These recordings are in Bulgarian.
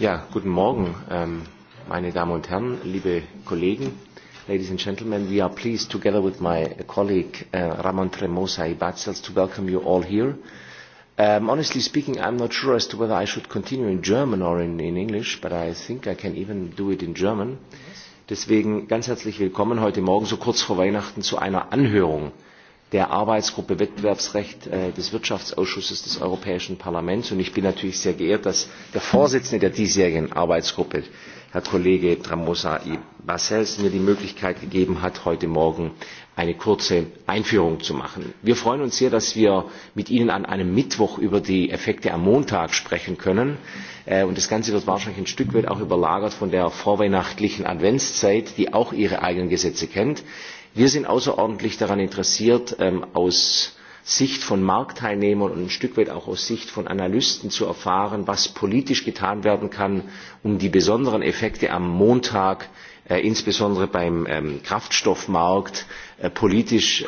Ja, guten Morgen, ähm, meine Damen und Herren, liebe Kollegen. Ladies and gentlemen, we are pleased, together with my colleague uh, Ramon Tremosa Ibatzels, to welcome you all here. Um, honestly speaking, I'm not sure as to whether I should continue in German or in, in English, but I think I can even do it in German. Deswegen ganz herzlich willkommen heute Morgen, so kurz vor Weihnachten, zu einer Anhörung der Arbeitsgruppe Wettbewerbsrecht des Wirtschaftsausschusses des Europäischen Parlaments. Und ich bin natürlich sehr geehrt, dass der Vorsitzende der diesjährigen Arbeitsgruppe, Herr Kollege Tramosa I. mir die Möglichkeit gegeben hat, heute Morgen eine kurze Einführung zu machen. Wir freuen uns sehr, dass wir mit Ihnen an einem Mittwoch über die Effekte am Montag sprechen können. Und das Ganze wird wahrscheinlich ein Stück weit auch überlagert von der vorweihnachtlichen Adventszeit, die auch ihre eigenen Gesetze kennt. Wir sind außerordentlich daran interessiert, aus Sicht von Marktteilnehmern und ein Stück weit auch aus Sicht von Analysten zu erfahren, was politisch getan werden kann, um die besonderen Effekte am Montag, insbesondere beim Kraftstoffmarkt, politisch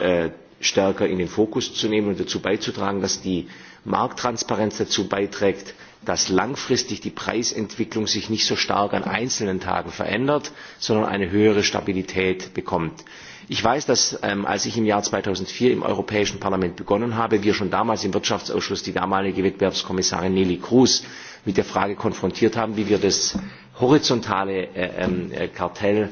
stärker in den Fokus zu nehmen und dazu beizutragen, dass die Markttransparenz dazu beiträgt, dass langfristig die Preisentwicklung sich nicht so stark an einzelnen Tagen verändert, sondern eine höhere Stabilität bekommt. Ich weiß, dass als ich im Jahr zweitausendvier im Europäischen Parlament begonnen habe, wir schon damals im Wirtschaftsausschuss die damalige Wettbewerbskommissarin Nelly Kroes mit der Frage konfrontiert haben, wie wir das horizontale Kartell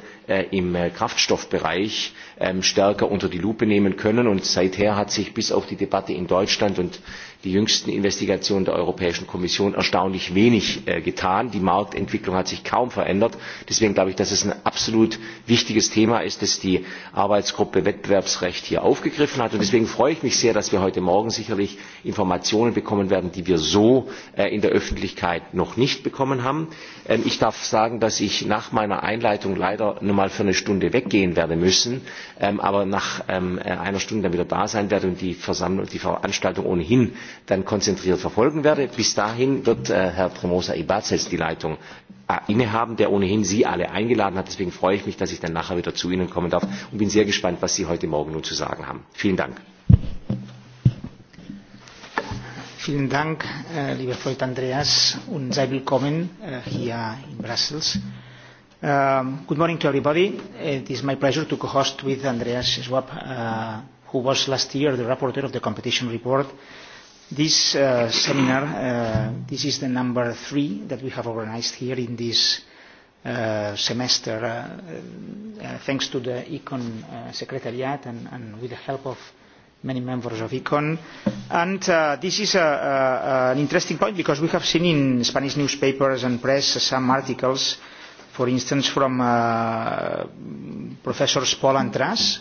im Kraftstoffbereich stärker unter die Lupe nehmen können. Und seither hat sich bis auf die Debatte in Deutschland und die jüngsten Investigationen der Europäischen Kommission erstaunlich wenig getan. Die Marktentwicklung hat sich kaum verändert. Deswegen glaube ich, dass es ein absolut wichtiges Thema ist, das die Arbeitsgruppe Wettbewerbsrecht hier aufgegriffen hat. Und deswegen freue ich mich sehr, dass wir heute Morgen sicherlich Informationen bekommen werden, die wir so in der Öffentlichkeit noch nicht bekommen haben. Ich darf sagen, dass ich nach meiner Einleitung leider nur mal für eine Stunde weggehen werde müssen, aber nach einer Stunde dann wieder da sein werde und die Versammlung, die Veranstaltung ohnehin dann konzentriert verfolgen werde. Bis dahin wird Herr Promosa Ibazes die Leitung innehaben, der ohnehin Sie alle eingeladen hat. Deswegen freue ich mich, dass ich dann nachher wieder zu Ihnen kommen darf und bin sehr gespannt, was Sie heute Morgen nun zu sagen haben. Vielen Dank. Vielen Dank, äh, lieber Freund Andreas, und sei willkommen äh, hier in Brussels. Um, good morning to everybody. It is my pleasure to co-host with Andreas Schwab, uh, who was last year the rapporteur of the competition report This uh, seminar, uh, this is the number three that we have organized here in this uh, semester, uh, uh, thanks to the ECON uh, Secretariat and, and with the help of many members of ECON. And uh, this is a, a, an interesting point because we have seen in Spanish newspapers and press some articles, for instance, from uh, Professors Paul Antras, uh,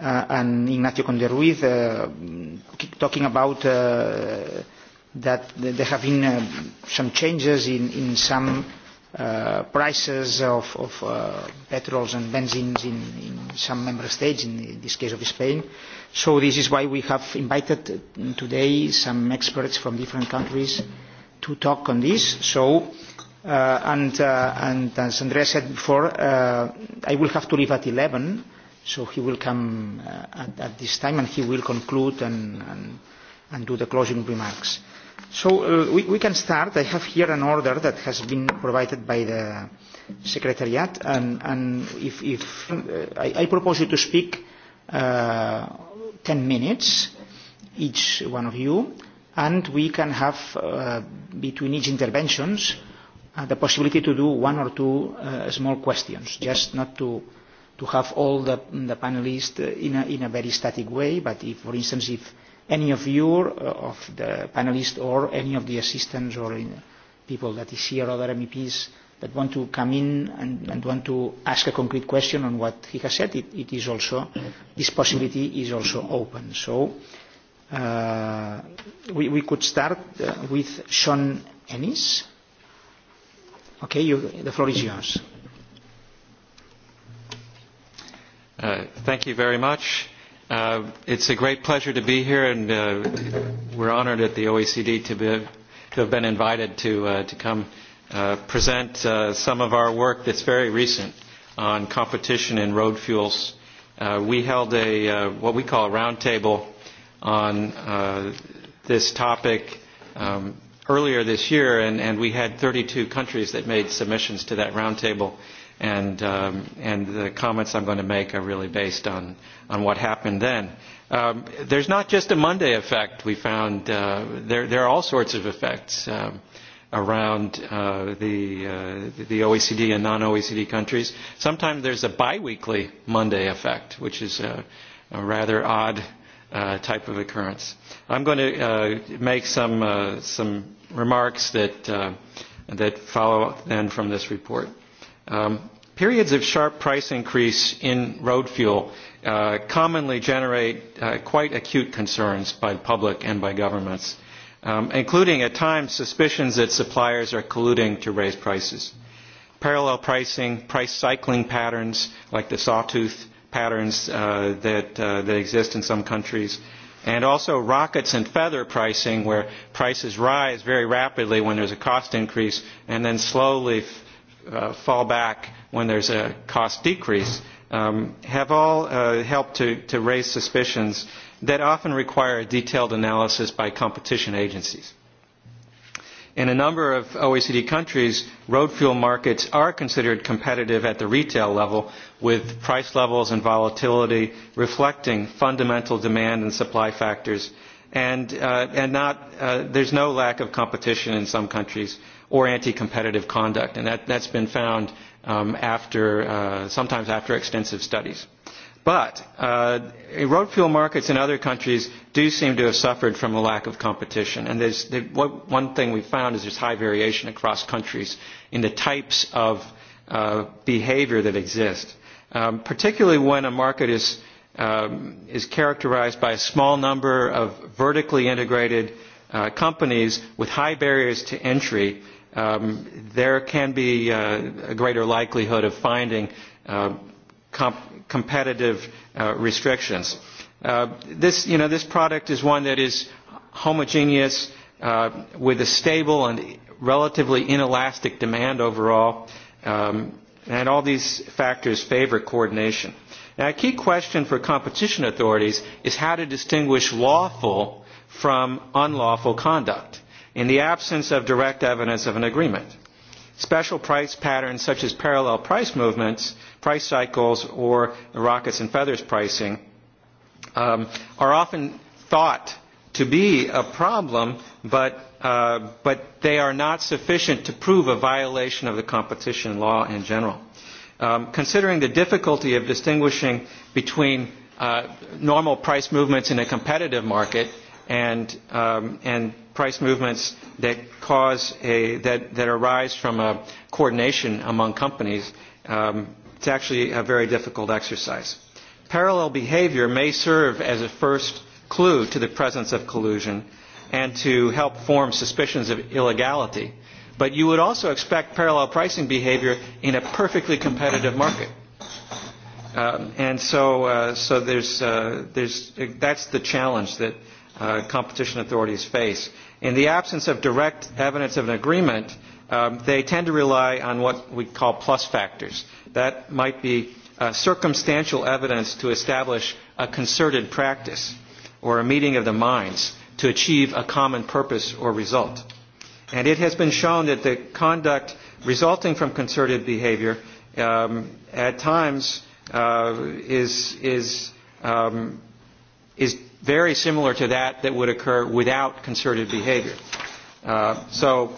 uh, and Ignacio Conde Ruiz uh, talking about uh, that there have been uh, some changes in, in some uh, prices of, of uh, petrols and benzines in, in some member states, in this case of Spain. So this is why we have invited today some experts from different countries to talk on this. So uh, and, uh, and as Andrea said before, uh, I will have to leave at 11 So he will come uh, at, at this time and he will conclude and, and, and do the closing remarks. So uh, we, we can start. I have here an order that has been provided by the Secretariat and, and if, if uh, I, I propose you to speak uh, 10 minutes, each one of you, and we can have uh, between each interventions uh, the possibility to do one or two uh, small questions, just not to to have all the, the panelists in a, in a very static way, but if, for instance, if any of you, uh, of the panelists or any of the assistants or in, people that is here, other MEPs, that want to come in and, and want to ask a concrete question on what he has said, it, it is also, this possibility is also open. So uh, we, we could start uh, with Sean Ennis. Okay, you, the floor is yours. Thank you very much. Uh, it's a great pleasure to be here, and uh, we're honored at the OECD to, be, to have been invited to, uh, to come uh, present uh, some of our work that's very recent on competition in road fuels. Uh, we held a uh, what we call a roundtable on uh, this topic um, earlier this year, and, and we had 32 countries that made submissions to that roundtable. table and um, and the comments I'm going to make are really based on on what happened then. Um, there's not just a Monday effect. We found uh, there there are all sorts of effects um, around uh, the uh, the OECD and non-OECD countries. Sometimes there's a biweekly Monday effect, which is a, a rather odd uh, type of occurrence. I'm going to uh, make some uh, some remarks that uh, that follow then from this report. Um, periods of sharp price increase in road fuel uh, commonly generate uh, quite acute concerns by the public and by governments, um, including at times suspicions that suppliers are colluding to raise prices. Parallel pricing, price cycling patterns like the sawtooth patterns uh, that, uh, that exist in some countries, and also rockets and feather pricing where prices rise very rapidly when there's a cost increase and then slowly f- uh, fall back when there's a cost decrease um, have all uh, helped to, to raise suspicions that often require a detailed analysis by competition agencies. In a number of OECD countries, road fuel markets are considered competitive at the retail level, with price levels and volatility reflecting fundamental demand and supply factors, and, uh, and not, uh, there's no lack of competition in some countries or anti-competitive conduct, and that, that's been found um, after, uh, sometimes after extensive studies. But uh, road fuel markets in other countries do seem to have suffered from a lack of competition. And there's, there, what, one thing we found is there's high variation across countries in the types of uh, behavior that exist, um, particularly when a market is, um, is characterized by a small number of vertically integrated uh, companies with high barriers to entry um, there can be uh, a greater likelihood of finding uh, comp- competitive uh, restrictions. Uh, this, you know, this product is one that is homogeneous uh, with a stable and relatively inelastic demand overall, um, and all these factors favor coordination. Now, a key question for competition authorities is how to distinguish lawful from unlawful conduct in the absence of direct evidence of an agreement. Special price patterns such as parallel price movements, price cycles, or rockets and feathers pricing um, are often thought to be a problem, but, uh, but they are not sufficient to prove a violation of the competition law in general. Um, considering the difficulty of distinguishing between uh, normal price movements in a competitive market and, um, and price movements that cause a, that, that arise from a coordination among companies, um, it's actually a very difficult exercise. Parallel behavior may serve as a first clue to the presence of collusion and to help form suspicions of illegality. But you would also expect parallel pricing behavior in a perfectly competitive market. Um, and so, uh, so there's, uh, there's, uh that's the challenge that uh, competition authorities face. In the absence of direct evidence of an agreement, um, they tend to rely on what we call plus factors. That might be uh, circumstantial evidence to establish a concerted practice or a meeting of the minds to achieve a common purpose or result. And it has been shown that the conduct resulting from concerted behavior um, at times uh, is, is, um, is very similar to that that would occur without concerted behavior. Uh, so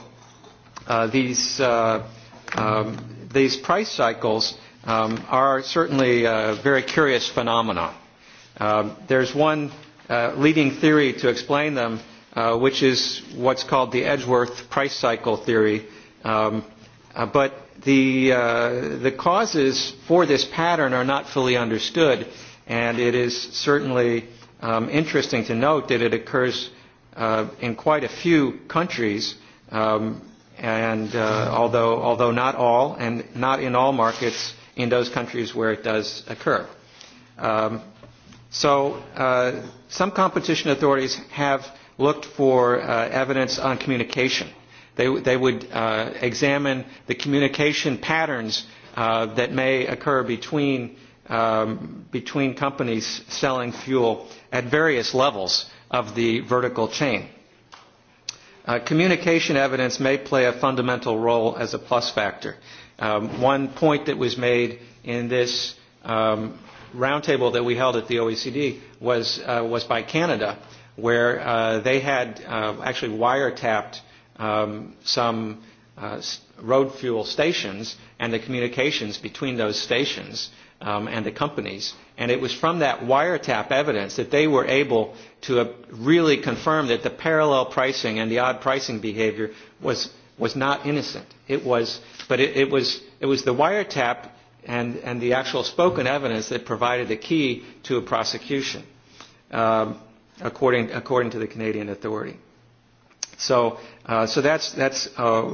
uh, these, uh, um, these price cycles um, are certainly a very curious phenomenon. Um, there's one uh, leading theory to explain them, uh, which is what's called the Edgeworth price cycle theory. Um, uh, but the, uh, the causes for this pattern are not fully understood, and it is certainly um, interesting to note that it occurs uh, in quite a few countries, um, and uh, although although not all, and not in all markets in those countries where it does occur. Um, so uh, some competition authorities have looked for uh, evidence on communication. They, they would uh, examine the communication patterns uh, that may occur between uh, um, between companies selling fuel at various levels of the vertical chain. Uh, communication evidence may play a fundamental role as a plus factor. Um, one point that was made in this um, roundtable that we held at the OECD was, uh, was by Canada, where uh, they had uh, actually wiretapped um, some uh, road fuel stations and the communications between those stations um, and the companies. And it was from that wiretap evidence that they were able to uh, really confirm that the parallel pricing and the odd pricing behavior was, was not innocent. It was, but it, it, was, it was the wiretap and, and the actual spoken evidence that provided the key to a prosecution, um, according, according to the Canadian authority. So, uh, so that's, that's uh,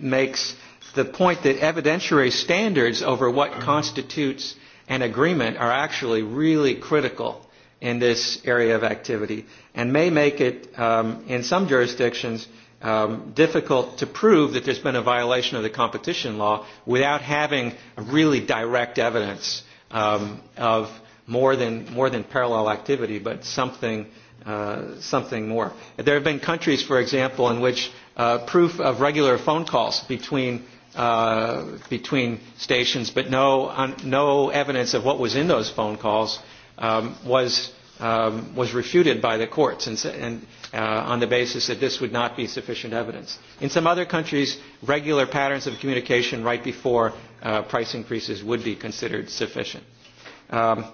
makes the point that evidentiary standards over what constitutes an agreement are actually really critical in this area of activity and may make it, um, in some jurisdictions, um, difficult to prove that there's been a violation of the competition law without having really direct evidence um, of more than, more than parallel activity, but something, uh, something more. There have been countries, for example, in which uh, proof of regular phone calls between uh, between stations, but no on, no evidence of what was in those phone calls um, was um, was refuted by the courts and, and uh, on the basis that this would not be sufficient evidence. In some other countries, regular patterns of communication right before uh, price increases would be considered sufficient. Um,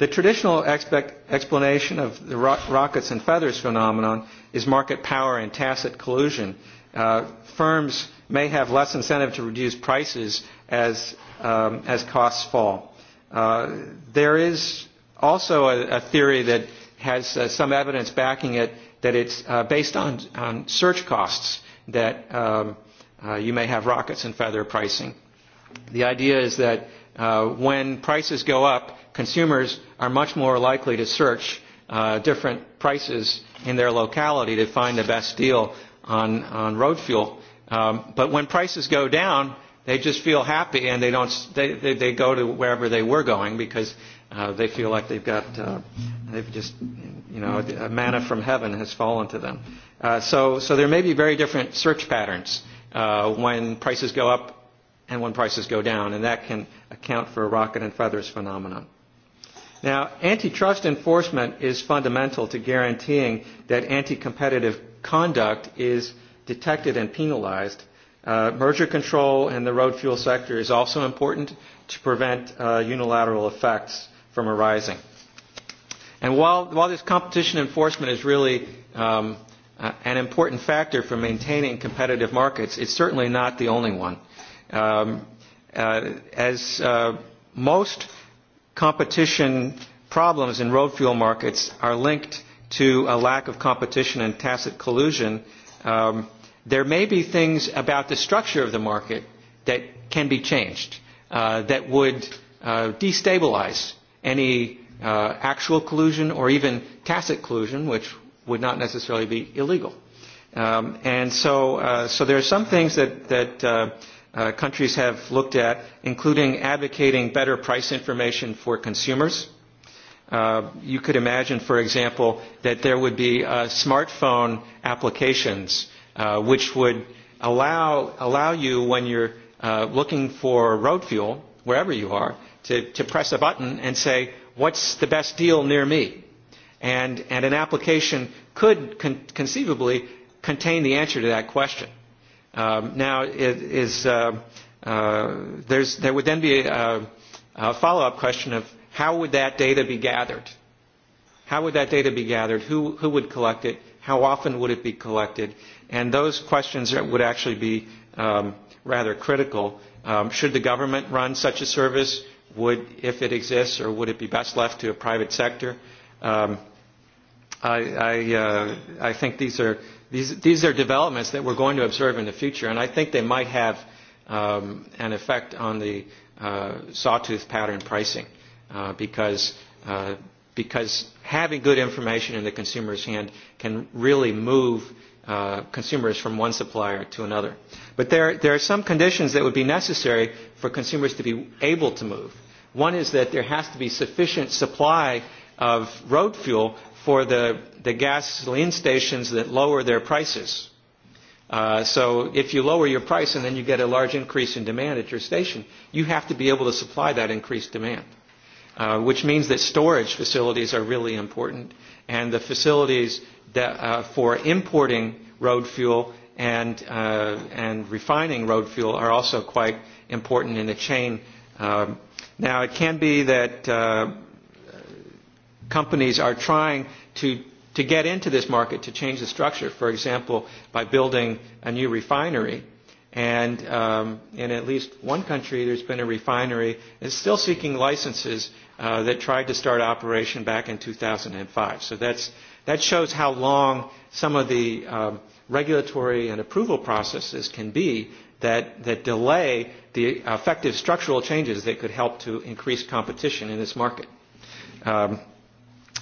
The traditional expect explanation of the ro rockets and feathers phenomenon is market power and tacit collusion. Uh, firms may have less incentive to reduce prices as, um, as costs fall. Uh, there is also a, a theory that has uh, some evidence backing it that it's uh, based on, on search costs that um, uh, you may have rockets and feather pricing. The idea is that uh, when prices go up, consumers are much more likely to search uh, different prices in their locality to find the best deal on, on road fuel. Um, but when prices go down, they just feel happy and they don't they, they, they go to wherever they were going because uh, they feel like they've got uh, they've just you know a manna from heaven has fallen to them. Uh, so so there may be very different search patterns uh, when prices go up and when prices go down, and that can account for a rocket and feathers phenomenon. Now, antitrust enforcement is fundamental to guaranteeing that anti-competitive conduct is detected and penalized. Uh, merger control in the road fuel sector is also important to prevent uh, unilateral effects from arising. And while, while this competition enforcement is really um, uh, an important factor for maintaining competitive markets, it's certainly not the only one. Um, uh, as uh, most competition problems in road fuel markets are linked to a lack of competition and tacit collusion, um, there may be things about the structure of the market that can be changed uh, that would uh, destabilize any uh, actual collusion or even tacit collusion, which would not necessarily be illegal. Um, and so, uh, so there are some things that, that uh, uh, countries have looked at, including advocating better price information for consumers. Uh, you could imagine, for example, that there would be uh, smartphone applications uh, which would allow, allow you, when you're uh, looking for road fuel, wherever you are, to, to press a button and say, what's the best deal near me? And, and an application could con- conceivably contain the answer to that question Um, now, it is, uh, uh, there's, there would then be a, a follow-up question of how would that data be gathered? How would that data be gathered? Who, who would collect it? How often would it be collected? And those questions would actually be um, rather critical. Um, should the government run such a service? Would, if it exists, or would it be best left to a private sector? Um, I, I, uh, I think these are These, these are developments that we're going to observe in the future, and I think they might have um, an effect on the uh, sawtooth pattern pricing uh, because, uh, because having good information in the consumer's hand can really move uh, consumers from one supplier to another. But there, there are some conditions that would be necessary for consumers to be able to move. One is that there has to be sufficient supply of road fuel for the, the gasoline stations that lower their prices. Uh, so if you lower your price and then you get a large increase in demand at your station, you have to be able to supply that increased demand, uh, which means that storage facilities are really important. And the facilities that, uh, for importing road fuel and, uh, and refining road fuel are also quite important in the chain. Um, now, it can be that uh, companies are trying to to get into this market to change the structure, for example, by building a new refinery. And um, in at least one country, there's been a refinery that's still seeking licenses uh, that tried to start operation back in 2005. So that's, that shows how long some of the um, regulatory and approval processes can be that, that delay the effective structural changes that could help to increase competition in this market. Um,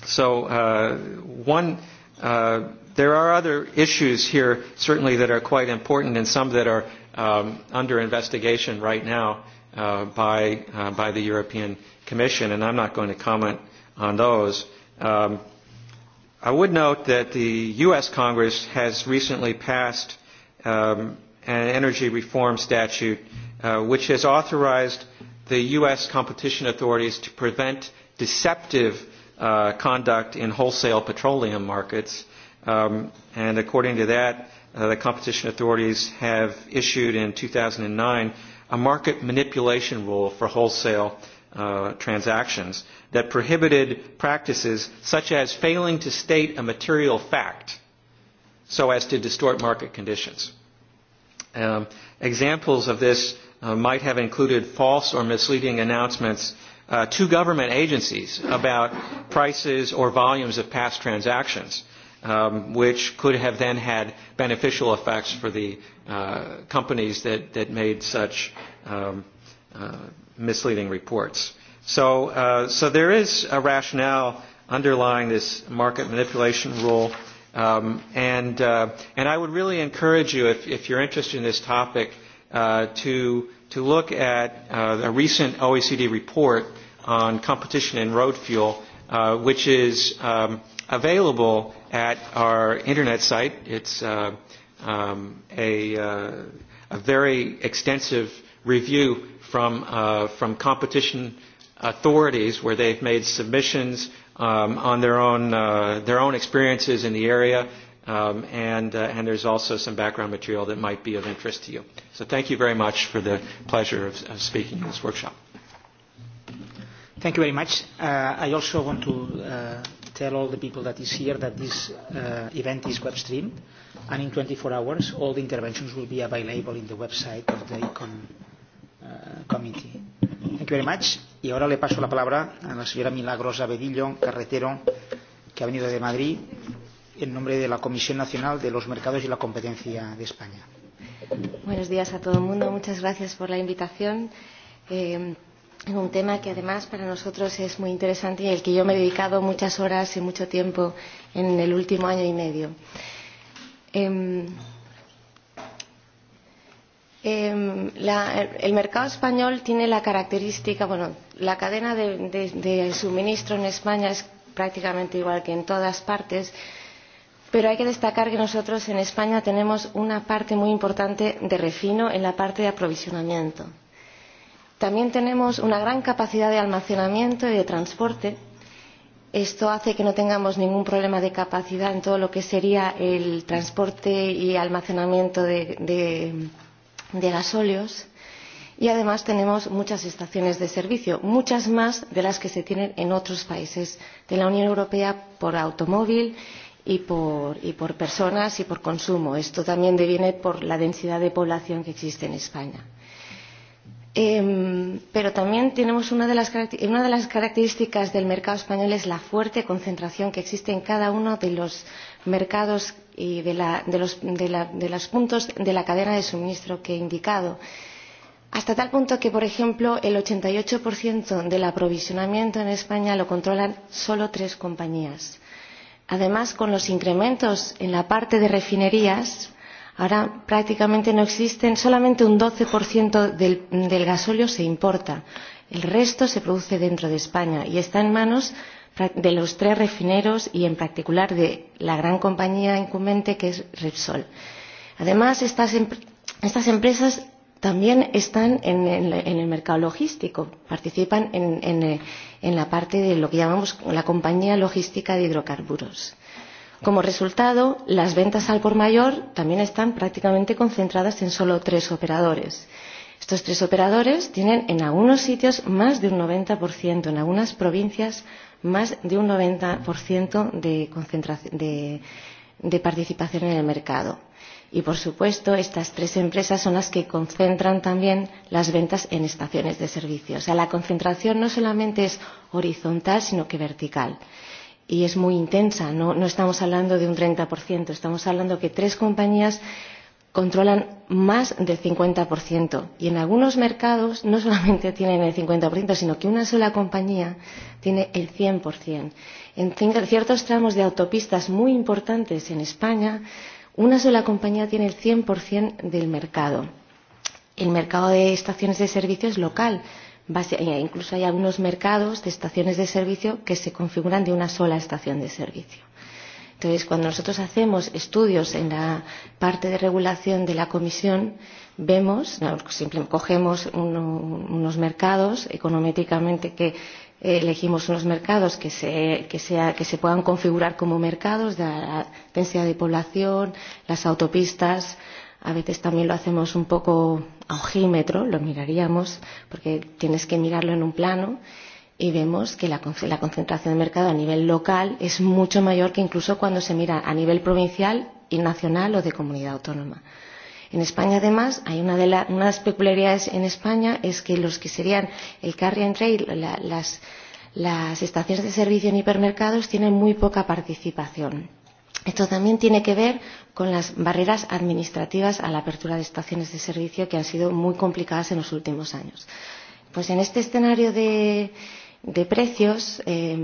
So uh, one, uh, there are other issues here certainly that are quite important and some that are um, under investigation right now uh, by, uh, by the European Commission, and I'm not going to comment on those. Um, I would note that the U.S. Congress has recently passed um, an energy reform statute uh, which has authorized the U.S. competition authorities to prevent deceptive uh, conduct in wholesale petroleum markets. Um, and according to that, uh, the competition authorities have issued in 2009 a market manipulation rule for wholesale uh, transactions that prohibited practices such as failing to state a material fact so as to distort market conditions. Um, examples of this uh, might have included false or misleading announcements uh, to government agencies about prices or volumes of past transactions, um, which could have then had beneficial effects for the uh, companies that, that made such um, uh, misleading reports. So, uh, so there is a rationale underlying this market manipulation rule. Um, and, uh, and I would really encourage you, if, if you're interested in this topic, uh, to to look at uh, a recent OECD report on competition in road fuel, uh, which is um, available at our internet site. It's uh, um, a, uh, a very extensive review from, uh, from competition authorities where they've made submissions um, on their own, uh, their own experiences in the area, um, and, uh, and there's also some background material that might be of interest to you. So thank you very much for the pleasure of, of speaking in this workshop. Thank you very much. Uh, I also want to uh, tell all the people that is here that this uh, event is web streamed, and in 24 hours all the interventions will be available in the website of the ECON uh, committee. Thank you very much. Y ahora le paso la palabra a la señora Milagrosa Bedillo Carretero, que ha venido de Madrid en nombre de la Comisión Nacional de los Mercados y la Competencia de España. Buenos días a todo el mundo. Muchas gracias por la invitación. Eh, en un tema que además para nosotros es muy interesante y al que yo me he dedicado muchas horas y mucho tiempo en el último año y medio. Eh, eh, la, el mercado español tiene la característica, bueno, la cadena de, de, de suministro en España es prácticamente igual que en todas partes, Pero hay que destacar que nosotros en España tenemos una parte muy importante de refino en la parte de aprovisionamiento. También tenemos una gran capacidad de almacenamiento y de transporte. Esto hace que no tengamos ningún problema de capacidad en todo lo que sería el transporte y almacenamiento de, de, de gasóleos. Y además tenemos muchas estaciones de servicio, muchas más de las que se tienen en otros países de la Unión Europea por automóvil y por, y por personas y por consumo. Esto también deviene por la densidad de población que existe en España. Eh, pero también tenemos una de, las, una de las características del mercado español es la fuerte concentración que existe en cada uno de los mercados y de, la, de, los, de, la, de los puntos de la cadena de suministro que he indicado. Hasta tal punto que, por ejemplo, el 88% del aprovisionamiento en España lo controlan solo tres compañías Además, con los incrementos en la parte de refinerías, ahora prácticamente no existen, solamente un 12% del, del gasóleo se importa. El resto se produce dentro de España y está en manos de los tres refineros y en particular de la gran compañía incumbente que es Repsol. Además, estas, estas empresas también están en, en, en el mercado logístico, participan en, en, en la parte de lo que llamamos la compañía logística de hidrocarburos. Como resultado, las ventas al por mayor también están prácticamente concentradas en solo tres operadores. Estos tres operadores tienen en algunos sitios más de un 90%, en algunas provincias más de un 90% de, de, de participación en el mercado Y, por supuesto, estas tres empresas son las que concentran también las ventas en estaciones de servicio. O sea, la concentración no solamente es horizontal, sino que vertical. Y es muy intensa. No, no estamos hablando de un 30%, estamos hablando que tres compañías controlan más del 50%. Y en algunos mercados no solamente tienen el 50%, sino que una sola compañía tiene el 100%. En ciertos tramos de autopistas muy importantes en España, una sola compañía tiene el 100% del mercado. El mercado de estaciones de servicio es local. Incluso hay algunos mercados de estaciones de servicio que se configuran de una sola estación de servicio. Entonces, cuando nosotros hacemos estudios en la parte de regulación de la Comisión, vemos, no, simplemente cogemos uno, unos mercados econométricamente que elegimos unos mercados que se, que, sea, que se puedan configurar como mercados, de la densidad de población, las autopistas. A veces también lo hacemos un poco a ojímetro, lo miraríamos, porque tienes que mirarlo en un plano y vemos que la, la concentración de mercado a nivel local es mucho mayor que incluso cuando se mira a nivel provincial y nacional o de comunidad autónoma. En España, además, hay una de, la, una de las peculiaridades en España es que los que serían el carry and trail, la, las, las estaciones de servicio en hipermercados, tienen muy poca participación. Esto también tiene que ver con las barreras administrativas a la apertura de estaciones de servicio que han sido muy complicadas en los últimos años. Pues en este escenario de, de precios, eh,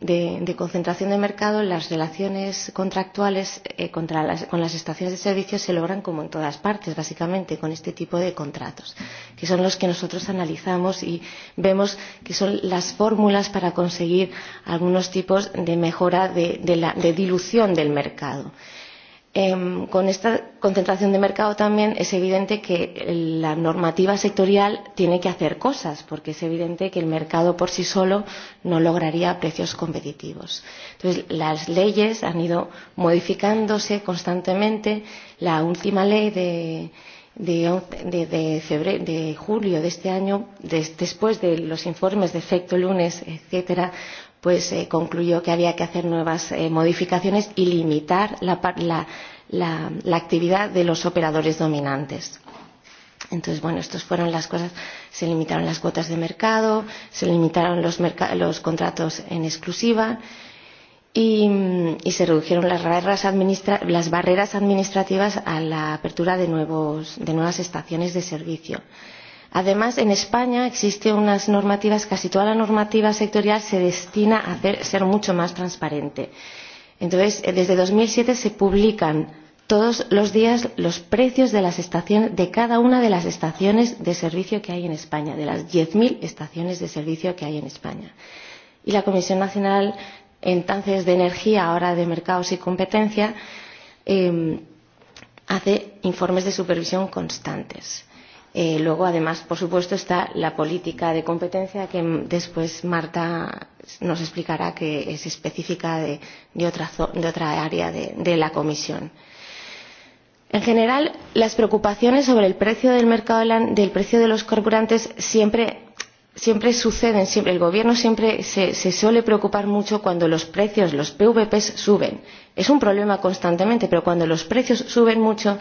de, de concentración de mercado, las relaciones contractuales eh, contra las, con las estaciones de servicio se logran como en todas partes, básicamente, con este tipo de contratos, que son los que nosotros analizamos y vemos que son las fórmulas para conseguir algunos tipos de mejora de, de, la, de dilución del mercado. Eh, con esta concentración de mercado también es evidente que la normativa sectorial tiene que hacer cosas, porque es evidente que el mercado por sí solo no lograría precios competitivos. Entonces, las leyes han ido modificándose constantemente. La última ley de, de, de, de, febrero, de julio de este año, de, después de los informes de efecto lunes, etcétera, pues eh, concluyó que había que hacer nuevas eh, modificaciones y limitar la, la, la, la actividad de los operadores dominantes. Entonces, bueno, estas fueron las cosas. Se limitaron las cuotas de mercado, se limitaron los, los contratos en exclusiva y, y se redujeron las barreras, administra las barreras administrativas a la apertura de, nuevos, de nuevas estaciones de servicio. Además, en España existen unas normativas, casi toda la normativa sectorial se destina a hacer, ser mucho más transparente. Entonces, desde 2007 se publican todos los días los precios de, las estaciones, de cada una de las estaciones de servicio que hay en España, de las 10.000 estaciones de servicio que hay en España. Y la Comisión Nacional entonces de Energía, ahora de Mercados y Competencia, eh, hace informes de supervisión constantes. Eh, luego, además, por supuesto, está la política de competencia que después Marta nos explicará que es específica de, de, otra, de otra área de, de la Comisión. En general, las preocupaciones sobre el precio del mercado del precio de los carburantes siempre, siempre suceden. Siempre, el Gobierno siempre se, se suele preocupar mucho cuando los precios, los PVP suben. Es un problema constantemente, pero cuando los precios suben mucho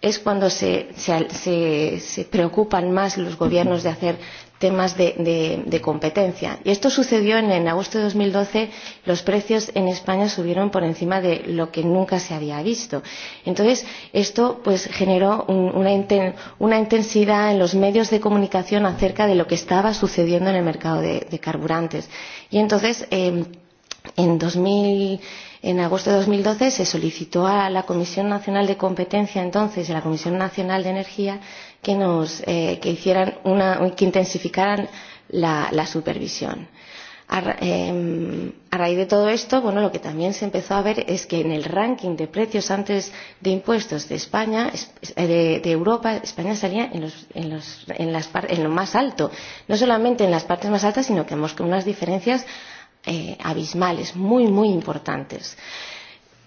es cuando se, se, se, preocupan más los gobiernos de hacer temas de, de, de competencia. Y esto sucedió en, en agosto de 2012, los precios en España subieron por encima de lo que nunca se había visto. Entonces, esto pues, generó un, una, inten, una intensidad en los medios de comunicación acerca de lo que estaba sucediendo en el mercado de, de carburantes. Y entonces, eh, en 2000 En agosto de 2012 se solicitó a la Comisión Nacional de Competencia entonces y a la Comisión Nacional de Energía que, nos, eh, que, hicieran una, que intensificaran la, la supervisión. A, eh, a raíz de todo esto, bueno, lo que también se empezó a ver es que en el ranking de precios antes de impuestos de España, de, de Europa, España salía en, los, en, los, en, las, en lo más alto. No solamente en las partes más altas, sino que hemos con unas diferencias eh, abismales, muy, muy importantes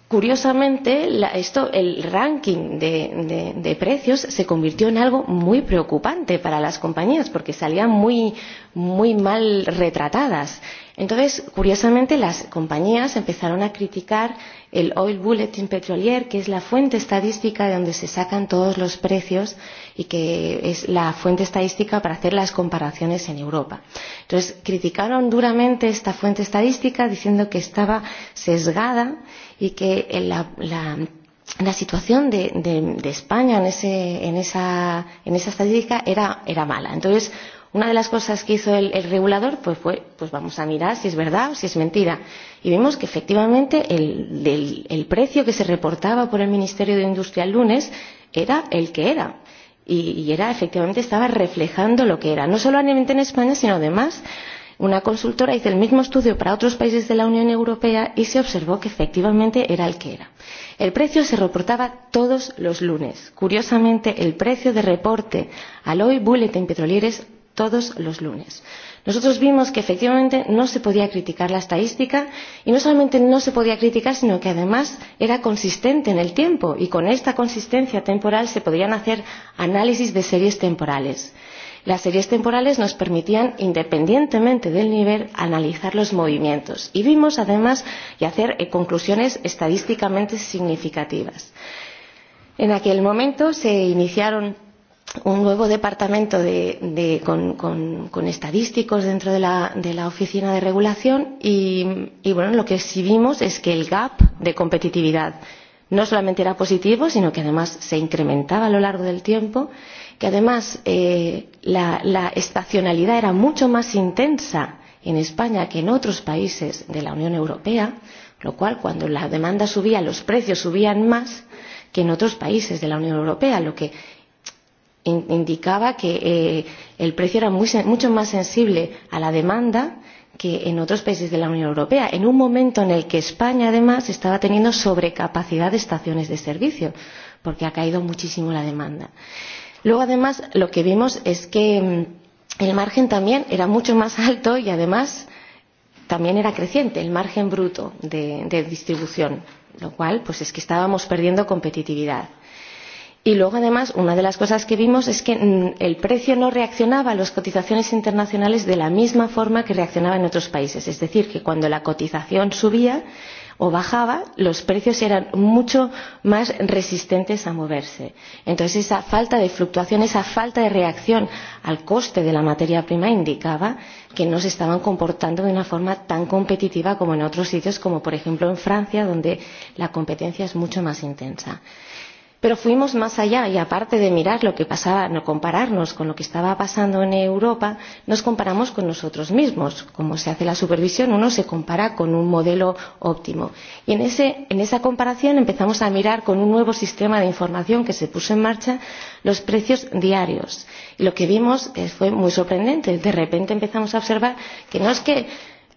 curiosamente la, esto, el ranking de, de, de precios se convirtió en algo muy preocupante para las compañías porque salían muy, muy mal retratadas. Entonces, curiosamente, las compañías empezaron a criticar el Oil Bulletin Petrolier, que es la fuente estadística de donde se sacan todos los precios y que es la fuente estadística para hacer las comparaciones en Europa. Entonces, criticaron duramente esta fuente estadística diciendo que estaba sesgada y que en la, la, la situación de, de, de España en, ese, en, esa, en esa estadística era, era mala. Entonces, una de las cosas que hizo el, el regulador pues fue pues vamos a mirar si es verdad o si es mentira y vimos que efectivamente el, del, el precio que se reportaba por el Ministerio de Industria el lunes era el que era y, y era efectivamente estaba reflejando lo que era no solamente en España sino además una consultora hizo el mismo estudio para otros países de la Unión Europea y se observó que efectivamente era el que era. El precio se reportaba todos los lunes. Curiosamente, el precio de reporte al hoy Bulletin Petrolier es todos los lunes. Nosotros vimos que efectivamente no se podía criticar la estadística y no solamente no se podía criticar, sino que además era consistente en el tiempo y con esta consistencia temporal se podían hacer análisis de series temporales. Las series temporales nos permitían, independientemente del nivel, analizar los movimientos y vimos, además, y hacer conclusiones estadísticamente significativas. En aquel momento se iniciaron un nuevo departamento de, de, con, con, con estadísticos dentro de la, de la oficina de regulación y, y bueno, lo que sí vimos es que el gap de competitividad no solamente era positivo, sino que además se incrementaba a lo largo del tiempo que además eh, la, la estacionalidad era mucho más intensa en España que en otros países de la Unión Europea, lo cual cuando la demanda subía los precios subían más que en otros países de la Unión Europea, lo que in indicaba que eh, el precio era muy, mucho más sensible a la demanda que en otros países de la Unión Europea, en un momento en el que España, además, estaba teniendo sobrecapacidad de estaciones de servicio, porque ha caído muchísimo la demanda. Luego, además, lo que vimos es que el margen también era mucho más alto y, además, también era creciente el margen bruto de, de distribución, lo cual pues es que estábamos perdiendo competitividad. Y luego, además, una de las cosas que vimos es que el precio no reaccionaba a las cotizaciones internacionales de la misma forma que reaccionaba en otros países. Es decir, que cuando la cotización subía, o bajaba, los precios eran mucho más resistentes a moverse. Entonces, esa falta de fluctuación, esa falta de reacción al coste de la materia prima indicaba que no se estaban comportando de una forma tan competitiva como en otros sitios, como por ejemplo en Francia, donde la competencia es mucho más intensa. Pero fuimos más allá y aparte de mirar lo que pasaba, no compararnos con lo que estaba pasando en Europa, nos comparamos con nosotros mismos. Como se hace la supervisión, uno se compara con un modelo óptimo. Y en, ese, en esa comparación empezamos a mirar con un nuevo sistema de información que se puso en marcha los precios diarios. Y lo que vimos fue muy sorprendente. De repente empezamos a observar que no es que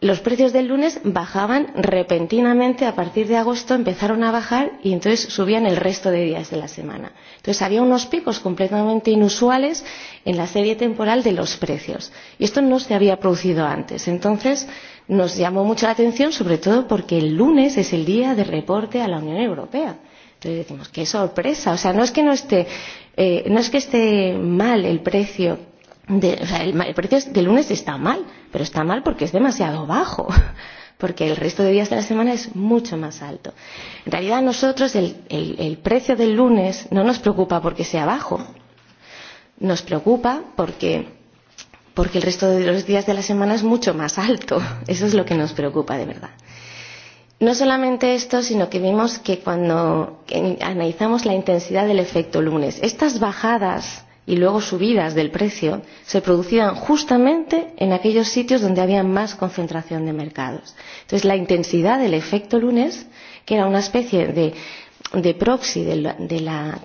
los precios del lunes bajaban repentinamente a partir de agosto empezaron a bajar y entonces subían el resto de días de la semana. Entonces había unos picos completamente inusuales en la serie temporal de los precios y esto no se había producido antes. Entonces nos llamó mucho la atención sobre todo porque el lunes es el día de reporte a la Unión Europea. Entonces decimos, qué sorpresa. O sea, no es que no esté, eh, no es que esté mal el precio de, o sea, el, el precio de lunes está mal, pero está mal porque es demasiado bajo, porque el resto de días de la semana es mucho más alto. En realidad a nosotros el, el, el precio del lunes no nos preocupa porque sea bajo, nos preocupa porque, porque el resto de los días de la semana es mucho más alto. Eso es lo que nos preocupa de verdad. No solamente esto, sino que vimos que cuando analizamos la intensidad del efecto lunes, estas bajadas y luego subidas del precio se producían justamente en aquellos sitios donde había más concentración de mercados. Entonces, la intensidad del efecto lunes, que era una especie de, de proxy de la, de, la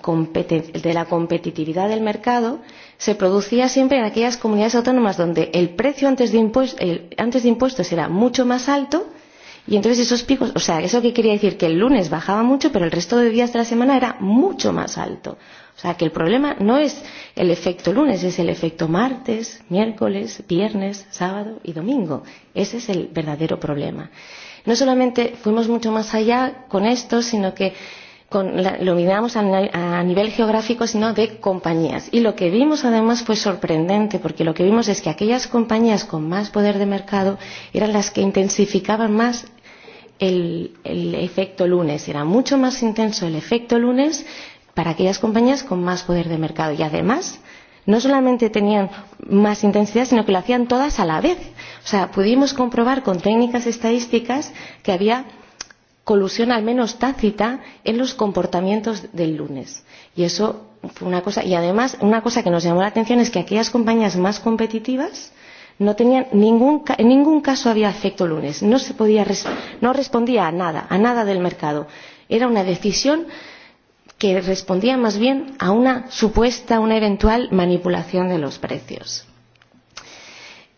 de la competitividad del mercado, se producía siempre en aquellas comunidades autónomas donde el precio antes de, impuestos, el, antes de impuestos era mucho más alto y entonces esos picos, o sea, eso que quería decir que el lunes bajaba mucho, pero el resto de días de la semana era mucho más alto. O sea, que el problema no es el efecto lunes, es el efecto martes, miércoles, viernes, sábado y domingo. Ese es el verdadero problema. No solamente fuimos mucho más allá con esto, sino que con la, lo miramos a, a nivel geográfico, sino de compañías. Y lo que vimos además fue sorprendente, porque lo que vimos es que aquellas compañías con más poder de mercado eran las que intensificaban más el, el efecto lunes. Era mucho más intenso el efecto lunes para aquellas compañías con más poder de mercado y además no solamente tenían más intensidad, sino que lo hacían todas a la vez. O sea, pudimos comprobar con técnicas estadísticas que había colusión al menos tácita en los comportamientos del lunes. Y eso fue una cosa, y además una cosa que nos llamó la atención es que aquellas compañías más competitivas no tenían ningún, en ningún caso había efecto lunes, no se podía, no respondía a nada, a nada del mercado. Era una decisión que respondía más bien a una supuesta, una eventual manipulación de los precios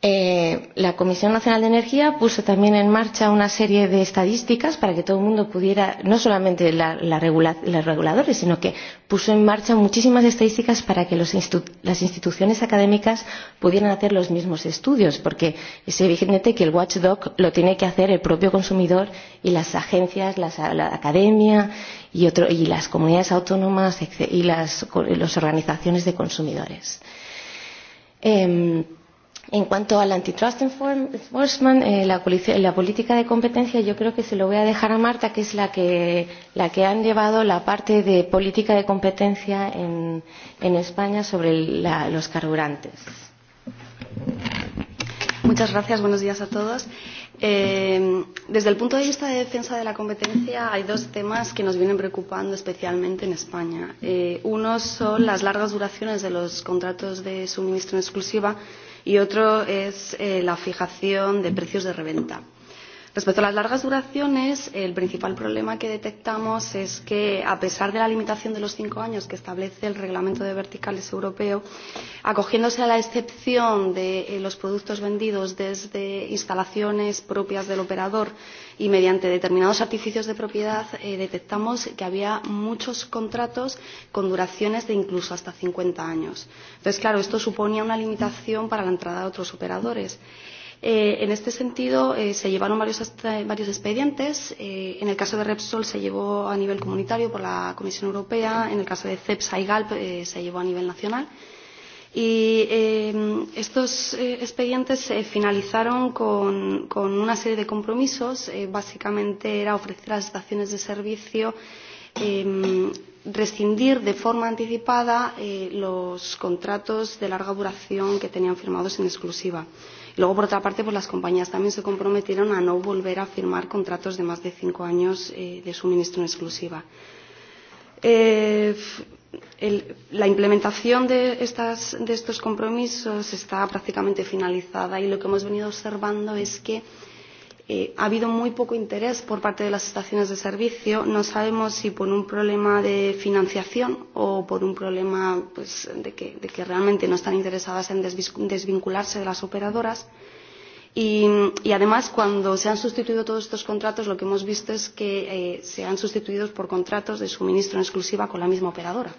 Eh, la Comisión Nacional de Energía puso también en marcha una serie de estadísticas para que todo el mundo pudiera, no solamente la, la regula, los reguladores, sino que puso en marcha muchísimas estadísticas para que los institu las instituciones académicas pudieran hacer los mismos estudios, porque es evidente que el watchdog lo tiene que hacer el propio consumidor y las agencias, las, la academia y, otro, y las comunidades autónomas y las, las organizaciones de consumidores. Eh, En cuanto al antitrust enforcement, eh, la, la política de competencia yo creo que se lo voy a dejar a Marta, que es la que, la que han llevado la parte de política de competencia en, en España sobre la, los carburantes. Muchas gracias, buenos días a todos. Eh, desde el punto de vista de defensa de la competencia hay dos temas que nos vienen preocupando especialmente en España. Eh, uno son las largas duraciones de los contratos de suministro en exclusiva y otro es la fijación de precios de reventa. Respecto a las largas duraciones, el principal problema que detectamos es que, a pesar de la limitación de los cinco años que establece el Reglamento de Verticales Europeo, acogiéndose a la excepción de los productos vendidos desde instalaciones propias del operador y mediante determinados artificios de propiedad, detectamos que había muchos contratos con duraciones de incluso hasta cincuenta años. Entonces, claro, esto suponía una limitación para la entrada de otros operadores. Eh, en este sentido, eh, se llevaron varios, varios expedientes. Eh, en el caso de Repsol se llevó a nivel comunitario por la Comisión Europea. En el caso de CEPSA y GALP eh, se llevó a nivel nacional. Y eh, estos eh, expedientes eh, finalizaron con, con una serie de compromisos. Eh, básicamente era ofrecer a las estaciones de servicio eh, rescindir de forma anticipada eh, los contratos de larga duración que tenían firmados en exclusiva. Eh, Y luego, por otra parte, pues las compañías también se comprometieron a no volver a firmar contratos de más de cinco años eh, de suministro en exclusiva. Eh, el, la implementación de, estas, de estos compromisos está prácticamente finalizada y lo que hemos venido observando es que eh, ha habido muy poco interés por parte de las estaciones de servicio. No sabemos si por un problema de financiación o por un problema pues, de, que, de que realmente no están interesadas en desvincularse de las operadoras. Y, y además, cuando se han sustituido todos estos contratos, lo que hemos visto es que eh, se han sustituido por contratos de suministro en exclusiva con la misma operadora.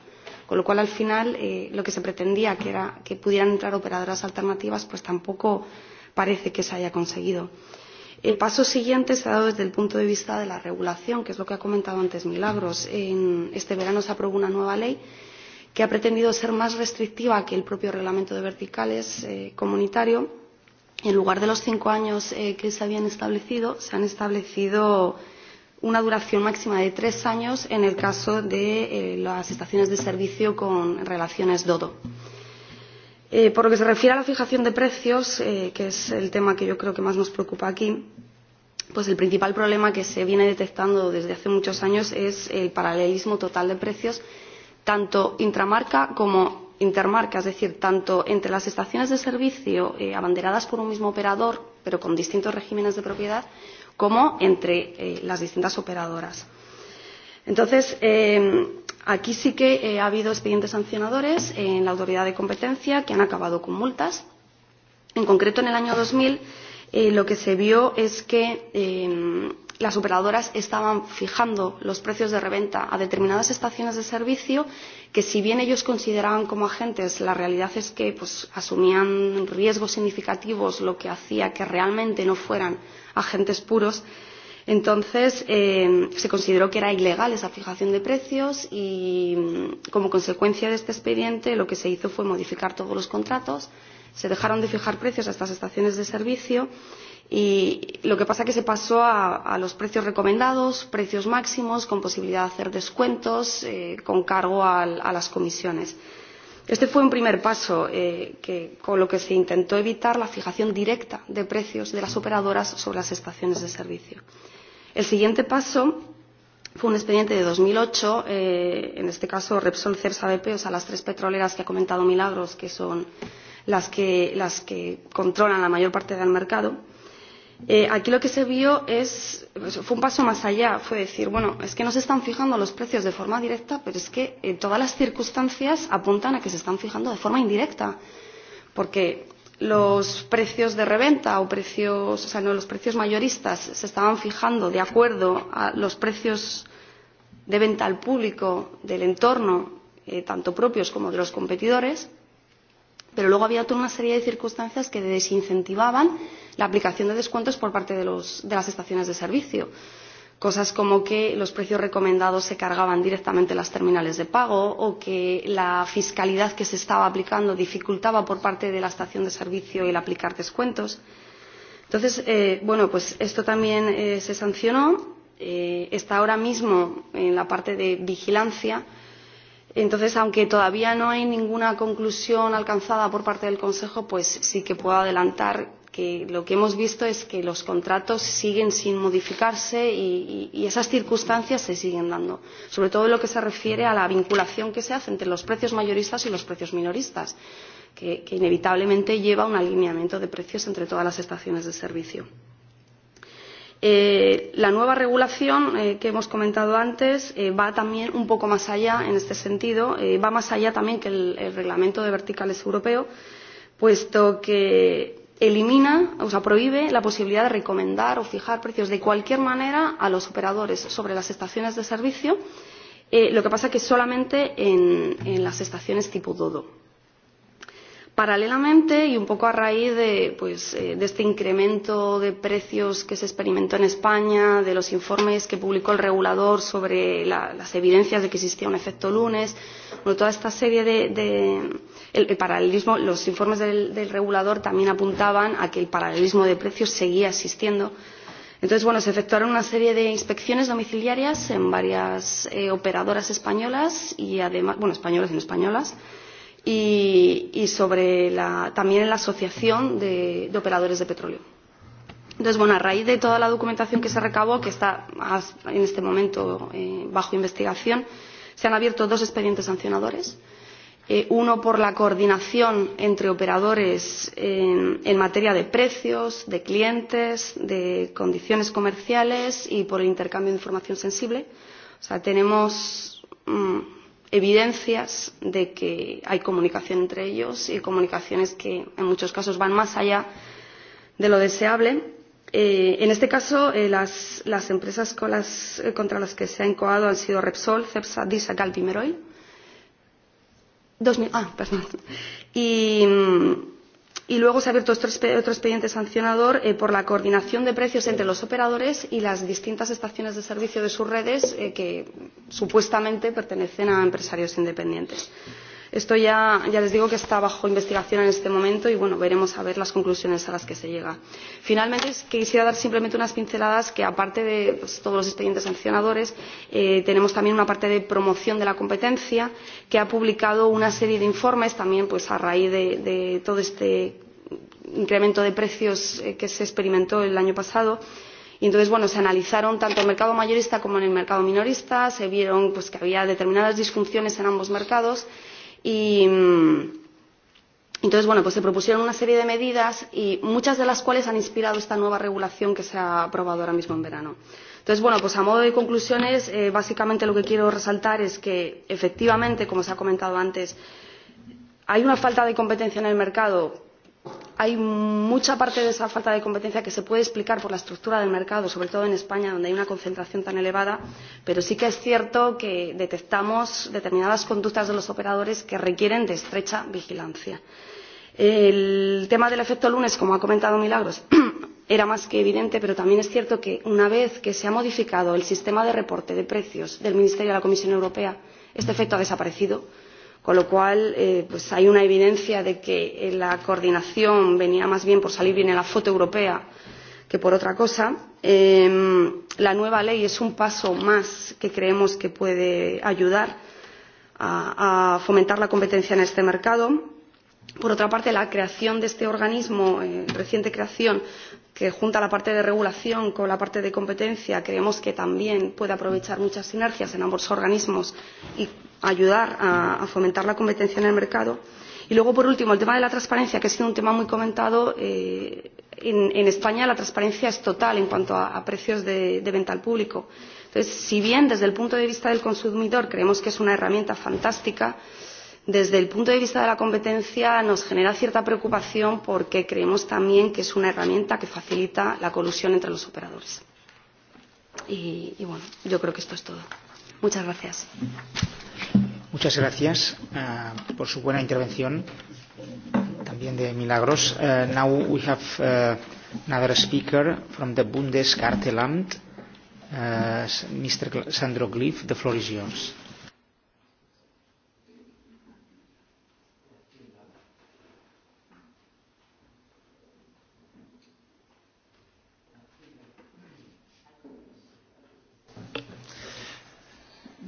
Con lo cual, al final, eh, lo que se pretendía, que era que pudieran entrar operadoras alternativas, pues tampoco parece que se haya conseguido. El paso siguiente se ha dado desde el punto de vista de la regulación, que es lo que ha comentado antes Milagros. En este verano se aprobó una nueva ley que ha pretendido ser más restrictiva que el propio reglamento de verticales eh, comunitario. En lugar de los cinco años eh, que se habían establecido, se han establecido una duración máxima de tres años en el caso de eh, las estaciones de servicio con relaciones DODO por lo que se refiere a la fijación de precios, que es el tema que yo creo que más nos preocupa aquí, pues el principal problema que se viene detectando desde hace muchos años es el paralelismo total de precios, tanto intramarca como intermarca, es decir, tanto entre las estaciones de servicio abanderadas por un mismo operador, pero con distintos regímenes de propiedad, como entre las distintas operadoras. Entonces, eh, Aquí sí que eh, ha habido expedientes sancionadores en la autoridad de competencia que han acabado con multas. En concreto, en el año 2000, eh, lo que se vio es que eh, las operadoras estaban fijando los precios de reventa a determinadas estaciones de servicio que si bien ellos consideraban como agentes la realidad es que pues, asumían riesgos significativos lo que hacía que realmente no fueran agentes puros Entonces, eh, se consideró que era ilegal esa fijación de precios y, como consecuencia de este expediente, lo que se hizo fue modificar todos los contratos, se dejaron de fijar precios a estas estaciones de servicio y lo que pasa es que se pasó a, a los precios recomendados, precios máximos, con posibilidad de hacer descuentos, eh, con cargo a, a las comisiones. Este fue un primer paso eh, que, con lo que se intentó evitar la fijación directa de precios de las operadoras sobre las estaciones de servicio. El siguiente paso fue un expediente de 2008, eh, en este caso Repsol, Cepsa, BP, o sea, las tres petroleras que ha comentado Milagros, que son las que, las que controlan la mayor parte del mercado. Eh, aquí lo que se vio es, fue un paso más allá, fue decir, bueno, es que no se están fijando los precios de forma directa, pero es que eh, todas las circunstancias apuntan a que se están fijando de forma indirecta, porque los precios de reventa o precios, o sea, no, los precios mayoristas se estaban fijando de acuerdo a los precios de venta al público del entorno, eh, tanto propios como de los competidores, pero luego había toda una serie de circunstancias que desincentivaban la aplicación de descuentos por parte de, los, de las estaciones de servicio. Cosas como que los precios recomendados se cargaban directamente las terminales de pago o que la fiscalidad que se estaba aplicando dificultaba por parte de la estación de servicio el aplicar descuentos. Entonces, eh, bueno, pues esto también eh, se sancionó, eh, está ahora mismo en la parte de vigilancia. Entonces, aunque todavía no hay ninguna conclusión alcanzada por parte del Consejo, pues sí que puedo adelantar que lo que hemos visto es que los contratos siguen sin modificarse y, y, y esas circunstancias se siguen dando, sobre todo en lo que se refiere a la vinculación que se hace entre los precios mayoristas y los precios minoristas, que, que inevitablemente lleva a un alineamiento de precios entre todas las estaciones de servicio. Eh, la nueva regulación eh, que hemos comentado antes eh, va también un poco más allá en este sentido, eh, va más allá también que el, el reglamento de verticales europeo, puesto que elimina, o sea, prohíbe la posibilidad de recomendar o fijar precios de cualquier manera a los operadores sobre las estaciones de servicio, eh, lo que pasa que solamente en, en las estaciones tipo Dodo. Paralelamente, y un poco a raíz de, pues, de este incremento de precios que se experimentó en España, de los informes que publicó el regulador sobre la, las evidencias de que existía un efecto lunes, bueno, toda esta serie de, de el, el paralelismo, los informes del, del regulador también apuntaban a que el paralelismo de precios seguía existiendo. Entonces, bueno, se efectuaron una serie de inspecciones domiciliarias en varias eh, operadoras españolas y además, bueno, españolas y no españolas, y, y sobre la, también en la Asociación de, de Operadores de Petróleo. Entonces, bueno, a raíz de toda la documentación que se recabó, que está en este momento eh, bajo investigación, se han abierto dos expedientes sancionadores. Eh, uno por la coordinación entre operadores en, en materia de precios, de clientes, de condiciones comerciales y por el intercambio de información sensible. O sea, tenemos mmm, evidencias de que hay comunicación entre ellos y comunicaciones que en muchos casos van más allá de lo deseable. Eh, en este caso, eh, las, las empresas con las, eh, contra las que se ha incoado han sido Repsol, Cepsa, Disa, Galpimeroil. ah, perdón. Y, Y luego se ha abierto otro expediente sancionador por la coordinación de precios entre los operadores y las distintas estaciones de servicio de sus redes que supuestamente pertenecen a empresarios independientes. Esto ya, ya les digo que está bajo investigación en este momento y bueno, veremos a ver las conclusiones a las que se llega. Finalmente, quisiera dar simplemente unas pinceladas que aparte de pues, todos los expedientes sancionadores, eh, tenemos también una parte de promoción de la competencia que ha publicado una serie de informes también pues, a raíz de, de todo este incremento de precios que se experimentó el año pasado. Y entonces, bueno, se analizaron tanto en el mercado mayorista como en el mercado minorista, se vieron pues, que había determinadas disfunciones en ambos mercados Y entonces, bueno, pues se propusieron una serie de medidas y muchas de las cuales han inspirado esta nueva regulación que se ha aprobado ahora mismo en verano. Entonces, bueno, pues a modo de conclusiones, eh, básicamente lo que quiero resaltar es que efectivamente, como se ha comentado antes, hay una falta de competencia en el mercado hay mucha parte de esa falta de competencia que se puede explicar por la estructura del mercado, sobre todo en España, donde hay una concentración tan elevada, pero sí que es cierto que detectamos determinadas conductas de los operadores que requieren de estrecha vigilancia. El tema del efecto lunes, como ha comentado Milagros, era más que evidente, pero también es cierto que una vez que se ha modificado el sistema de reporte de precios del Ministerio de la Comisión Europea, este efecto ha desaparecido Con lo cual, hay una evidencia de que la coordinación venía más bien por salir bien en la foto europea que por otra cosa. la nueva ley es un paso más que creemos que puede ayudar a, fomentar la competencia en este mercado. Por otra parte, la creación de este organismo, reciente creación, que junta la parte de regulación con la parte de competencia, creemos que también puede aprovechar muchas sinergias en ambos organismos y ayudar a, a fomentar la competencia en el mercado. Y luego, por último, el tema de la transparencia, que ha sido un tema muy comentado. Eh, en, en España la transparencia es total en cuanto a, a precios de, de venta al público. Entonces, si bien desde el punto de vista del consumidor creemos que es una herramienta fantástica, desde el punto de vista de la competencia nos genera cierta preocupación porque creemos también que es una herramienta que facilita la colusión entre los operadores. Y, y bueno, yo creo que esto es todo. Muchas gracias. Muchas gracias uh, por su buena intervención, también de Milagros. Uh, now we have uh, another speaker from the Bundeskartelamt, uh, Mr. Sandro Glyph. The floor is yours.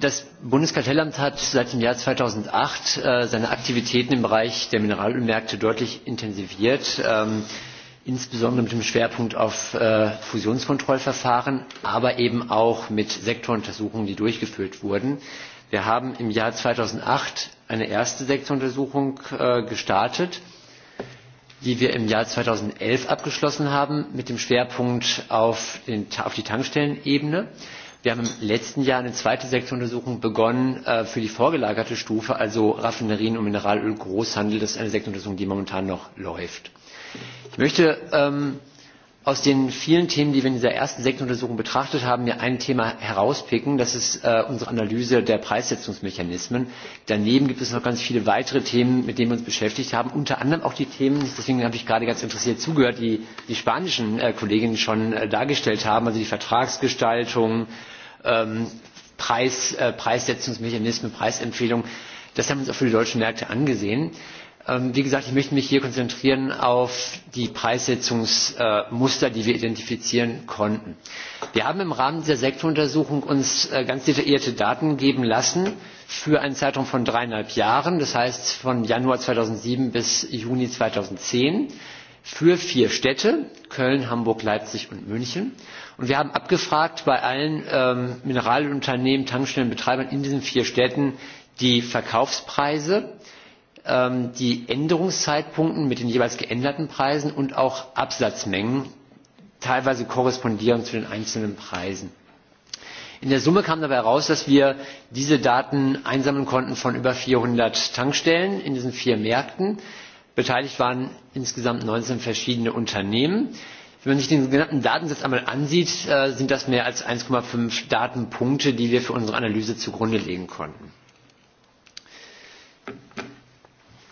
Das Bundeskartellamt hat seit dem Jahr 2008 seine Aktivitäten im Bereich der Mineralölmärkte deutlich intensiviert, insbesondere mit dem Schwerpunkt auf Fusionskontrollverfahren, aber eben auch mit Sektoruntersuchungen, die durchgeführt wurden. Wir haben im Jahr 2008 eine erste Sektoruntersuchung gestartet, die wir im Jahr 2011 abgeschlossen haben mit dem Schwerpunkt auf, die Tankstellenebene. Wir haben im letzten Jahr eine zweite Sektoruntersuchung begonnen für die vorgelagerte Stufe, also Raffinerien und Mineralöl Großhandel, Das ist eine Sektoruntersuchung, die momentan noch läuft. Ich möchte ähm, aus den vielen Themen, die wir in dieser ersten Sektoruntersuchung betrachtet haben, mir ein Thema herauspicken. Das ist äh, unsere Analyse der Preissetzungsmechanismen. Daneben gibt es noch ganz viele weitere Themen, mit denen wir uns beschäftigt haben. Unter anderem auch die Themen, deswegen habe ich gerade ganz interessiert zugehört, die die spanischen äh, Kolleginnen schon äh, dargestellt haben, also die Vertragsgestaltung, Preis, äh, Preissetzungsmechanismen, Preisempfehlungen. Das haben wir uns auch für die deutschen Märkte angesehen. Ähm, wie gesagt, ich möchte mich hier konzentrieren auf die Preissetzungsmuster, äh, die wir identifizieren konnten. Wir haben im Rahmen dieser Sektoruntersuchung uns äh, ganz detaillierte Daten geben lassen für einen Zeitraum von dreieinhalb Jahren, das heißt von Januar 2007 bis Juni 2010, für vier Städte, Köln, Hamburg, Leipzig und München Und wir haben abgefragt bei allen ähm, Mineralunternehmen, Tankstellenbetreibern in diesen vier Städten die Verkaufspreise, ähm, die Änderungszeitpunkten mit den jeweils geänderten Preisen und auch Absatzmengen, teilweise korrespondierend zu den einzelnen Preisen. In der Summe kam dabei heraus, dass wir diese Daten einsammeln konnten von über 400 Tankstellen in diesen vier Märkten. Beteiligt waren insgesamt 19 verschiedene Unternehmen. Wenn man sich den genannten Datensatz einmal ansieht, sind das mehr als 1,5 Datenpunkte, die wir für unsere Analyse zugrunde legen konnten.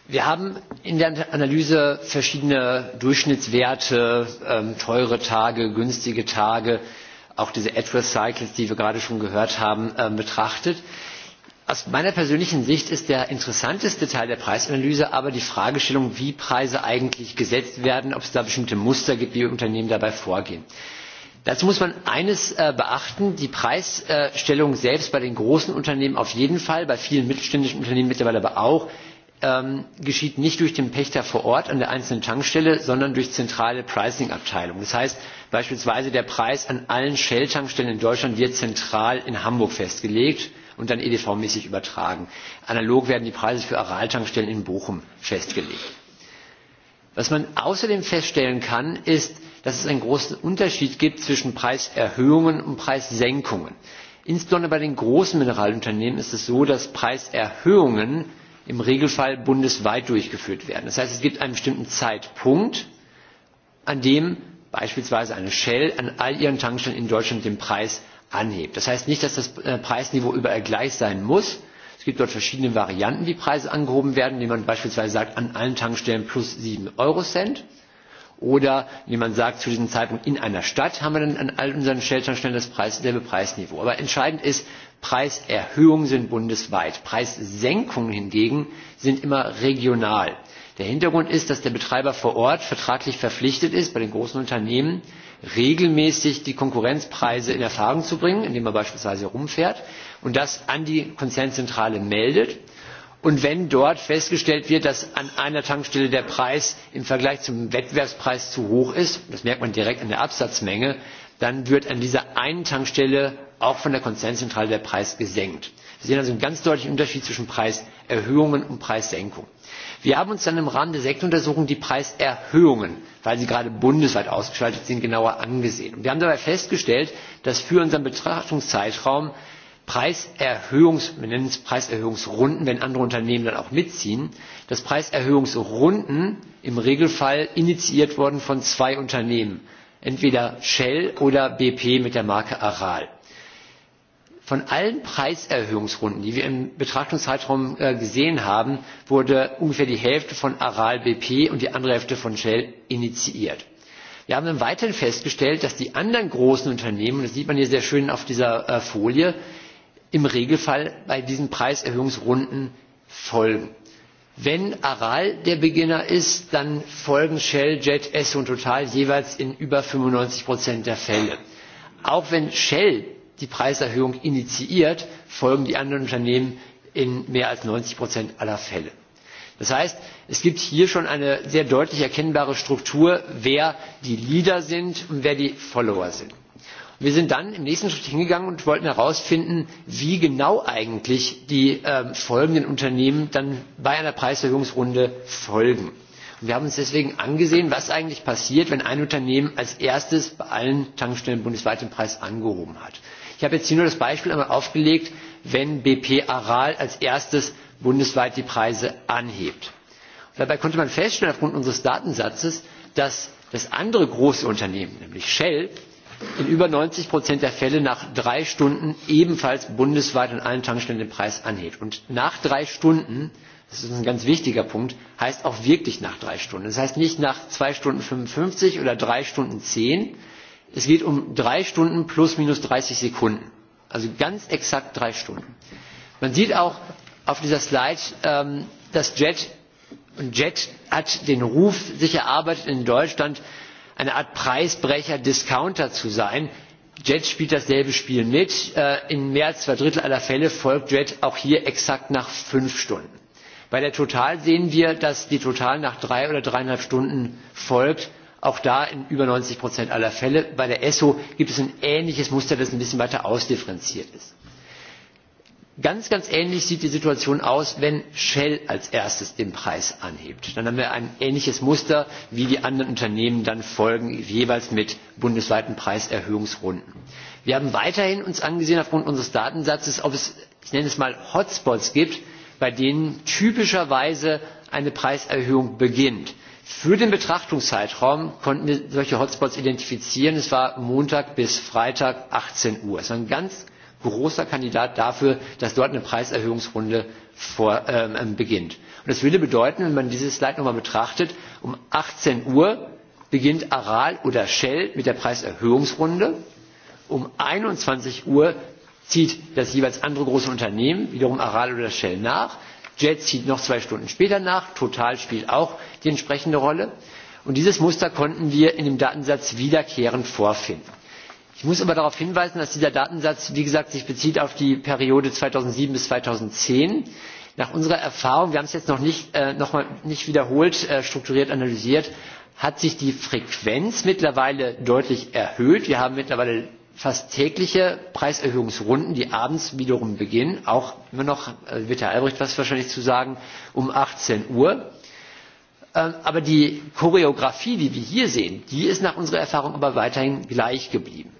Wir haben in der Analyse verschiedene Durchschnittswerte, teure Tage, günstige Tage, auch diese Address Cycles, die wir gerade schon gehört haben, betrachtet. Aus meiner persönlichen Sicht ist der interessanteste Teil der Preisanalyse aber die Fragestellung, wie Preise eigentlich gesetzt werden, ob es da bestimmte Muster gibt, wie Unternehmen dabei vorgehen. Dazu muss man eines beachten, die Preisstellung selbst bei den großen Unternehmen auf jeden Fall, bei vielen mittelständischen Unternehmen mittlerweile aber auch, geschieht nicht durch den Pächter vor Ort an der einzelnen Tankstelle, sondern durch zentrale Pricing-Abteilungen. Das heißt beispielsweise, der Preis an allen Shell-Tankstellen in Deutschland wird zentral in Hamburg festgelegt und dann EDV-mäßig übertragen. Analog werden die Preise für Araltankstellen in Bochum festgelegt. Was man außerdem feststellen kann, ist, dass es einen großen Unterschied gibt zwischen Preiserhöhungen und Preissenkungen. Insbesondere bei den großen Mineralunternehmen ist es so, dass Preiserhöhungen im Regelfall bundesweit durchgeführt werden. Das heißt, es gibt einen bestimmten Zeitpunkt, an dem beispielsweise eine Shell an all ihren Tankstellen in Deutschland den Preis anhebt. Das heißt nicht, dass das Preisniveau überall gleich sein muss. Es gibt dort verschiedene Varianten, wie Preise angehoben werden, indem man beispielsweise sagt, an allen Tankstellen plus sieben Eurocent. Oder indem man sagt, zu diesem Zeitpunkt in einer Stadt haben wir dann an all unseren Stelltankstellen das Preis, selbe Preisniveau. Aber entscheidend ist, Preiserhöhungen sind bundesweit. Preissenkungen hingegen sind immer regional. Der Hintergrund ist, dass der Betreiber vor Ort vertraglich verpflichtet ist, bei den großen Unternehmen regelmäßig die Konkurrenzpreise in Erfahrung zu bringen, indem man beispielsweise rumfährt und das an die Konzernzentrale meldet. Und wenn dort festgestellt wird, dass an einer Tankstelle der Preis im Vergleich zum Wettbewerbspreis zu hoch ist, das merkt man direkt an der Absatzmenge, dann wird an dieser einen Tankstelle auch von der Konzernzentrale der Preis gesenkt. Wir sehen also einen ganz deutlichen Unterschied zwischen Preiserhöhungen und Preissenkungen wir haben uns dann im rahmen der sektoruntersuchung die preiserhöhungen weil sie gerade bundesweit ausgestaltet sind genauer angesehen. und wir haben dabei festgestellt dass für unseren betrachtungszeitraum preiserhöhungs wir nennen es preiserhöhungsrunden wenn andere unternehmen dann auch mitziehen dass preiserhöhungsrunden im regelfall initiiert wurden von zwei unternehmen entweder shell oder bp mit der marke aral von allen preiserhöhungsrunden die wir im betrachtungszeitraum gesehen haben wurde ungefähr die hälfte von aral bp und die andere hälfte von shell initiiert. wir haben dann weiterhin festgestellt dass die anderen großen unternehmen das sieht man hier sehr schön auf dieser folie im regelfall bei diesen preiserhöhungsrunden folgen. wenn aral der beginner ist dann folgen shell jet esso und total jeweils in über fünfundneunzig der fälle. auch wenn shell die Preiserhöhung initiiert, folgen die anderen Unternehmen in mehr als 90 Prozent aller Fälle. Das heißt, es gibt hier schon eine sehr deutlich erkennbare Struktur, wer die Leader sind und wer die Follower sind. Wir sind dann im nächsten Schritt hingegangen und wollten herausfinden, wie genau eigentlich die folgenden Unternehmen dann bei einer Preiserhöhungsrunde folgen. wir haben uns deswegen angesehen, was eigentlich passiert, wenn ein Unternehmen als erstes bei allen Tankstellen bundesweit den Preis angehoben hat ich habe jetzt hier nur das beispiel einmal aufgelegt wenn bp aral als erstes bundesweit die preise anhebt. dabei konnte man feststellen aufgrund unseres datensatzes dass das andere große unternehmen nämlich shell in über neunzig der fälle nach drei stunden ebenfalls bundesweit an allen tankstellen den preis anhebt. und nach drei stunden das ist ein ganz wichtiger punkt heißt auch wirklich nach drei stunden. das heißt nicht nach zwei stunden fünfundfünfzig oder drei stunden zehn es geht um drei Stunden plus minus 30 Sekunden. Also ganz exakt drei Stunden. Man sieht auch auf dieser Slide, ähm, dass JET, und JET hat den Ruf sich erarbeitet in Deutschland, eine Art Preisbrecher, Discounter zu sein. JET spielt dasselbe Spiel mit. In mehr als zwei Drittel aller Fälle folgt JET auch hier exakt nach fünf Stunden. Bei der Total sehen wir, dass die Total nach drei oder dreieinhalb Stunden folgt auch da in über 90 Prozent aller Fälle. Bei der ESSO gibt es ein ähnliches Muster, das ein bisschen weiter ausdifferenziert ist. Ganz, ganz ähnlich sieht die Situation aus, wenn Shell als erstes den Preis anhebt. Dann haben wir ein ähnliches Muster, wie die anderen Unternehmen dann folgen, jeweils mit bundesweiten Preiserhöhungsrunden. Wir haben weiterhin uns angesehen aufgrund unseres Datensatzes, ob es, ich nenne es mal Hotspots gibt, bei denen typischerweise eine Preiserhöhung beginnt. Für den Betrachtungszeitraum konnten wir solche Hotspots identifizieren. Es war Montag bis Freitag 18 Uhr. Es war ein ganz großer Kandidat dafür, dass dort eine Preiserhöhungsrunde vor, ähm, beginnt. Und das würde bedeuten, wenn man dieses Slide nochmal betrachtet, um 18 Uhr beginnt Aral oder Shell mit der Preiserhöhungsrunde. Um 21 Uhr zieht das jeweils andere große Unternehmen, wiederum Aral oder Shell, nach. Jet zieht noch zwei Stunden später nach. Total spielt auch die entsprechende Rolle. Und dieses Muster konnten wir in dem Datensatz wiederkehrend vorfinden. Ich muss aber darauf hinweisen, dass dieser Datensatz, wie gesagt, sich bezieht auf die Periode 2007 bis 2010. Nach unserer Erfahrung, wir haben es jetzt noch nicht, äh, noch mal nicht wiederholt äh, strukturiert analysiert, hat sich die Frequenz mittlerweile deutlich erhöht. Wir haben mittlerweile fast tägliche Preiserhöhungsrunden, die abends wiederum beginnen, auch immer noch, äh, wird Herr Albrecht was wahrscheinlich zu sagen, um 18 Uhr aber die choreografie die wir hier sehen die ist nach unserer erfahrung aber weiterhin gleich geblieben.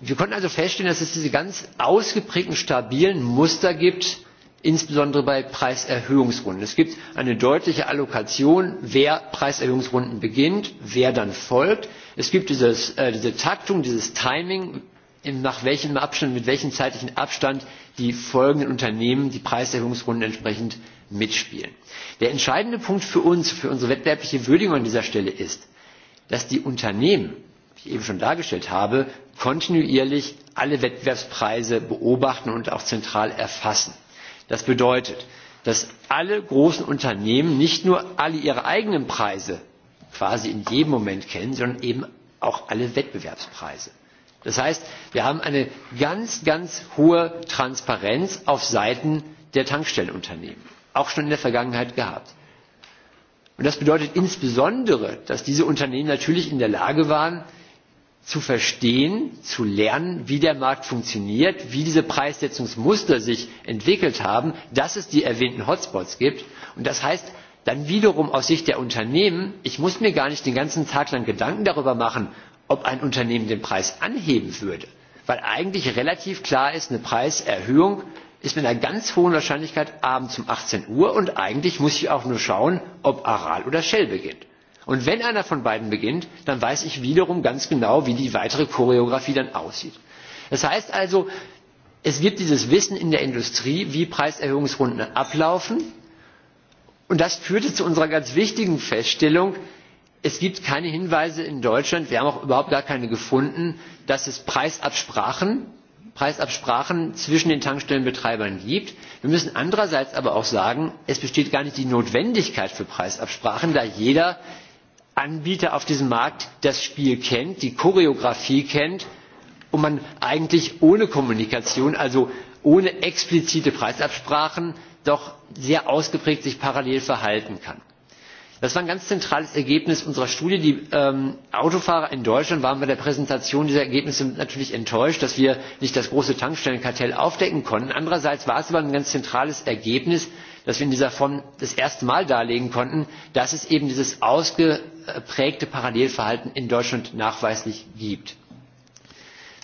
wir konnten also feststellen dass es diese ganz ausgeprägten stabilen muster gibt insbesondere bei preiserhöhungsrunden. es gibt eine deutliche allokation wer preiserhöhungsrunden beginnt wer dann folgt. es gibt diese taktung dieses timing nach welchem Abstand, mit welchem zeitlichen Abstand die folgenden Unternehmen die Preiserhöhungsrunden entsprechend mitspielen. Der entscheidende Punkt für uns, für unsere wettbewerbliche Würdigung an dieser Stelle ist, dass die Unternehmen, wie ich eben schon dargestellt habe, kontinuierlich alle Wettbewerbspreise beobachten und auch zentral erfassen. Das bedeutet, dass alle großen Unternehmen nicht nur alle ihre eigenen Preise quasi in jedem Moment kennen, sondern eben auch alle Wettbewerbspreise das heißt wir haben eine ganz ganz hohe transparenz auf seiten der tankstellenunternehmen auch schon in der vergangenheit gehabt. und das bedeutet insbesondere dass diese unternehmen natürlich in der lage waren zu verstehen zu lernen wie der markt funktioniert wie diese preissetzungsmuster sich entwickelt haben dass es die erwähnten hotspots gibt und das heißt dann wiederum aus sicht der unternehmen ich muss mir gar nicht den ganzen tag lang gedanken darüber machen ob ein Unternehmen den Preis anheben würde, weil eigentlich relativ klar ist, eine Preiserhöhung ist mit einer ganz hohen Wahrscheinlichkeit abends um 18 Uhr und eigentlich muss ich auch nur schauen, ob Aral oder Shell beginnt. Und wenn einer von beiden beginnt, dann weiß ich wiederum ganz genau, wie die weitere Choreografie dann aussieht. Das heißt also, es gibt dieses Wissen in der Industrie, wie Preiserhöhungsrunden ablaufen. Und das führte zu unserer ganz wichtigen Feststellung, es gibt keine hinweise in deutschland wir haben auch überhaupt gar keine gefunden dass es preisabsprachen preisabsprachen zwischen den tankstellenbetreibern gibt. wir müssen andererseits aber auch sagen es besteht gar nicht die notwendigkeit für preisabsprachen da jeder anbieter auf diesem markt das spiel kennt die choreografie kennt und man eigentlich ohne kommunikation also ohne explizite preisabsprachen doch sehr ausgeprägt sich parallel verhalten kann das war ein ganz zentrales ergebnis unserer studie. die autofahrer in deutschland waren bei der präsentation dieser ergebnisse natürlich enttäuscht dass wir nicht das große tankstellenkartell aufdecken konnten. andererseits war es aber ein ganz zentrales ergebnis dass wir in dieser form das erste mal darlegen konnten dass es eben dieses ausgeprägte parallelverhalten in deutschland nachweislich gibt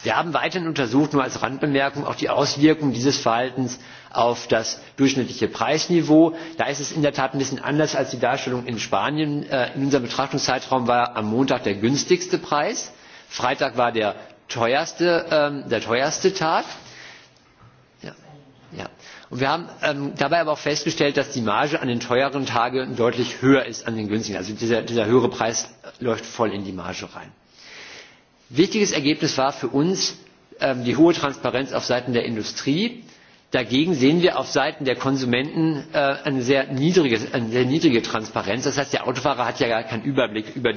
wir haben weiterhin untersucht nur als randbemerkung auch die auswirkungen dieses verhaltens auf das durchschnittliche preisniveau. da ist es in der tat ein bisschen anders als die darstellung in spanien. in unserem betrachtungszeitraum war am montag der günstigste preis freitag war der teuerste tag. wir haben dabei aber auch festgestellt dass die marge an den teuren tagen deutlich höher ist als an den günstigen. also dieser höhere preis läuft voll in die marge rein wichtiges ergebnis war für uns die hohe transparenz auf seiten der industrie. dagegen sehen wir auf seiten der konsumenten eine sehr niedrige transparenz. das heißt der autofahrer hat ja gar keinen überblick über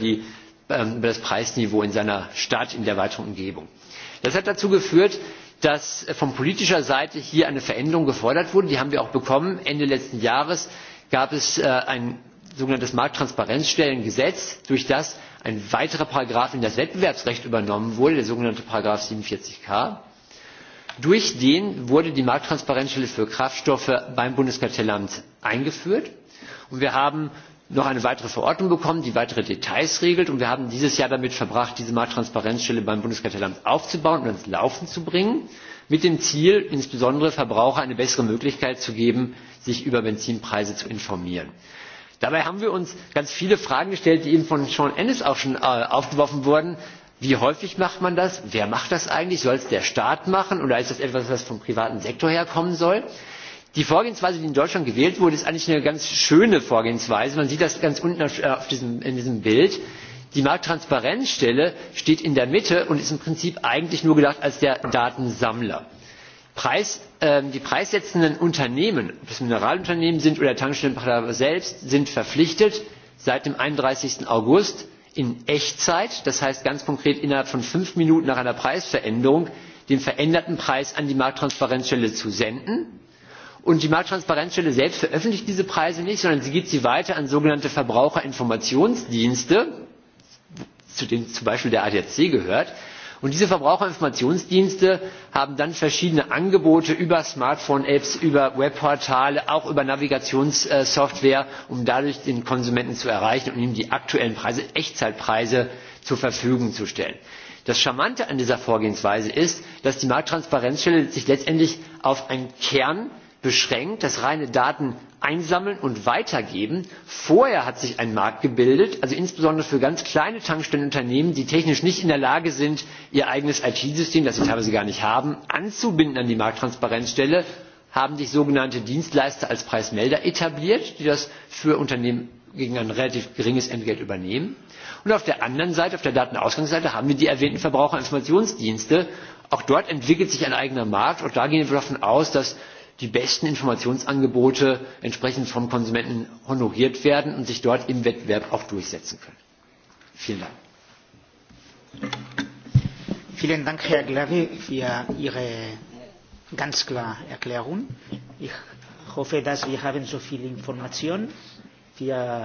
das preisniveau in seiner stadt in der weiteren umgebung. das hat dazu geführt dass von politischer seite hier eine veränderung gefordert wurde die haben wir auch bekommen. ende letzten jahres gab es ein sogenanntes markttransparenzstellengesetz durch das ein weiterer Paragraph in das Wettbewerbsrecht übernommen wurde, der sogenannte Paragraph 47k. Durch den wurde die Markttransparenzstelle für Kraftstoffe beim Bundeskartellamt eingeführt. Und wir haben noch eine weitere Verordnung bekommen, die weitere Details regelt. Und wir haben dieses Jahr damit verbracht, diese Markttransparenzstelle beim Bundeskartellamt aufzubauen und ins Laufen zu bringen, mit dem Ziel, insbesondere Verbraucher eine bessere Möglichkeit zu geben, sich über Benzinpreise zu informieren dabei haben wir uns ganz viele fragen gestellt die eben von sean ennis auch schon aufgeworfen wurden wie häufig macht man das wer macht das eigentlich soll es der staat machen oder ist das etwas was vom privaten sektor herkommen soll? die vorgehensweise die in deutschland gewählt wurde ist eigentlich eine ganz schöne vorgehensweise man sieht das ganz unten in diesem bild die markttransparenzstelle steht in der mitte und ist im prinzip eigentlich nur gedacht als der datensammler die preissetzenden unternehmen ob das mineralunternehmen sind oder tankstellenbetreiber selbst sind verpflichtet seit dem. einunddreißig august in echtzeit das heißt ganz konkret innerhalb von fünf minuten nach einer preisveränderung den veränderten preis an die markttransparenzstelle zu senden und die markttransparenzstelle selbst veröffentlicht diese preise nicht sondern sie gibt sie weiter an sogenannte verbraucherinformationsdienste zu denen zum beispiel der adac gehört und diese verbraucherinformationsdienste haben dann verschiedene angebote über smartphone apps über webportale auch über navigationssoftware um dadurch den konsumenten zu erreichen und ihm die aktuellen preise echtzeitpreise zur verfügung zu stellen. das charmante an dieser vorgehensweise ist dass die markttransparenzstelle sich letztendlich auf einen kern beschränkt das reine Daten einsammeln und weitergeben. Vorher hat sich ein Markt gebildet, also insbesondere für ganz kleine Tankstellenunternehmen, die technisch nicht in der Lage sind, ihr eigenes IT-System, das sie teilweise gar nicht haben, anzubinden an die Markttransparenzstelle, haben sich sogenannte Dienstleister als Preismelder etabliert, die das für Unternehmen gegen ein relativ geringes Entgelt übernehmen. Und auf der anderen Seite, auf der Datenausgangsseite, haben wir die erwähnten Verbraucherinformationsdienste. Auch dort entwickelt sich ein eigener Markt und da gehen wir davon aus, dass die besten Informationsangebote entsprechend vom Konsumenten honoriert werden und sich dort im Wettbewerb auch durchsetzen können. Vielen Dank. Vielen Dank, Herr Glave, für Ihre ganz klare Erklärung. Ich hoffe, dass wir haben so viel Information für äh,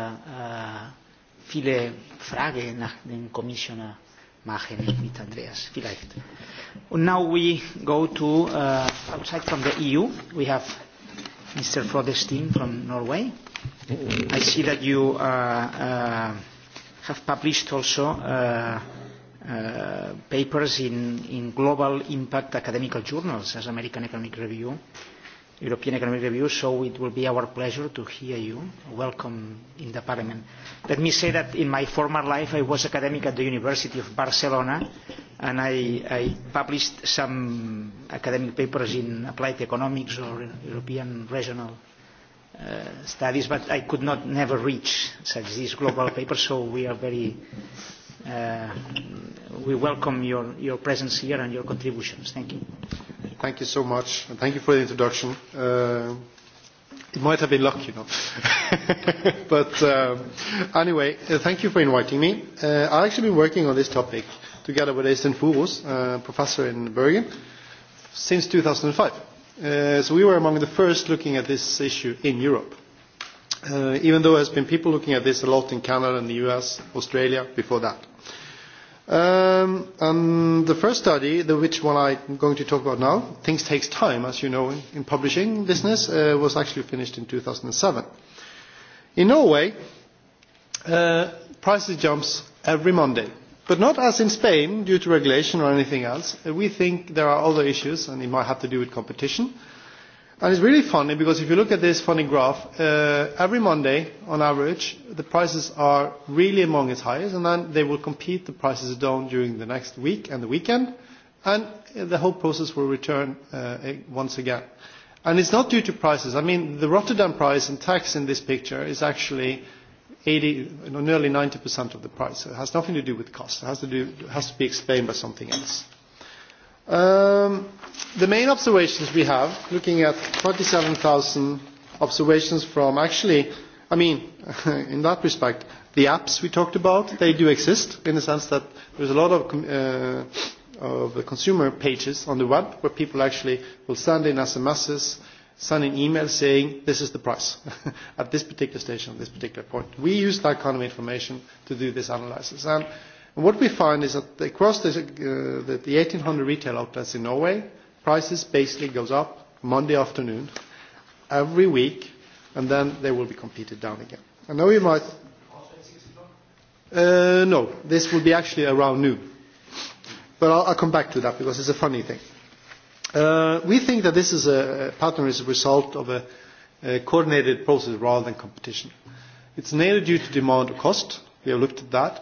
viele Fragen nach dem Kommissioner machen mit Andreas, vielleicht. Und now we go to uh, outside from the EU. We have Mr. Flodestin from Norway. I see that you uh, uh, have published also uh, uh, papers in, in global impact academical journals as American Economic Review European Economic Review, so it will be our pleasure to hear you. Welcome in the Parliament. Let me say that in my former life I was academic at the University of Barcelona and I, I published some academic papers in applied economics or European regional uh, studies, but I could not never reach such these global papers, so we are very uh, we welcome your, your presence here and your contributions. Thank you. Thank you so much. And thank you for the introduction. Uh, it might have been luck, you know. but um, anyway, uh, thank you for inviting me. Uh, I've actually been working on this topic together with Øystein Furus, uh, professor in Bergen, since 2005. Uh, so we were among the first looking at this issue in Europe. Uh, even though there's been people looking at this a lot in Canada and the US, Australia, before that Um, and the first study, the which one I'm going to talk about now, things takes time, as you know, in, in publishing business, uh, was actually finished in 2007. In Norway, uh, prices jumps every Monday, but not as in Spain due to regulation or anything else. We think there are other issues, and it might have to do with competition. Uh, And it's really funny because if you look at this funny graph, uh, every Monday, on average, the prices are really among its highest, and then they will compete the prices down during the next week and the weekend, and the whole process will return uh, once again. And it's not due to prices. I mean, the Rotterdam price and tax in this picture is actually 80, you know, nearly 90% of the price. So it has nothing to do with cost. It has to, do, it has to be explained by something else. Um, the main observations we have, looking at thousand observations from actually, I mean, in that respect, the apps we talked about, they do exist in the sense that there's a lot of, uh, of the consumer pages on the web where people actually will send in SMSs, send an email saying this is the price at this particular station, at this particular point. We use that kind of information to do this analysis. And And what we find is that across the, uh, the, the 1,800 retail outlets in Norway, prices basically goes up Monday afternoon every week, and then they will be competed down again. I know you might... Uh, no, this will be actually around noon. But I'll, I'll come back to that because it's a funny thing. Uh, we think that this is a, a pattern is a result of a, a coordinated process rather than competition. It's mainly due to demand or cost. We have looked at that.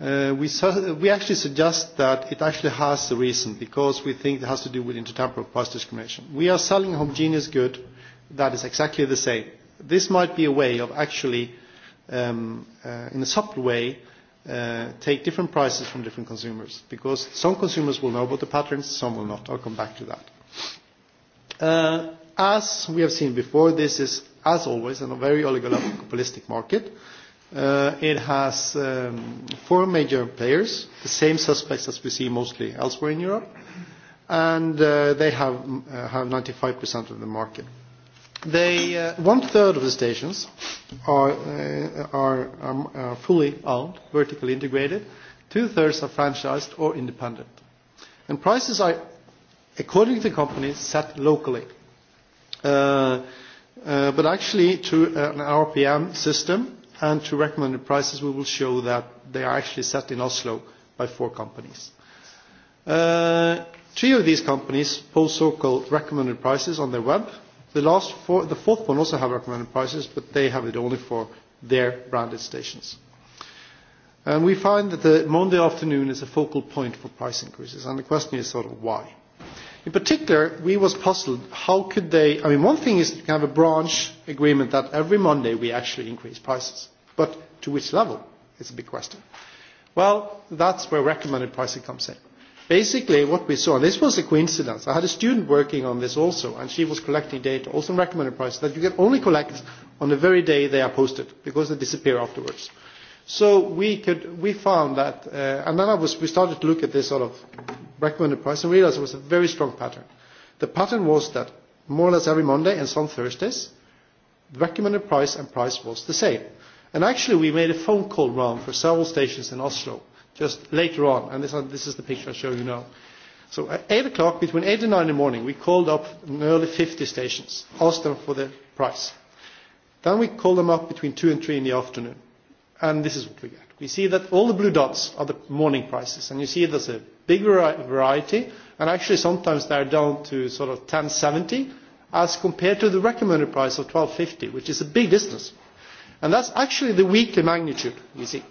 Uh, we, su- we actually suggest that it actually has a reason because we think it has to do with intertemporal price discrimination. We are selling a homogeneous good that is exactly the same. This might be a way of actually, um, uh, in a subtle way, uh, take different prices from different consumers because some consumers will know about the patterns, some will not. I'll come back to that. Uh, as we have seen before, this is, as always, a very oligopolistic market uh, it has um, four major players, the same suspects as we see mostly elsewhere in Europe, and uh, they have, uh, have 95% of the market. They, uh, one third of the stations are, uh, are, are, are fully owned, vertically integrated. Two thirds are franchised or independent. And prices are, according to the companies, set locally. Uh, uh, but actually, through an RPM system, and to recommended prices, we will show that they are actually set in Oslo by four companies. Three of these companies post so-called recommended prices on their web. The last four, the fourth one also have recommended prices, but they have it only for their branded stations. And we find that the Monday afternoon is a focal point for price increases, and the question is sort of why. In particular, we was puzzled how could they, I mean, one thing is to have a branch agreement that every Monday we actually increase prices, but to which level is a big question. Well, that's where recommended pricing comes in. Basically, what we saw, and this was a coincidence, I had a student working on this also, and she was collecting data, also on recommended prices, that you can only collect on the very day they are posted, because they disappear afterwards. So we could we found that, uh, and then I was, we started to look at this sort of recommended price and realized it was a very strong pattern. The pattern was that more or less every Monday and some Thursdays, the recommended price and price was the same. And actually, we made a phone call round for several stations in Oslo just later on, and this, this is the picture I show you now. So at 8 o'clock, between 8 and 9 in the morning, we called up nearly 50 stations, asked them for the price. Then we called them up between 2 and 3 in the afternoon And this is what we get. We see that all the blue dots are the morning prices, and you see there's a big variety, and actually sometimes they're down to sort of 1070 as compared to the recommended price of 1250, which is a big distance. And that's actually the weekly magnitude we see.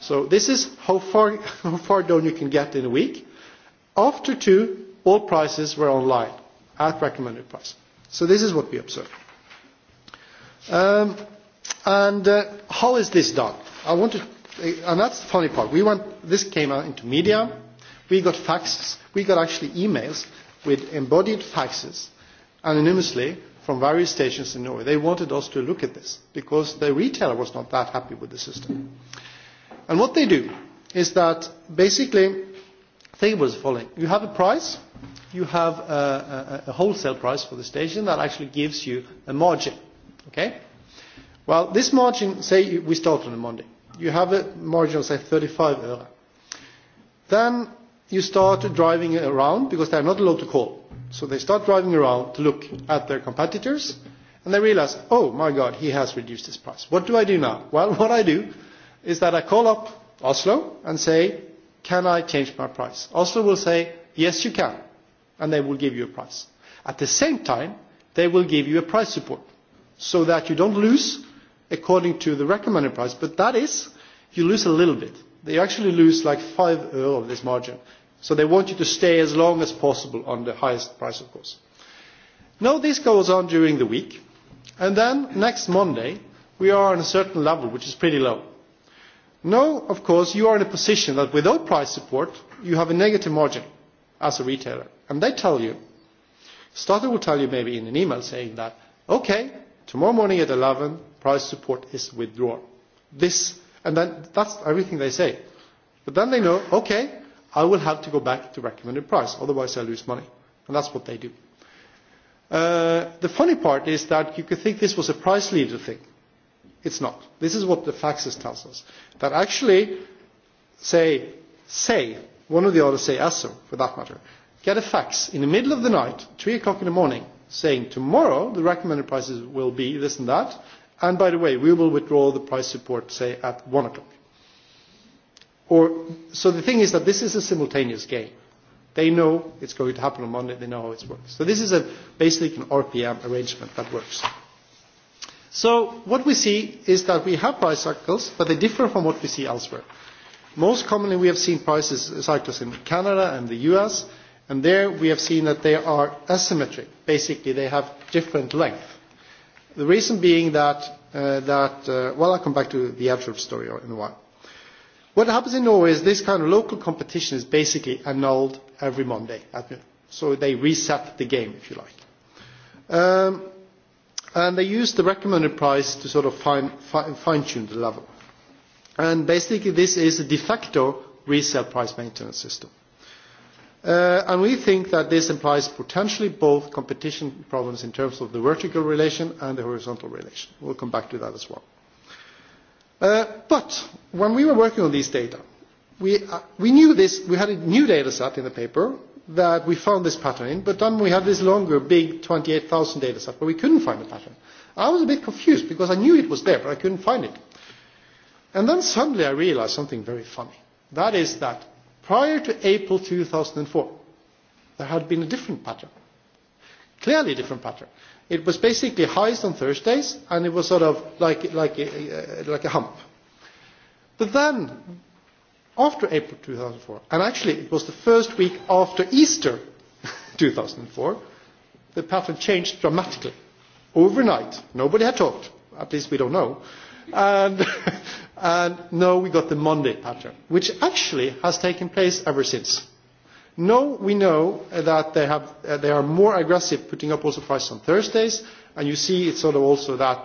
So this is how far, how far down you can get in a week. After two, all prices were online at recommended price. So this is what we observe. Um, and uh, how is this done? I want to, and that's the funny part. We went, this came out into media. We got faxes. We got actually emails with embodied faxes anonymously from various stations in Norway. They wanted us to look at this because the retailer was not that happy with the system. And what they do is that basically, think was the following. You have a price, you have a, a, a wholesale price for the station that actually gives you a margin. Okay? Well, this margin, say we start on a Monday you have a margin of, say, 35 euro. Then you start driving around because they are not allowed to call. So they start driving around to look at their competitors and they realise, oh my God, he has reduced his price. What do I do now? Well, what I do is that I call up Oslo and say, can I change my price? Oslo will say, yes, you can, and they will give you a price. At the same time, they will give you a price support so that you don't lose according to the recommended price, but that is, you lose a little bit. They actually lose like five euro of this margin. So they want you to stay as long as possible on the highest price, of course. Now this goes on during the week, and then next Monday, we are on a certain level, which is pretty low. Now, of course, you are in a position that without price support, you have a negative margin as a retailer. And they tell you, starter will tell you maybe in an email saying that, okay, tomorrow morning at 11, price support is withdrawn. This, and then that's everything they say. But then they know, okay, I will have to go back to recommended price, otherwise I lose money. And that's what they do. Uh, the funny part is that you could think this was a price leader thing. It's not. This is what the faxes tells us. That actually, say, say, one of the others say ASO, for that matter, get a fax in the middle of the night, 3 o'clock in the morning, saying tomorrow the recommended prices will be this and that, And by the way, we will withdraw the price support, say, at one o'clock. Or, so the thing is that this is a simultaneous game. They know it's going to happen on Monday. They know how it works. So this is a, basically an RPM arrangement that works. So what we see is that we have price cycles, but they differ from what we see elsewhere. Most commonly, we have seen price cycles in Canada and the U.S., and there we have seen that they are asymmetric. Basically, they have different length The reason being that, uh, that uh, well, I'll come back to the Absholt story in a while. What happens in Norway is this kind of local competition is basically annulled every Monday. So they reset the game, if you like. Um, and they use the recommended price to sort of fine, fine, fine tune the level. And basically this is a de facto resale price maintenance system and we think that this implies potentially both competition problems in terms of the vertical relation and the horizontal relation. We'll come back to that as well. but when we were working on these data, we, uh, we knew this, we had a new data set in the paper that we found this pattern in, but then we had this longer, big 28,000 data set where we couldn't find the pattern. I was a bit confused because I knew it was there, but I couldn't find it. And then suddenly I realized something very funny. That is that Prior to April 2004, there had been a different pattern, clearly a different pattern. It was basically highs on Thursdays, and it was sort of like, like, like a hump. But then, after April 2004, and actually it was the first week after Easter 2004, the pattern changed dramatically. Overnight, nobody had talked, at least we don't know, And, and no, we got the Monday pattern, which actually has taken place ever since. No, we know that they, have, uh, they are more aggressive putting up also prices on Thursdays, and you see it's sort of also that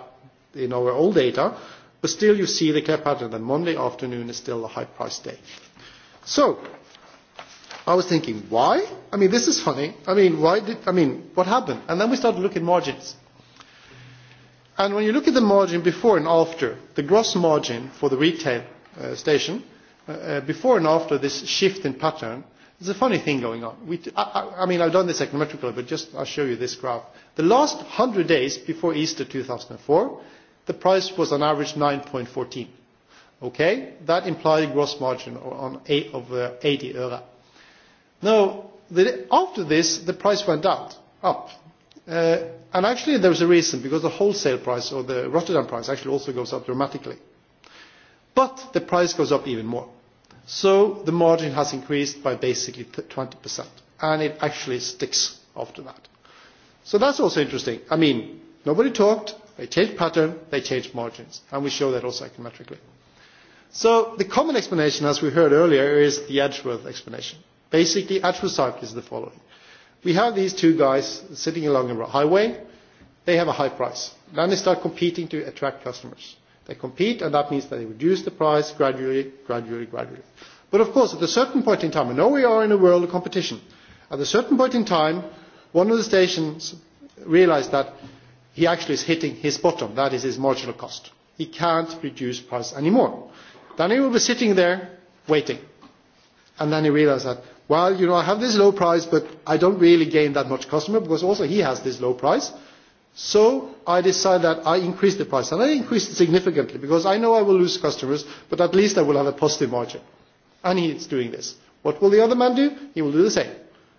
in our old data, but still you see the clear pattern that Monday afternoon is still a high price day. So, I was thinking, why? I mean, this is funny. I mean, why did, I mean, what happened? And then we started looking at margins. And when you look at the margin before and after, the gross margin for the retail uh, station, uh, before and after this shift in pattern, there's a funny thing going on. We t- I, I, I mean, I've done this econometrically, but just I'll show you this graph. The last 100 days before Easter 2004, the price was on average 9.14. Okay? That implied gross margin on eight of uh, eighty euro. Now, the, after this, the price went out, up Uh, and actually there's a reason, because the wholesale price or the Rotterdam price actually also goes up dramatically. But the price goes up even more. So the margin has increased by basically 20%, and it actually sticks after that. So that's also interesting. I mean, nobody talked, they changed pattern, they changed margins, and we show that also econometrically. So the common explanation, as we heard earlier, is the Edgeworth explanation. Basically, Edgeworth cycle is the following We have these two guys sitting along a highway. They have a high price. Then they start competing to attract customers. They compete, and that means that they reduce the price gradually, gradually, gradually. But of course, at a certain point in time, I know we are in a world of competition. At a certain point in time, one of the stations realized that he actually is hitting his bottom. That is his marginal cost. He can't reduce price anymore. Then he will be sitting there waiting. And then he realized that well, you know, I have this low price, but I don't really gain that much customer because also he has this low price. So I decide that I increase the price, and I increase it significantly because I know I will lose customers, but at least I will have a positive margin. And he is doing this. What will the other man do? He will do the same.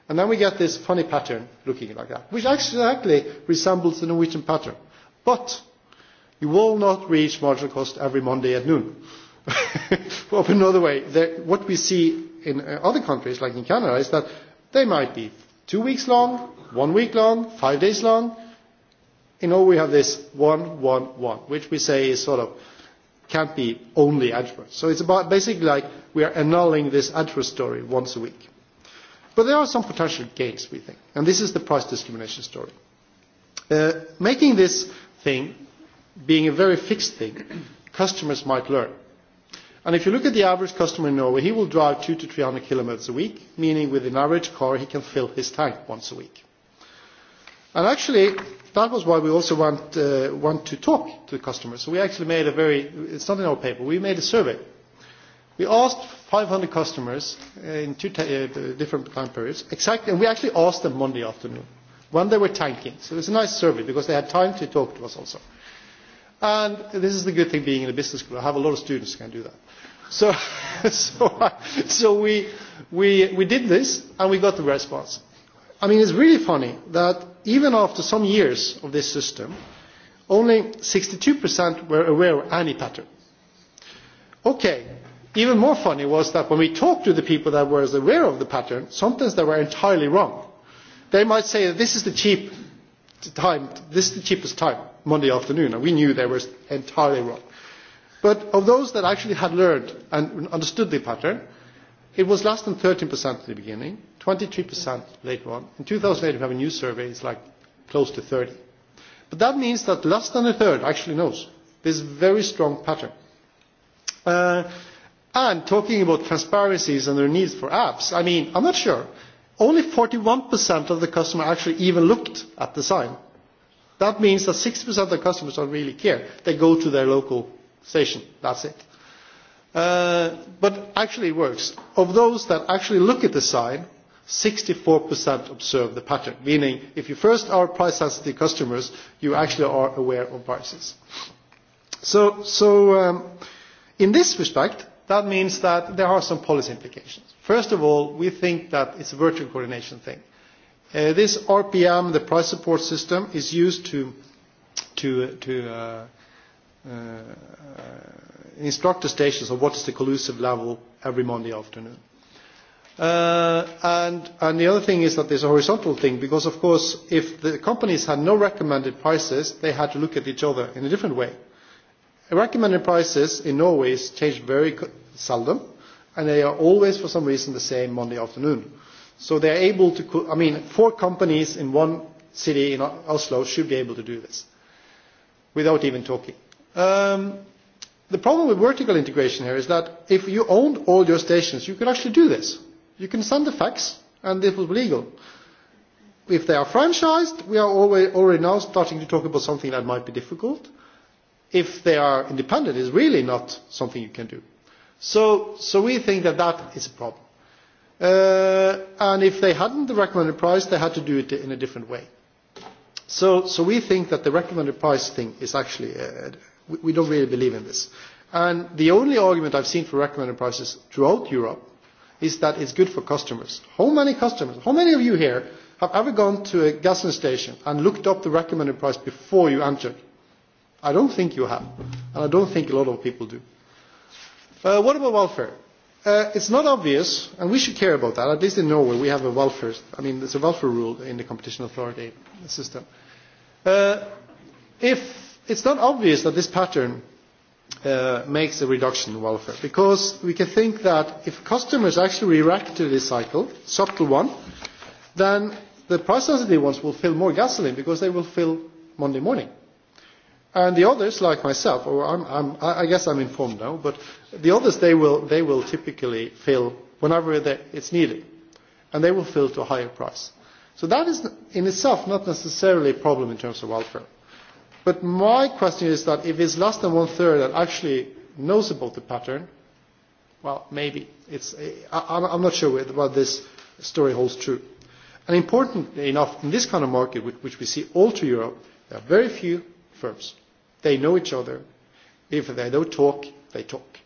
And then we get this funny pattern looking like that, which actually resembles the Norwegian pattern. But you will not reach marginal cost every Monday at noon or another way, the, what we see in other countries, like in Canada, is that they might be two weeks long, one week long, five days long. You know we have this one, one, one, which we say is sort of can't be only adverse. So it's about basically like we are annulling this adverse story once a week. But there are some potential gains, we think, and this is the price discrimination story. Uh, making this thing being a very fixed thing, customers might learn if you look at the average customer in Norway, he will drive two to three hundred kilometres a week, meaning with an average car he can fill his tank once a week. And actually, that was why we also want, to talk to customers. So we actually made a very, it's not in our paper, we made a survey. We asked 500 customers in two different time periods, exactly, and we actually asked them Monday afternoon when they were tanking. So it was a nice survey because they had time to talk to us also. And this is the good thing being in a business school. I have a lot of students who can do that. So, so, so we, we, we did this and we got the response. I mean, it's really funny that even after some years of this system, only 62% were aware of any pattern. Okay, even more funny was that when we talked to the people that were aware of the pattern, sometimes they were entirely wrong. They might say that this is the cheap time, this is the cheapest time Monday afternoon, and we knew they were entirely wrong. But of those that actually had learned and understood the pattern, it was less than 13% at the beginning, 23% later on. In 2008, we have a new survey, it's like close to 30. But that means that less than a third actually knows this very strong pattern. Uh, and talking about transparencies and their needs for apps, I mean, I'm not sure. Only 41% of the customer actually even looked at the sign That means that 60% of the customers don't really care. They go to their local station. That's it. Uh, but actually it works. Of those that actually look at the sign, 64% observe the pattern, meaning if you first are price sensitive customers, you actually are aware of prices. So, so um, in this respect, that means that there are some policy implications. First of all, we think that it's a virtual coordination thing This RPM, the price support system, is used to instruct the stations on what is the collusive level every Monday afternoon. And The other thing is that there's a horizontal thing because, of course, if the companies had no recommended prices, they had to look at each other in a different way. Recommended prices in Norway change very seldom, and they are always, for some reason, the same Monday afternoon So they are able to, I mean, four companies in one city in Oslo should be able to do this without even talking. Um, the problem with vertical integration here is that if you owned all your stations, you could actually do this. You can send the fax, and this was legal. If they are franchised, we are already, already now starting to talk about something that might be difficult. If they are independent, it's really not something you can do. So, so we think that that is a problem and if they hadn't the recommended price, they had to do it in a different way. So, so we think that the recommended price thing is actually, uh, we, we don't really believe in this. And the only argument I've seen for recommended prices throughout Europe is that it's good for customers. How many customers, how many of you here have ever gone to a gas station and looked up the recommended price before you entered? I don't think you have, and I don't think a lot of people do. Uh, what about welfare? Uh, it's not obvious, and we should care about that. At least in Norway, we have a welfare. I mean, there's a welfare rule in the competition authority system. Uh, if it's not obvious that this pattern uh, makes a reduction in welfare, because we can think that if customers actually react to this cycle, subtle one, then the price sensitive ones will fill more gasoline because they will fill Monday morning And the others, like myself, or I'm, I'm, I guess I'm informed now, but the others, they will, they will typically fill whenever it's needed, and they will fill to a higher price. So that is in itself not necessarily a problem in terms of welfare. But my question is that if it's less than one third that actually knows about the pattern, well, maybe. It's, I, I'm not sure whether this story holds true. And importantly enough, in this kind of market, which we see all through Europe, there are very few firms. They know each other. If they don't talk, they talk.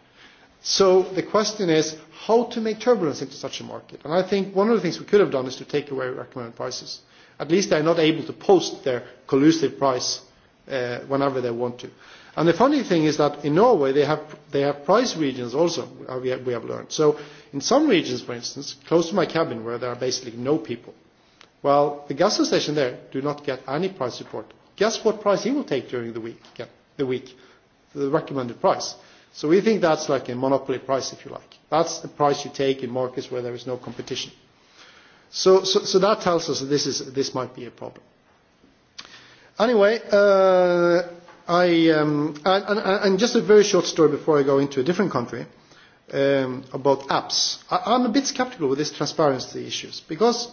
So the question is how to make turbulence into such a market. And I think one of the things we could have done is to take away recommended prices. At least they are not able to post their collusive price uh, whenever they want to. And the funny thing is that in Norway they have, they have price regions also, we have, we have learned. So in some regions, for instance, close to my cabin where there are basically no people, well, the gas station there do not get any price support Guess what price he will take during the week? Yeah, the week, the recommended price. So we think that's like a monopoly price, if you like. That's the price you take in markets where there is no competition. So, so, so that tells us that this, is, this might be a problem. Anyway, uh, I, um, and, and, and just a very short story before I go into a different country um, about apps. I, I'm a bit skeptical with these transparency issues because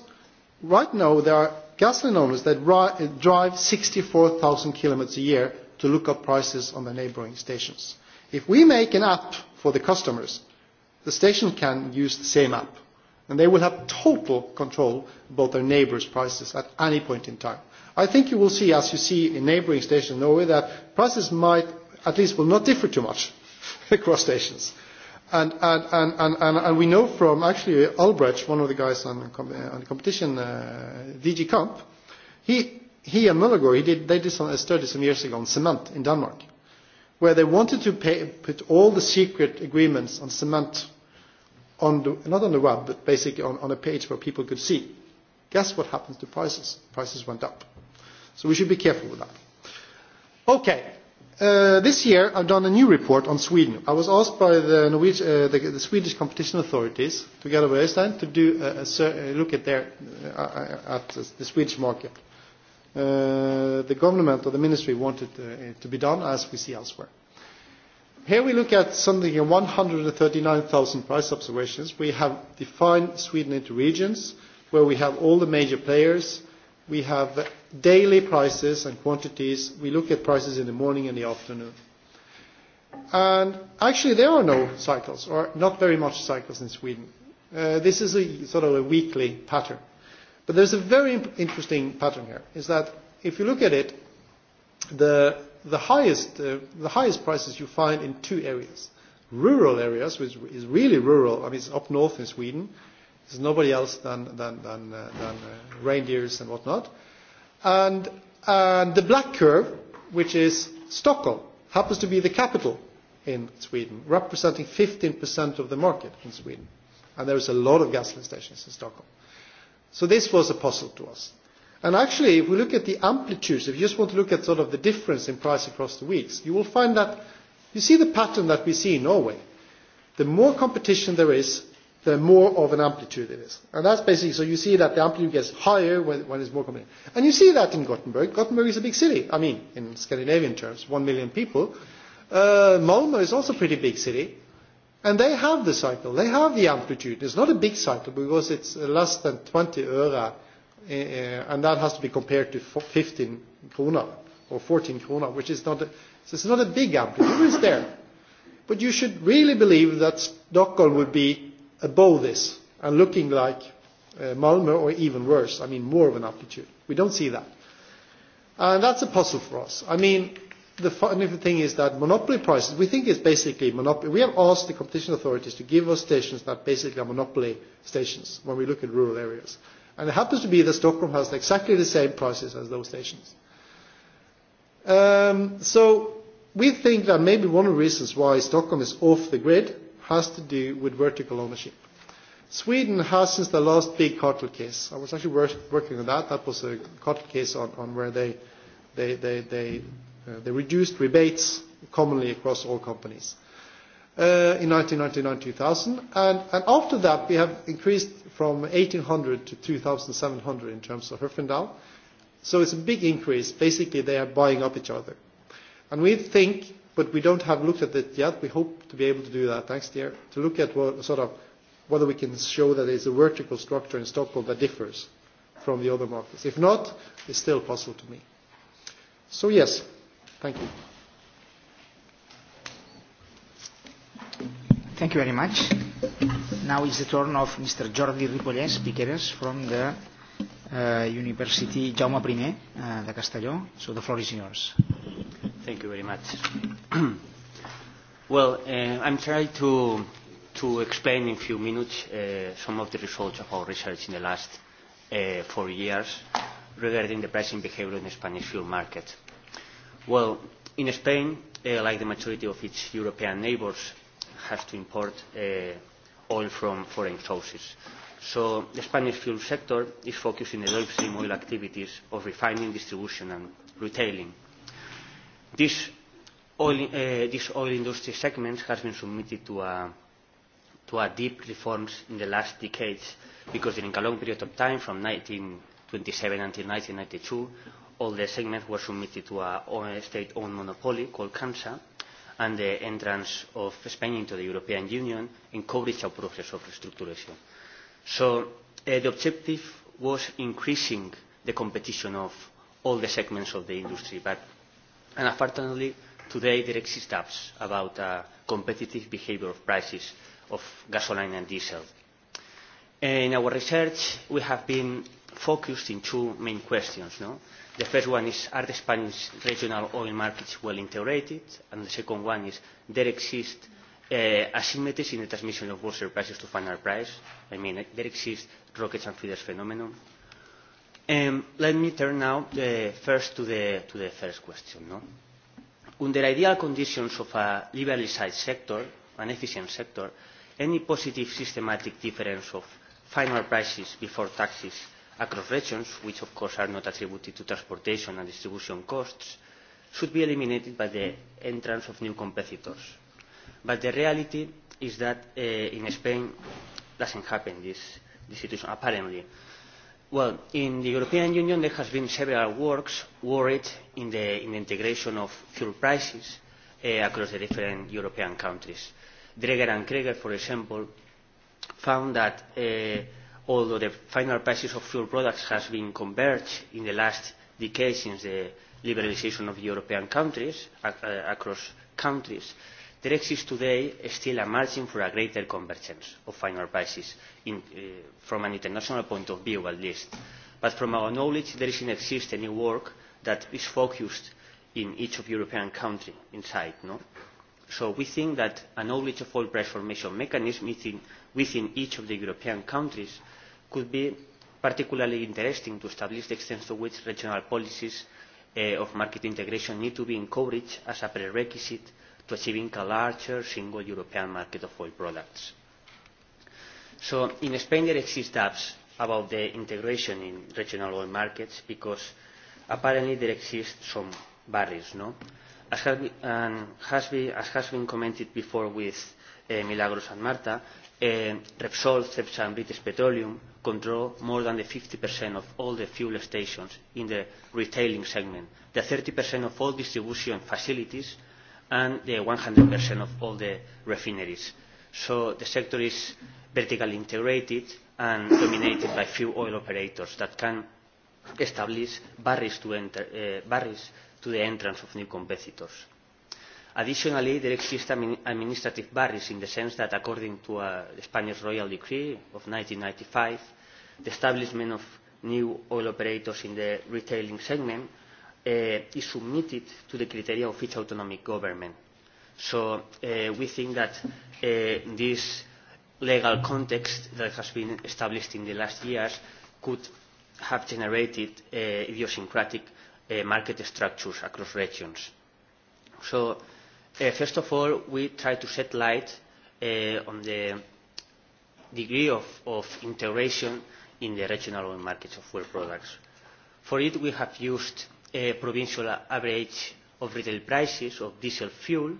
right now there are gasoline owners that drive sixty four 64,000 kilometers a year to look up prices on the neighbouring stations. If we make an app for the customers, the station can use the same app, and they will have total control about their neighbours' prices at any point in time. I think you will see, as you see in neighbouring stations in Norway, that prices might, at least will not differ too much across stations. And, and, and, and, and, and we know from actually Albrecht, one of the guys on, on the competition, uh, DG Comp, he, he and Mulligor, he did, they did some, a study some years ago on cement in Denmark, where they wanted to pay, put all the secret agreements on cement on the, not on the web, but basically on, on a page where people could see. Guess what happens to prices? Prices went up. So we should be careful with that. Okay, this year I've done a new report on Sweden. I was asked by the, Norwegian, uh, the, the Swedish competition authorities, together with Iceland, to do a, a, a look at, their, uh, at the Swedish market. Uh, the government or the ministry wanted uh, it to be done as we see elsewhere. Here we look at something in 139,000 price observations. We have defined Sweden into regions where we have all the major players. We have daily prices and quantities. We look at prices in the morning and the afternoon. And actually, there are no cycles, or not very much cycles in Sweden. Uh, this is a sort of a weekly pattern. But there's a very imp- interesting pattern here, is that if you look at it, the, the, highest, uh, the highest prices you find in two areas. Rural areas, which is really rural, I mean, it's up north in Sweden. There's nobody else than, than, than, uh, than uh, reindeers and whatnot. And the black curve, which is Stockholm, happens to be the capital in Sweden, representing 15% of the market in Sweden. And there is a lot of gasoline stations in Stockholm. So this was a puzzle to us. And actually, if we look at the amplitudes, if you just want to look at sort of the difference in price across the weeks, you will find that you see the pattern that we see in Norway. The more competition there is, the more of an amplitude it is. And that's basically, so you see that the amplitude gets higher when, when it's more complicated. And you see that in Gothenburg. Gothenburg is a big city. I mean, in Scandinavian terms, one million people. Uh, Malmo is also a pretty big city. And they have the cycle. They have the amplitude. It's not a big cycle because it's less than 20 euro. Uh, and that has to be compared to 15 krona or 14 krona, which is not a, so it's not a big amplitude. It's there. But you should really believe that Stockholm would be above this and looking like uh, Malmö or even worse, I mean more of an aptitude. We don't see that. And that's a puzzle for us. I mean, the funny thing is that monopoly prices, we think it's basically monopoly. We have asked the competition authorities to give us stations that basically are monopoly stations when we look at rural areas. And it happens to be that Stockholm has exactly the same prices as those stations. Um, so we think that maybe one of the reasons why Stockholm is off the grid has to do with vertical ownership. Sweden has, since the last big cartel case, I was actually working on that. That was a cartel case on, on where they, they, they, they, uh, they reduced rebates commonly across all companies uh, in 1999-2000. And, and after that, we have increased from 1,800 to 2,700 in terms of Herfindahl. So it's a big increase. Basically, they are buying up each other. And we think but we don't have looked at it yet. We hope to be able to do that next year, to look at what sort of whether we can show that there's a vertical structure in Stockholm that differs from the other markets. If not, it's still possible to me. So yes, thank you. Thank you very much. Now is the turn of Mr. Jordi Ripollet, speakers from the uh, University Jaume I uh, de Castelló. So the floor is yours. Thank you very much. well, uh, I'm trying to, to explain in a few minutes uh, some of the results of our research in the last uh, four years regarding the pricing behavior in the Spanish fuel market. Well, in Spain, uh, like the majority of its European neighbors, has to import uh, oil from foreign sources. So the Spanish fuel sector is focused in the downstream oil activities of refining, distribution and retailing This oil, uh, this oil industry segment has been submitted to a, to a deep reforms in the last decades because during a long period of time, from 1927 until 1992, all the segments were submitted to a state-owned monopoly called CAMSA, and the entrance of Spain into the European Union encouraged a process of restructuration. So uh, the objective was increasing the competition of all the segments of the industry, but And unfortunately, today there exist doubts about uh, competitive behavior of prices of gasoline and diesel. In our research, we have been focused in two main questions. No? The first one is, are the Spanish regional oil markets well integrated? And the second one is, there exist uh, asymmetries in the transmission of wholesale prices to final price. I mean, there exist rockets and feeders phenomenon Um, let me turn now uh, first to the, to the first question. No? Under ideal conditions of a liberalized sector, an efficient sector, any positive systematic difference of final prices before taxes across regions, which of course are not attributed to transportation and distribution costs, should be eliminated by the entrance of new competitors. But the reality is that uh, in Spain doesn't happen, this, this situation, apparently Well, in the European Union, there has been several works worried in the, in the integration of fuel prices uh, across the different European countries. Dreger and Kreger, for example, found that uh, although the final prices of fuel products has been converged in the last decade since the liberalisation of European countries, uh, across countries, uh, there exists today still a margin for a greater convergence of final prices, in, uh, from an international point of view at least. But from our knowledge, there is in exist any work that is focused in each of European country inside. No? So we think that a knowledge of all price formation mechanism within, within each of the European countries could be particularly interesting to establish the extent to which regional policies uh, of market integration need to be encouraged as a prerequisite to achieving a larger single European market of oil products. So in Spain there exist doubts about the integration in regional oil markets because apparently there exist some barriers. No? As, has been, has been, as has been commented before with uh, Milagros and Marta, uh, Repsol, Cepsa and British Petroleum control more than the 50% of all the fuel stations in the retailing segment, the 30% of all distribution facilities and the 100% of all the refineries. So the sector is vertically integrated and dominated by few oil operators that can establish barriers to, enter, uh, barriers to the entrance of new competitors. Additionally, there exist administrative barriers in the sense that according to a Spanish royal decree of 1995, the establishment of new oil operators in the retailing segment uh, is submitted to the criteria of each autonomic government. So uh, we think that uh, this legal context that has been established in the last years could have generated uh, idiosyncratic uh, market structures across regions. So, uh, first of all, we try to shed light uh, on the degree of, of integration in the regional markets of world products. For it, we have used provincial average of retail prices of diesel fuel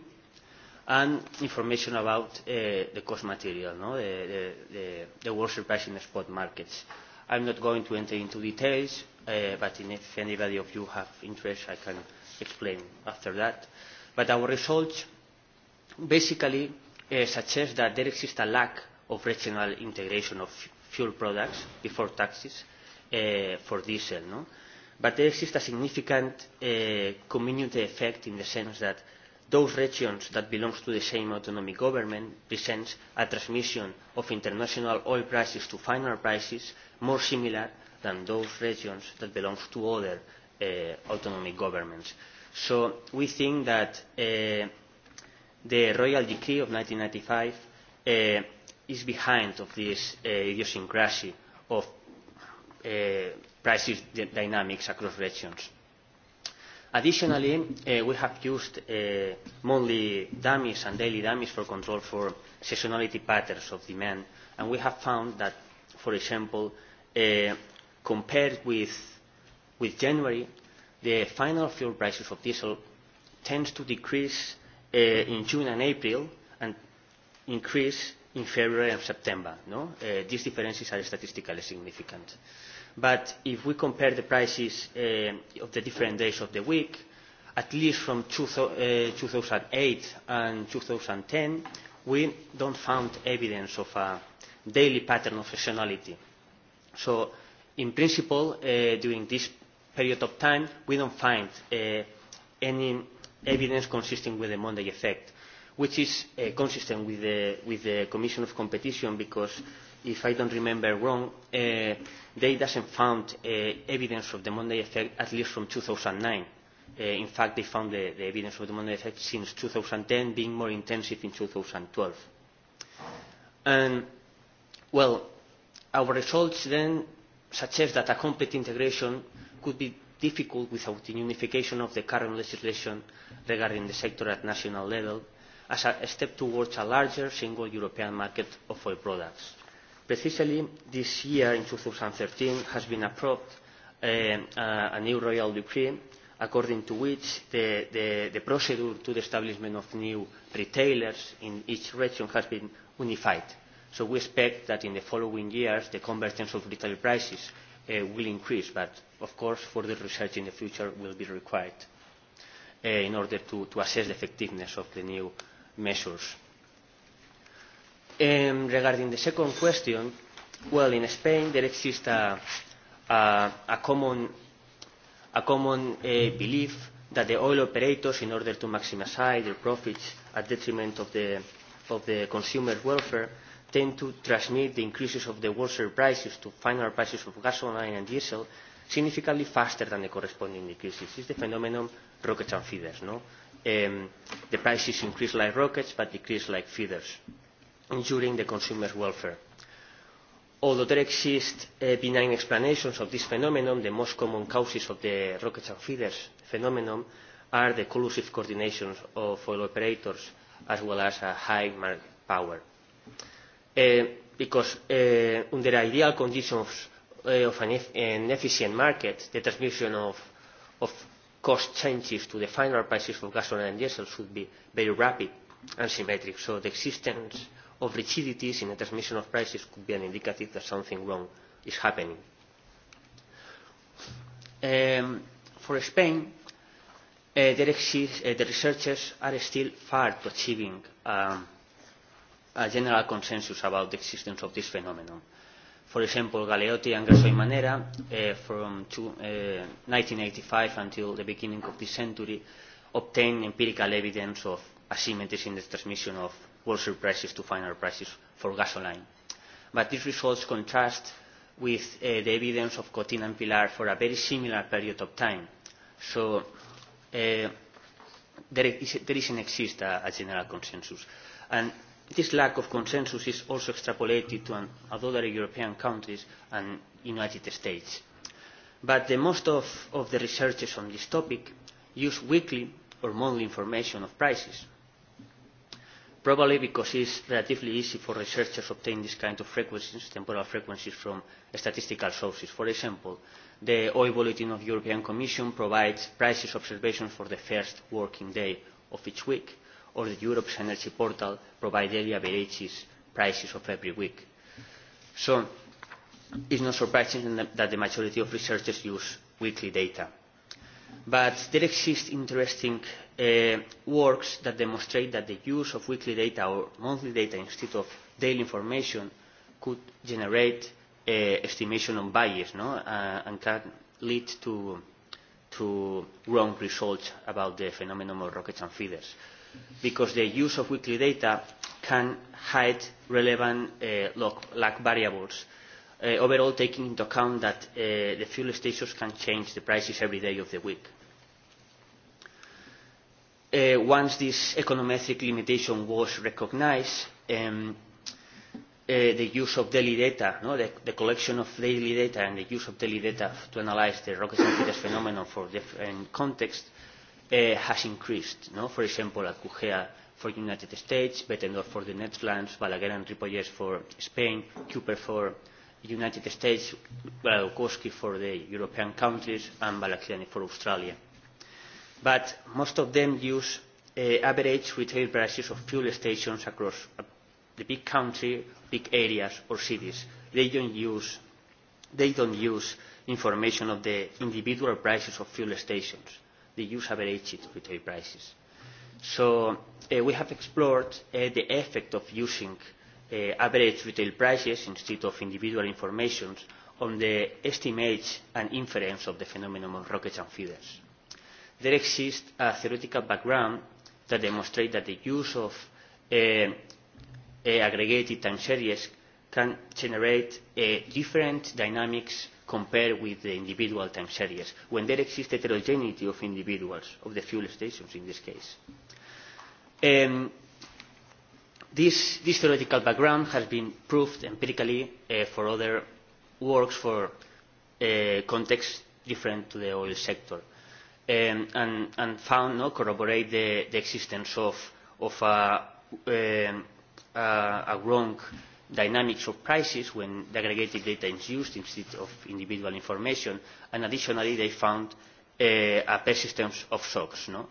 and information about uh, the cost material, no? the, the, the the worst price in the spot markets. I'm not going to enter into details, uh, but in if anybody of you have interest, I can explain after that. But our results basically uh, suggest that there exists a lack of regional integration of fuel products before taxes uh, for diesel. No? but there exists a significant uh, community effect in the sense that those regions that belong to the same autonomic government presents a transmission of international oil prices to final prices more similar than those regions that belong to other uh, autonomic governments. So we think that uh, the Royal Decree of 1995 uh, is behind of this uh, idiosyncrasy of uh, prices dynamics across regions. Additionally, uh, we have used uh, monthly dummies and daily dummies for control for seasonality patterns of demand, and we have found that, for example, uh, compared with, with January, the final fuel prices of diesel tends to decrease uh, in June and April and increase in February and September. No? Uh, these differences are statistically significant. Uh, But if we compare the prices uh, of the different days of the week, at least from two, uh, 2008 and 2010, we don't find evidence of a daily pattern of seasonality. So, in principle, uh, during this period of time, we don't find uh, any evidence consistent with the Monday effect, which is uh, consistent with the, with the Commission of Competition because if I don't remember wrong, uh, they doesn't found uh, evidence of the Monday effect, at least from 2009. Uh, in fact, they found the, the evidence of the Monday effect since 2010, being more intensive in 2012. And, well, our results then suggest that a complete integration could be difficult without the unification of the current legislation regarding the sector at national level as a step towards a larger single European market of oil products Precisely this year, in 2013, has been approved uh, a new royal decree according to which the, the, the procedure to the establishment of new retailers in each region has been unified. So we expect that in the following years the convergence of retail prices uh, will increase, but of course further research in the future will be required uh, in order to, to assess the effectiveness of the new measures Um, regarding the second question, well, in Spain there exists a, a, a common, a common uh, belief that the oil operators, in order to maximize their profits at detriment of the, of the consumer welfare, tend to transmit the increases of the wholesale prices to final prices of gasoline and diesel significantly faster than the corresponding decreases. It's the phenomenon rockets and feeders. No? Um, the prices increase like rockets but decrease like feeders during the consumer's welfare. Although there exist uh, benign explanations of this phenomenon, the most common causes of the rockets and feeders phenomenon are the collusive coordination of oil operators as well as a high market power. Uh, because uh, under ideal conditions uh, of an, eff an efficient market, the transmission of, of cost changes to the final prices of gasoline and diesel should be very rapid and symmetric. So the existence of rigidities in the transmission of prices could be an indicative that something wrong is happening. Um, for Spain, uh, there exists, uh, the researchers are still far to achieving um, a general consensus about the existence of this phenomenon. For example, Galeotti and Gasoy Manera, uh, from two, uh, 1985 until the beginning of this century, obtained empirical evidence of asymmetries in the transmission of wholesale prices to final prices for gasoline. But these results contrast with uh, the evidence of Cotin and Pilar for a very similar period of time. So uh, there, is, there isn't exist a, a general consensus. And this lack of consensus is also extrapolated to an, other European countries and United States. But the most of, of the researchers on this topic use weekly or monthly information of prices probably because it is relatively easy for researchers to obtain these kinds of frequencies, temporal frequencies from statistical sources. For example, the oil bulletin of the European Commission provides prices observations for the first working day of each week, or the Europe's Energy Portal provides daily averages prices of every week. So it is not surprising that the majority of researchers use weekly data But there exist interesting uh, works that demonstrate that the use of weekly data or monthly data instead of daily information could generate uh, estimation on bias no? uh, and can lead to, to wrong results about the phenomenon of rockets and feeders because the use of weekly data can hide relevant uh, log, variables uh, overall taking into account that the fuel stations can change the prices every day of the week. once this econometric limitation was recognised, the use of daily data, no, the, the collection of daily data and the use of daily data to analyse the rocket scientific phenomenon for different contexts uh, has increased. No? For example, at CUGEA for the United States, Bettendorf for the Netherlands, Balaguer and Ripollet for Spain, Cooper for United States, Balakoski for the European countries, and Balakiani for Australia. But most of them use uh, average retail prices of fuel stations across the big country, big areas or cities. They don't use, they don't use information of the individual prices of fuel stations. They use average retail prices. So uh, we have explored uh, the effect of using average retail prices instead of individual information on the estimates and inference of the phenomenon of rockets and feeders. There exists a theoretical background that demonstrates that the use of uh, uh, aggregated time series can generate uh, different dynamics compared with the individual time series, when there exists heterogeneity of individuals, of the fuel stations in this case. Um, This, theoretical background has been proved empirically uh, for other works for uh, contexts different to the oil sector um, and, and found no, corroborate the, the existence of, of a, um, a, a wrong dynamics of prices when the aggregated data is used instead of individual information and additionally they found uh, a persistence of shocks. No? Uh,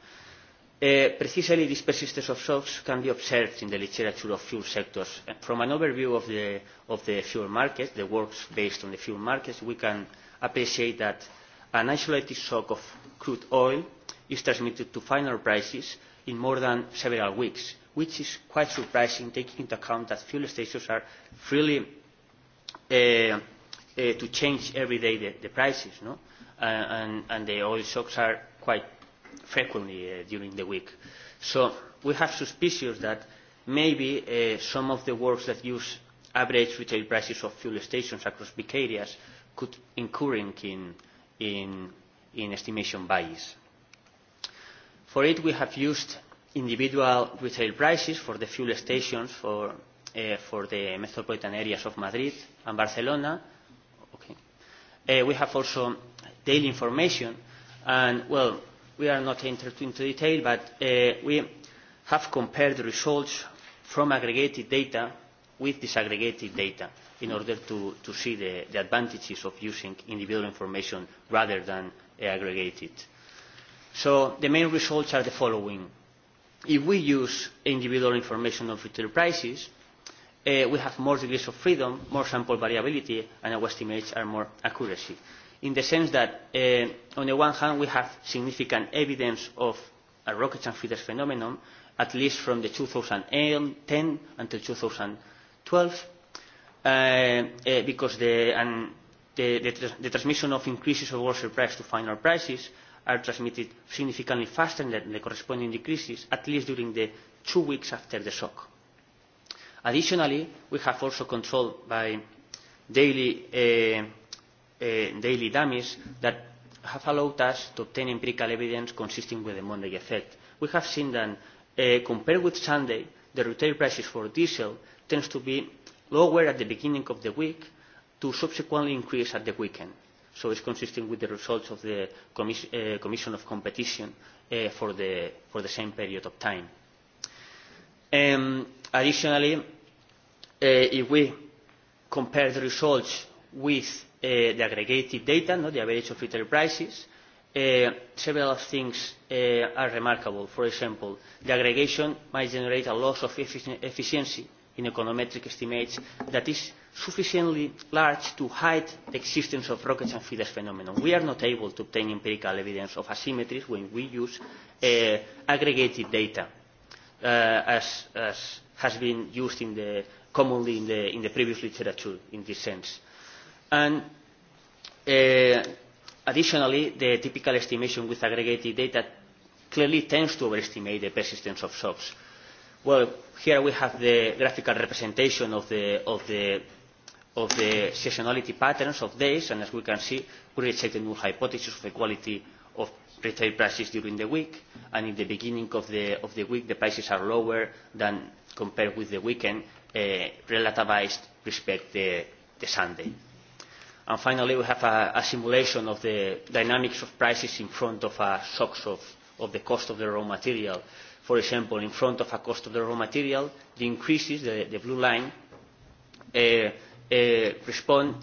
precisely these persistence of shocks can be observed in the literature of fuel sectors. From an overview of the, of the fuel market, the works based on the fuel markets, we can appreciate that an isolated shock of crude oil is transmitted to final prices in more than several weeks, which is quite surprising taking into account that fuel stations are freely uh, uh, to change every day the, the prices, no? and, and the oil shocks are quite frequently uh, during the week. So we have suspicions that maybe uh, some of the works that use average retail prices of fuel stations across big areas could incur in, in, in estimation bias. For it, we have used individual retail prices for the fuel stations for, uh, for the metropolitan areas of Madrid and Barcelona. Okay. Uh, we have also daily information, and well, we are not entered into detail, but we have compared the results from aggregated data with disaggregated data in order to, to see the, the advantages of using individual information rather than aggregated. So the main results are the following. If we use individual information of retail prices, uh, we have more degrees of freedom, more sample variability, and our estimates are more accuracy in the sense that, uh, on the one hand, we have significant evidence of a rocket and feeders phenomenon, at least from the 2010 until 2012, uh, uh, because the, and the, the, the transmission of increases of grocery price to final prices are transmitted significantly faster than the corresponding decreases, at least during the two weeks after the shock. Additionally, we have also controlled by daily uh, daily dummies that have allowed us to obtain empirical evidence consistent with the Monday effect. We have seen that uh, compared with Sunday, the retail prices for diesel tends to be lower at the beginning of the week to subsequently increase at the weekend. So it's consistent with the results of the commis uh, Commission of Competition uh, for, the, for the same period of time. Um, additionally, uh, if we compare the results with eh, the aggregated data, not the average of retail prices. Eh, several things eh, are remarkable. For example, the aggregation might generate a loss of efficiency in econometric estimates that is sufficiently large to hide the existence of rockets and feeders phenomenon. We are not able to obtain empirical evidence of asymmetries when we use eh, aggregated data, uh, as, as has been used in the, commonly in the, in the previous literature in this sense And uh, additionally, the typical estimation with aggregated data clearly tends to overestimate the persistence of shocks. Well, here we have the graphical representation of the, of the, of the seasonality patterns of days, and as we can see, we reject the new hypothesis of the quality of retail prices during the week, and in the beginning of the, of the week, the prices are lower than compared with the weekend, uh, relativized respect the, the Sunday. And finally, we have a, a simulation of the dynamics of prices in front of a shocks of, of the cost of the raw material. For example, in front of a cost of the raw material, the increases, the, the blue line, uh, uh, respond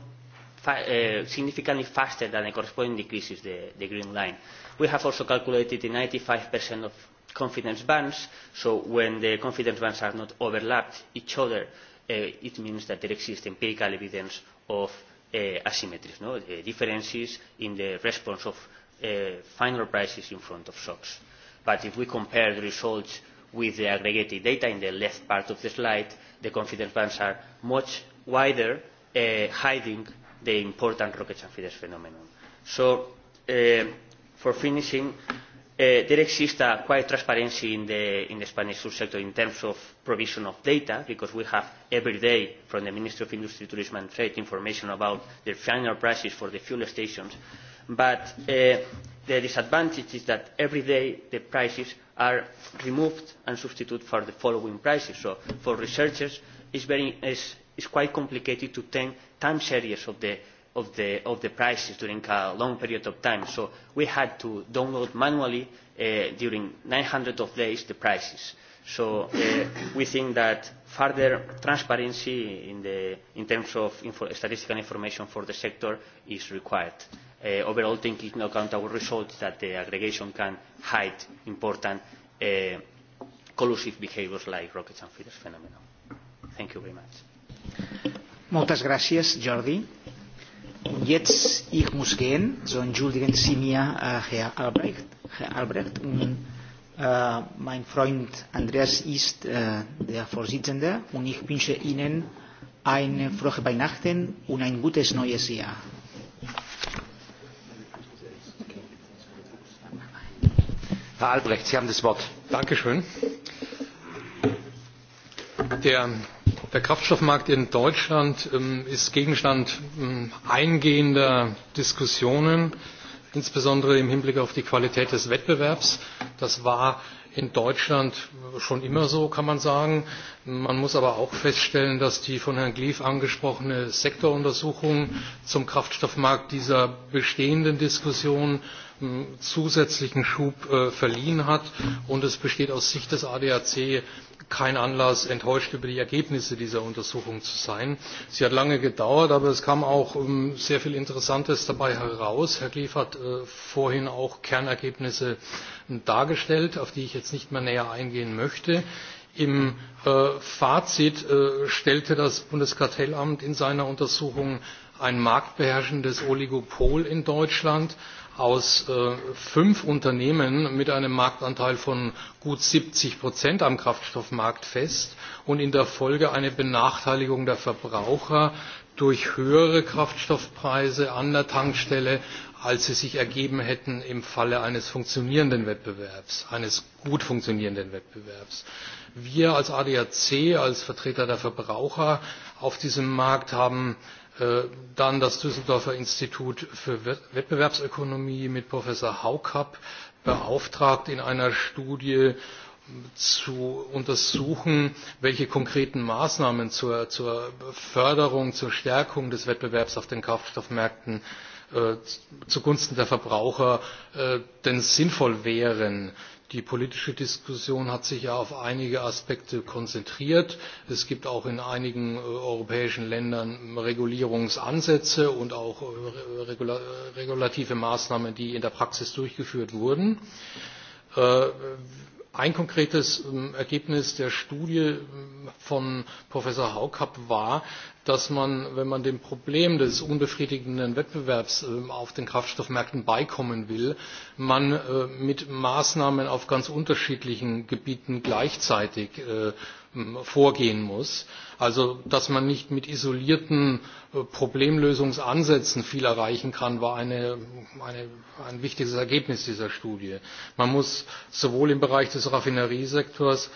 fa uh, significantly faster than the corresponding decreases, the, the green line. We have also calculated the 95% of confidence bands, so when the confidence bands are not overlapped each other, uh, it means that there exists empirical evidence of uh, asymmetries, no? the differences in the response of uh, final prices in front of shocks. But if we compare the results with the aggregated data in the left part of the slide, the confidence bands are much wider, uh, hiding the important rocket and feeders phenomenon. So, uh, for finishing, there exists uh, quite transparency in the, in the Spanish subsector in terms of provision of data, because we have every day from the Ministry of Industry, Tourism and Trade information about the final prices for the fuel stations. But uh, the disadvantage is that every day the prices are removed and substituted for the following prices. So for researchers, it's, very, it's, it's quite complicated to take time series of the of the, of the prices during a long period of time. So we had to download manually uh, during 900 of days the prices. So uh, we think that further transparency in, the, in terms of info, statistical information for the sector is required. Uh, overall, taking into account our results that the aggregation can hide important uh, collusive behaviors like rockets and feeders phenomenon. Thank you very much. Moltes gràcies, Jordi Jetzt, ich muss gehen, so entschuldigen Sie mir, äh, Herr Albrecht. Herr Albrecht und, äh, mein Freund Andreas ist äh, der Vorsitzende und ich wünsche Ihnen eine frohe Weihnachten und ein gutes neues Jahr. Herr Albrecht, Sie haben das Wort. Dankeschön. Der der kraftstoffmarkt in deutschland ist gegenstand eingehender diskussionen insbesondere im hinblick auf die qualität des wettbewerbs. das war in deutschland schon immer so kann man sagen. man muss aber auch feststellen dass die von herrn glief angesprochene sektoruntersuchung zum kraftstoffmarkt dieser bestehenden diskussion zusätzlichen schub verliehen hat und es besteht aus sicht des adac kein Anlass, enttäuscht über die Ergebnisse dieser Untersuchung zu sein. Sie hat lange gedauert, aber es kam auch sehr viel Interessantes dabei heraus. Herr Kleef hat vorhin auch Kernergebnisse dargestellt, auf die ich jetzt nicht mehr näher eingehen möchte. Im Fazit stellte das Bundeskartellamt in seiner Untersuchung ein marktbeherrschendes Oligopol in Deutschland aus fünf Unternehmen mit einem Marktanteil von gut siebzig am Kraftstoffmarkt fest und in der Folge eine Benachteiligung der Verbraucher durch höhere Kraftstoffpreise an der Tankstelle, als sie sich ergeben hätten im Falle eines funktionierenden Wettbewerbs, eines gut funktionierenden Wettbewerbs. Wir als ADAC, als Vertreter der Verbraucher auf diesem Markt haben Dann das Düsseldorfer Institut für Wettbewerbsökonomie mit Professor Haukapp beauftragt, in einer Studie zu untersuchen, welche konkreten Maßnahmen zur, zur Förderung, zur Stärkung des Wettbewerbs auf den Kraftstoffmärkten zugunsten der Verbraucher denn sinnvoll wären. Die politische Diskussion hat sich ja auf einige Aspekte konzentriert. Es gibt auch in einigen europäischen Ländern Regulierungsansätze und auch regulative Maßnahmen, die in der Praxis durchgeführt wurden. Ein konkretes Ergebnis der Studie von Professor Haukap war, dass man, wenn man dem Problem des unbefriedigenden Wettbewerbs auf den Kraftstoffmärkten beikommen will, mit Maßnahmen auf ganz unterschiedlichen Gebieten gleichzeitig vorgehen muss. Also, dass man nicht mit isolierten Problemlösungsansätzen viel erreichen kann, war ein wichtiges Ergebnis dieser Studie. Man muss sowohl im Bereich des Raffineriesektors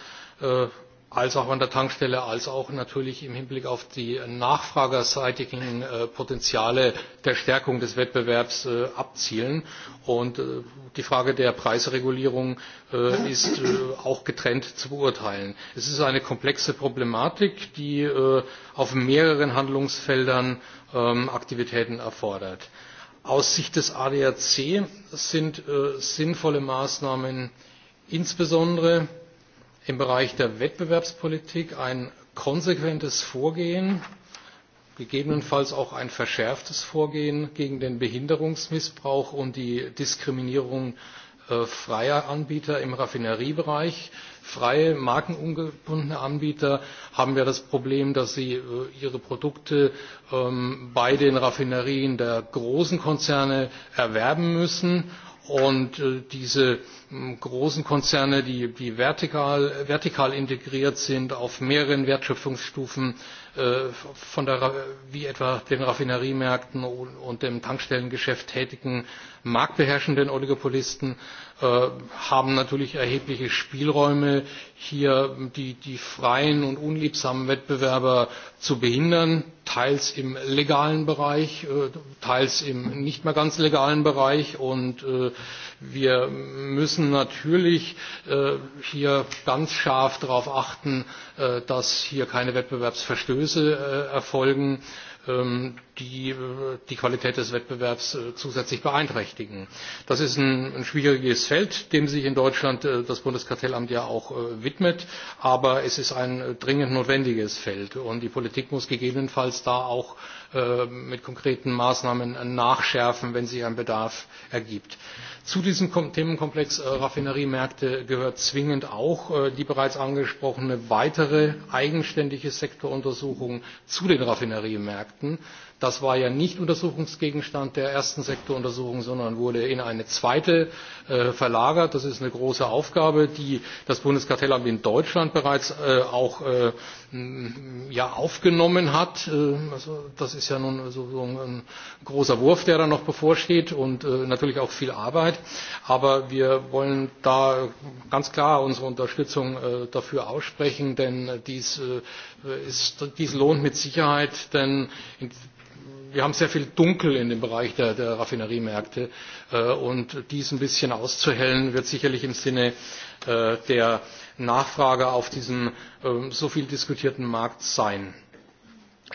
als auch an der Tankstelle, als auch natürlich im Hinblick auf die nachfragerseitigen Potenziale der Stärkung des Wettbewerbs abzielen. Und die Frage der Preisregulierung ist auch getrennt zu beurteilen. Es ist eine komplexe Problematik, die auf mehreren Handlungsfeldern Aktivitäten erfordert. Aus Sicht des ADAC sind sinnvolle Maßnahmen insbesondere im Bereich der Wettbewerbspolitik ein konsequentes Vorgehen, gegebenenfalls auch ein verschärftes Vorgehen gegen den Behinderungsmissbrauch und die Diskriminierung freier Anbieter im Raffineriebereich. Freie, markenungebundene Anbieter haben ja das Problem, dass sie ihre Produkte bei den Raffinerien der großen Konzerne erwerben müssen und diese großen Konzerne, die, die vertikal, vertikal integriert sind, auf mehreren Wertschöpfungsstufen, von der, wie etwa den Raffineriemärkten und, dem Tankstellengeschäft tätigen marktbeherrschenden Oligopolisten, haben natürlich erhebliche Spielräume, hier die, die freien und unliebsamen Wettbewerber zu behindern, teils im legalen Bereich, teils im nicht mehr ganz legalen Bereich. Und wir müssen müssen natürlich hier ganz scharf darauf achten, dass hier keine Wettbewerbsverstöße erfolgen die die Qualität des Wettbewerbs zusätzlich beeinträchtigen. Das ist ein, schwieriges Feld, dem sich in Deutschland das Bundeskartellamt ja auch widmet, aber es ist ein dringend notwendiges Feld und die Politik muss gegebenenfalls da auch mit konkreten Maßnahmen nachschärfen, wenn sich ein Bedarf ergibt. Zu diesem Themenkomplex Raffineriemärkte gehört zwingend auch die bereits angesprochene weitere eigenständige Sektoruntersuchung zu den Raffineriemärkten Das war ja nicht Untersuchungsgegenstand der ersten Sektoruntersuchung, sondern wurde in eine zweite verlagert. Das ist eine große Aufgabe, die das Bundeskartellamt in Deutschland bereits auch aufgenommen hat. das ist ja nun ein großer Wurf, der da noch bevorsteht und natürlich auch viel Arbeit. Aber wir wollen da ganz klar unsere Unterstützung dafür aussprechen, denn dies, lohnt mit Sicherheit, denn wir haben sehr viel Dunkel in dem Bereich der, der Raffineriemärkte und dies ein bisschen auszuhellen wird sicherlich im Sinne der Nachfrage auf diesem so viel diskutierten Markt sein.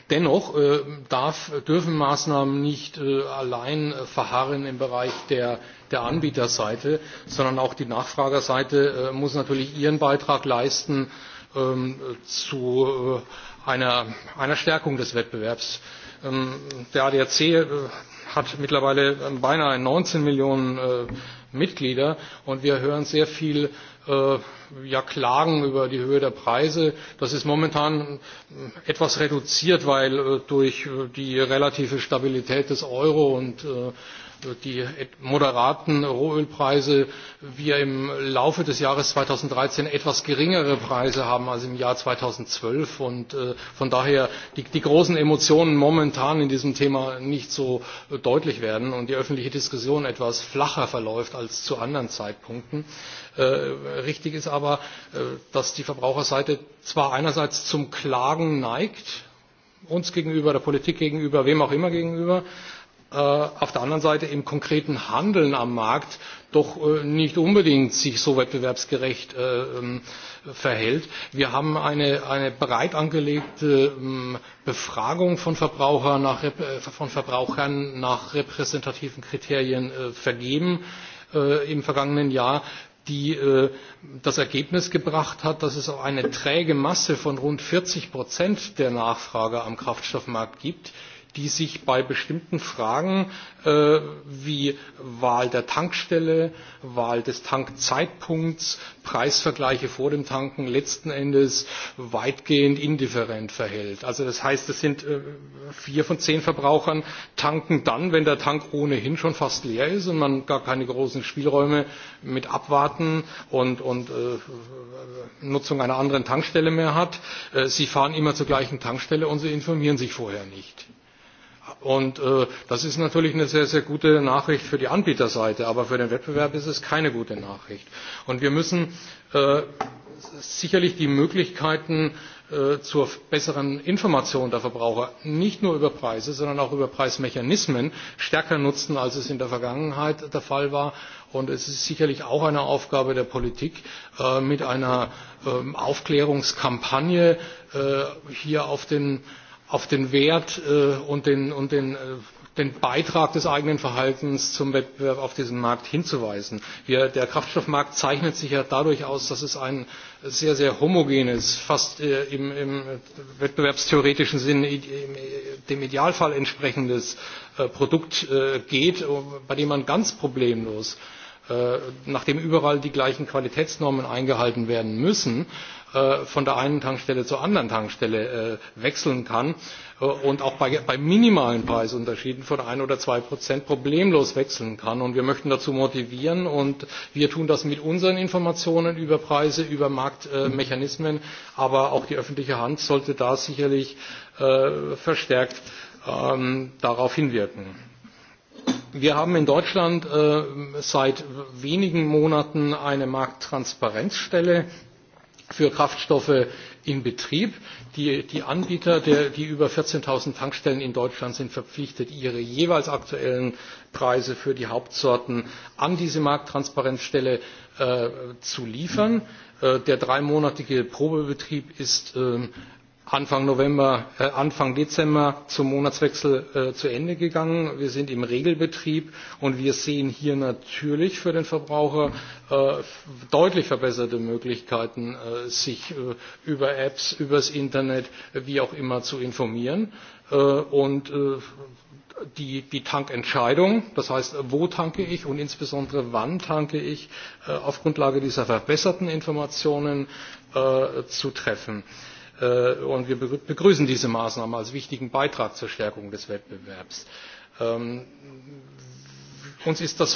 Dennoch dürfen Maßnahmen nicht allein verharren im Bereich der, Anbieterseite, sondern auch die Nachfragerseite muss natürlich ihren Beitrag leisten zu einer, Stärkung des Wettbewerbs Der ADAC hat mittlerweile beinahe 19 Millionen Mitglieder und wir hören sehr viel ja, Klagen über die Höhe der Preise. Das ist momentan etwas reduziert, weil durch die relative Stabilität des Euro und die moderaten Rohölpreise wir im Laufe des Jahres zweitausenddreizehn etwas geringere Preise haben als im Jahr zweitausendzwölf und von daher die, großen Emotionen momentan in diesem Thema nicht so deutlich werden und die öffentliche Diskussion etwas flacher verläuft als zu anderen Zeitpunkten. Richtig ist aber, dass die Verbraucherseite zwar einerseits zum Klagen neigt, uns gegenüber, der Politik gegenüber, wem auch immer gegenüber, auf der anderen seite im konkreten handeln am markt doch nicht unbedingt sich so wettbewerbsgerecht verhält. wir haben eine breit angelegte befragung von verbrauchern nach repräsentativen kriterien vergeben im vergangenen jahr die das ergebnis gebracht hat dass es eine träge masse von rund vierzig der nachfrage am kraftstoffmarkt gibt die sich bei bestimmten Fragen wie Wahl der Tankstelle, Wahl des Tankzeitpunkts, Preisvergleiche vor dem Tanken letzten Endes weitgehend indifferent verhält. Also das heißt, es sind vier von zehn Verbrauchern tanken dann, wenn der Tank ohnehin schon fast leer ist und man gar keine großen Spielräume mit Abwarten und, und Nutzung einer anderen Tankstelle mehr hat. sie fahren immer zur gleichen Tankstelle und sie informieren sich vorher nicht. Und das ist natürlich eine sehr, sehr gute Nachricht für die Anbieterseite, aber für den Wettbewerb ist es keine gute Nachricht. Und wir müssen sicherlich die Möglichkeiten zur besseren Information der Verbraucher nicht nur über Preise, sondern auch über Preismechanismen stärker nutzen, als es in der Vergangenheit der Fall war. Und es ist sicherlich auch eine Aufgabe der Politik, mit einer Aufklärungskampagne hier auf den auf den Wert und den, Beitrag des eigenen Verhaltens zum Wettbewerb auf diesem Markt hinzuweisen. der Kraftstoffmarkt zeichnet sich ja dadurch aus, dass es ein sehr, sehr homogenes, fast im, wettbewerbstheoretischen Sinn dem Idealfall entsprechendes Produkt geht, bei dem man ganz problemlos nachdem überall die gleichen Qualitätsnormen eingehalten werden müssen, von der einen Tankstelle zur anderen Tankstelle wechseln kann und auch bei, minimalen Preisunterschieden von ein oder zwei Prozent problemlos wechseln kann. Und wir möchten dazu motivieren und wir tun das mit unseren Informationen über Preise, über Marktmechanismen, aber auch die öffentliche Hand sollte da sicherlich verstärkt darauf hinwirken. Wir haben in Deutschland seit wenigen Monaten eine Markttransparenzstelle für Kraftstoffe in Betrieb. Die, Anbieter, die über 14.000 Tankstellen in Deutschland sind verpflichtet, ihre jeweils aktuellen Preise für die Hauptsorten an diese Markttransparenzstelle zu liefern. Der dreimonatige Probebetrieb ist Anfang November, Anfang Dezember zum Monatswechsel zu Ende gegangen. Wir sind im Regelbetrieb und wir sehen hier natürlich für den Verbraucher deutlich verbesserte Möglichkeiten, sich über Apps, übers Internet, wie auch immer zu informieren. und die Tankentscheidung, das heißt, wo tanke ich und insbesondere wann tanke ich, auf Grundlage dieser verbesserten Informationen zu treffen und wir begrüßen diese Maßnahme als wichtigen Beitrag zur Stärkung des Wettbewerbs. Uns ist das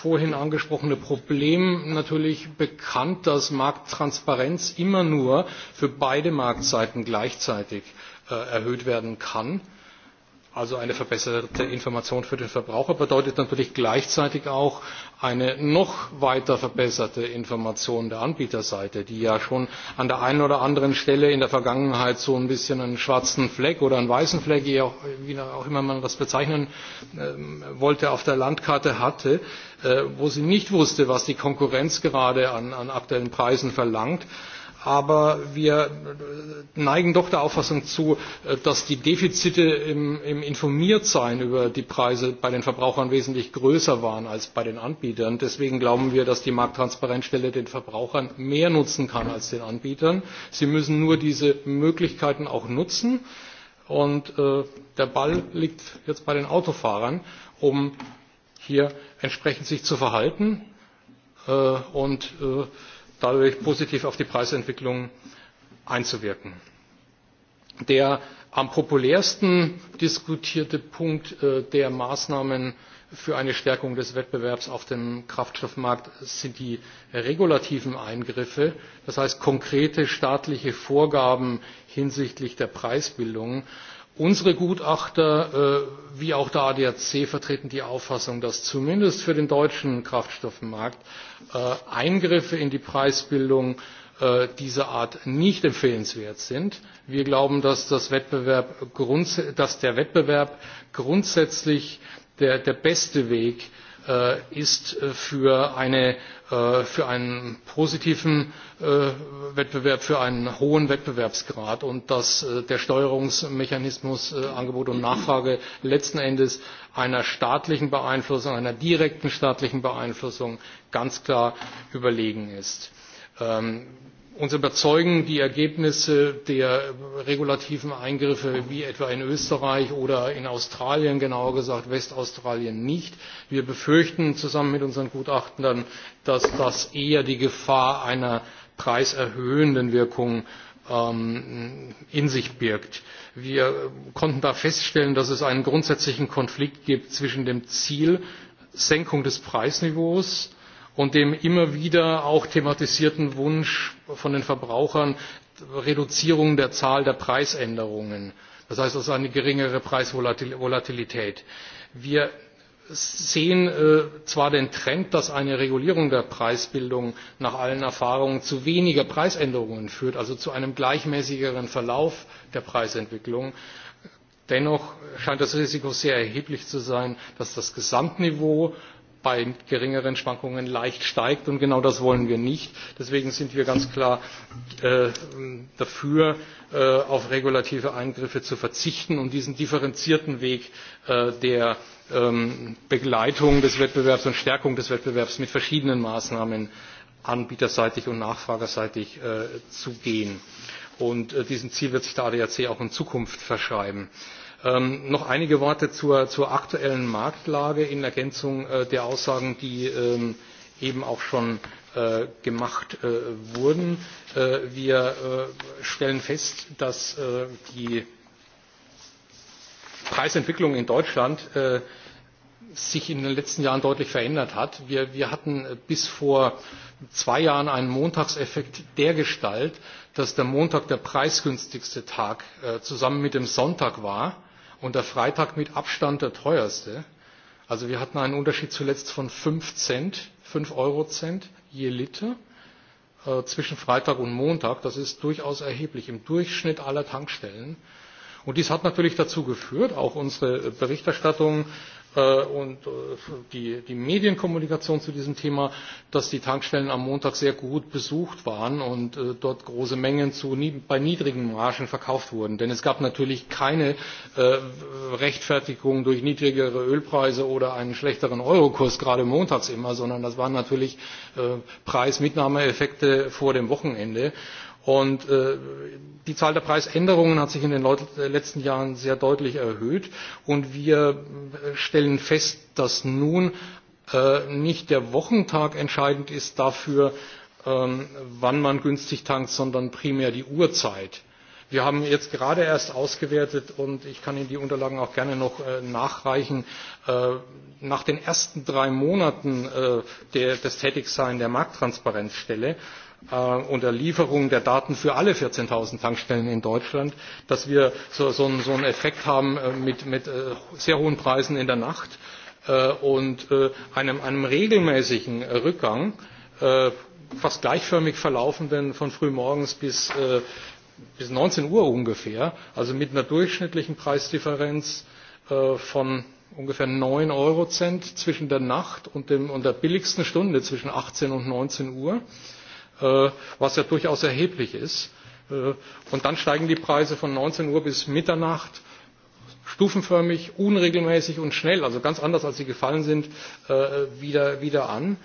vorhin angesprochene Problem natürlich bekannt, dass Markttransparenz immer nur für beide Marktseiten gleichzeitig erhöht werden kann Also eine verbesserte Information für den Verbraucher bedeutet natürlich gleichzeitig auch eine noch weiter verbesserte Information der Anbieterseite, die ja schon an der einen oder anderen Stelle in der Vergangenheit so ein bisschen einen schwarzen Fleck oder einen weißen Fleck, wie auch, immer man das bezeichnen wollte, auf der Landkarte hatte, wo sie nicht wusste, was die Konkurrenz gerade an aktuellen Preisen verlangt aber wir neigen doch der Auffassung zu, dass die Defizite im, im Informiertsein über die Preise bei den Verbrauchern wesentlich größer waren als bei den Anbietern. Deswegen glauben wir, dass die Markttransparenzstelle den Verbrauchern mehr nutzen kann als den Anbietern. Sie müssen nur diese Möglichkeiten auch nutzen. Und der Ball liegt jetzt bei den Autofahrern, um hier entsprechend sich zu verhalten. und dadurch positiv auf die Preisentwicklung einzuwirken. Der am populärsten diskutierte Punkt der Maßnahmen für eine Stärkung des Wettbewerbs auf dem Kraftstoffmarkt sind die regulativen Eingriffe, das heißt konkrete staatliche Vorgaben hinsichtlich der Preisbildung unsere gutachter wie auch der adac vertreten die auffassung dass zumindest für den deutschen kraftstoffmarkt eingriffe in die preisbildung dieser art nicht empfehlenswert sind. wir glauben dass der wettbewerb grundsätzlich der beste weg ist für, einen positiven Wettbewerb, für einen hohen Wettbewerbsgrad und dass der Steuerungsmechanismus Angebot und Nachfrage letzten Endes einer staatlichen Beeinflussung, einer direkten staatlichen Beeinflussung ganz klar überlegen ist Uns überzeugen die Ergebnisse der regulativen Eingriffe wie etwa in Österreich oder in Australien, genauer gesagt Westaustralien nicht. Wir befürchten zusammen mit unseren Gutachtern, dass das eher die Gefahr einer preiserhöhenden Wirkung in sich birgt. Wir konnten da feststellen, dass es einen grundsätzlichen Konflikt gibt zwischen dem Ziel Senkung des Preisniveaus und dem immer wieder auch thematisierten wunsch von den verbrauchern reduzierung der zahl der preisänderungen das heißt also eine geringere preisvolatilität. wir sehen zwar den trend dass eine regulierung der preisbildung nach allen erfahrungen zu weniger preisänderungen führt also zu einem gleichmäßigeren verlauf der preisentwicklung dennoch scheint das risiko sehr erheblich zu sein dass das gesamtniveau bei geringeren Schwankungen leicht steigt. Und genau das wollen wir nicht. Deswegen sind wir ganz klar dafür, auf regulative Eingriffe zu verzichten und diesen differenzierten Weg der Begleitung des Wettbewerbs und Stärkung des Wettbewerbs mit verschiedenen Maßnahmen anbieterseitig und nachfragerseitig zu gehen. diesem Ziel wird sich der ADAC auch in Zukunft verschreiben noch einige Worte zur, zur aktuellen Marktlage in Ergänzung der Aussagen, die eben auch schon gemacht wurden. wir stellen fest, dass die Preisentwicklung in Deutschland sich in den letzten Jahren deutlich verändert hat. Wir, hatten bis vor zwei Jahren einen Montagseffekt dergestalt, dass der Montag der preisgünstigste Tag zusammen mit dem Sonntag war und der Freitag mit Abstand der teuerste. Also wir hatten einen Unterschied zuletzt von 5 Cent, 5 Cent je Liter zwischen Freitag und Montag. Das ist durchaus erheblich im Durchschnitt aller Tankstellen. Und dies hat natürlich dazu geführt, auch unsere Berichterstattung und die, die Medienkommunikation zu diesem Thema, dass die Tankstellen am Montag sehr gut besucht waren und dort große Mengen zu, bei niedrigen Margen verkauft wurden. Denn es gab natürlich keine Rechtfertigung durch niedrigere Ölpreise oder einen schlechteren Eurokurs, gerade montags immer, sondern das waren natürlich Preismitnahmeeffekte vor dem Wochenende. Und die Zahl der Preisänderungen hat sich in den letzten Jahren sehr deutlich erhöht. Und wir stellen fest, dass nun nicht der Wochentag entscheidend ist dafür, wann man günstig tankt, sondern primär die Uhrzeit. Wir haben jetzt gerade erst ausgewertet und ich kann Ihnen die Unterlagen auch gerne noch nachreichen. Nach den ersten drei Monaten des Tätigseins der Markttransparenzstelle und der Lieferung der Daten für alle 14.000 Tankstellen in Deutschland, dass wir so, so, einen, so einen Effekt haben mit, mit sehr hohen Preisen in der Nacht und einem, einem regelmäßigen Rückgang, fast gleichförmig verlaufenden von frühmorgens bis, bis 19 Uhr ungefähr, also mit einer durchschnittlichen Preisdifferenz von ungefähr 9 Euro Cent zwischen der Nacht und, dem, und der billigsten Stunde zwischen 18 und 19 Uhr was ja durchaus erheblich ist. Und dann steigen die Preise von 19 Uhr bis Mitternacht stufenförmig, unregelmäßig und schnell, also ganz anders als sie gefallen sind, wieder, an.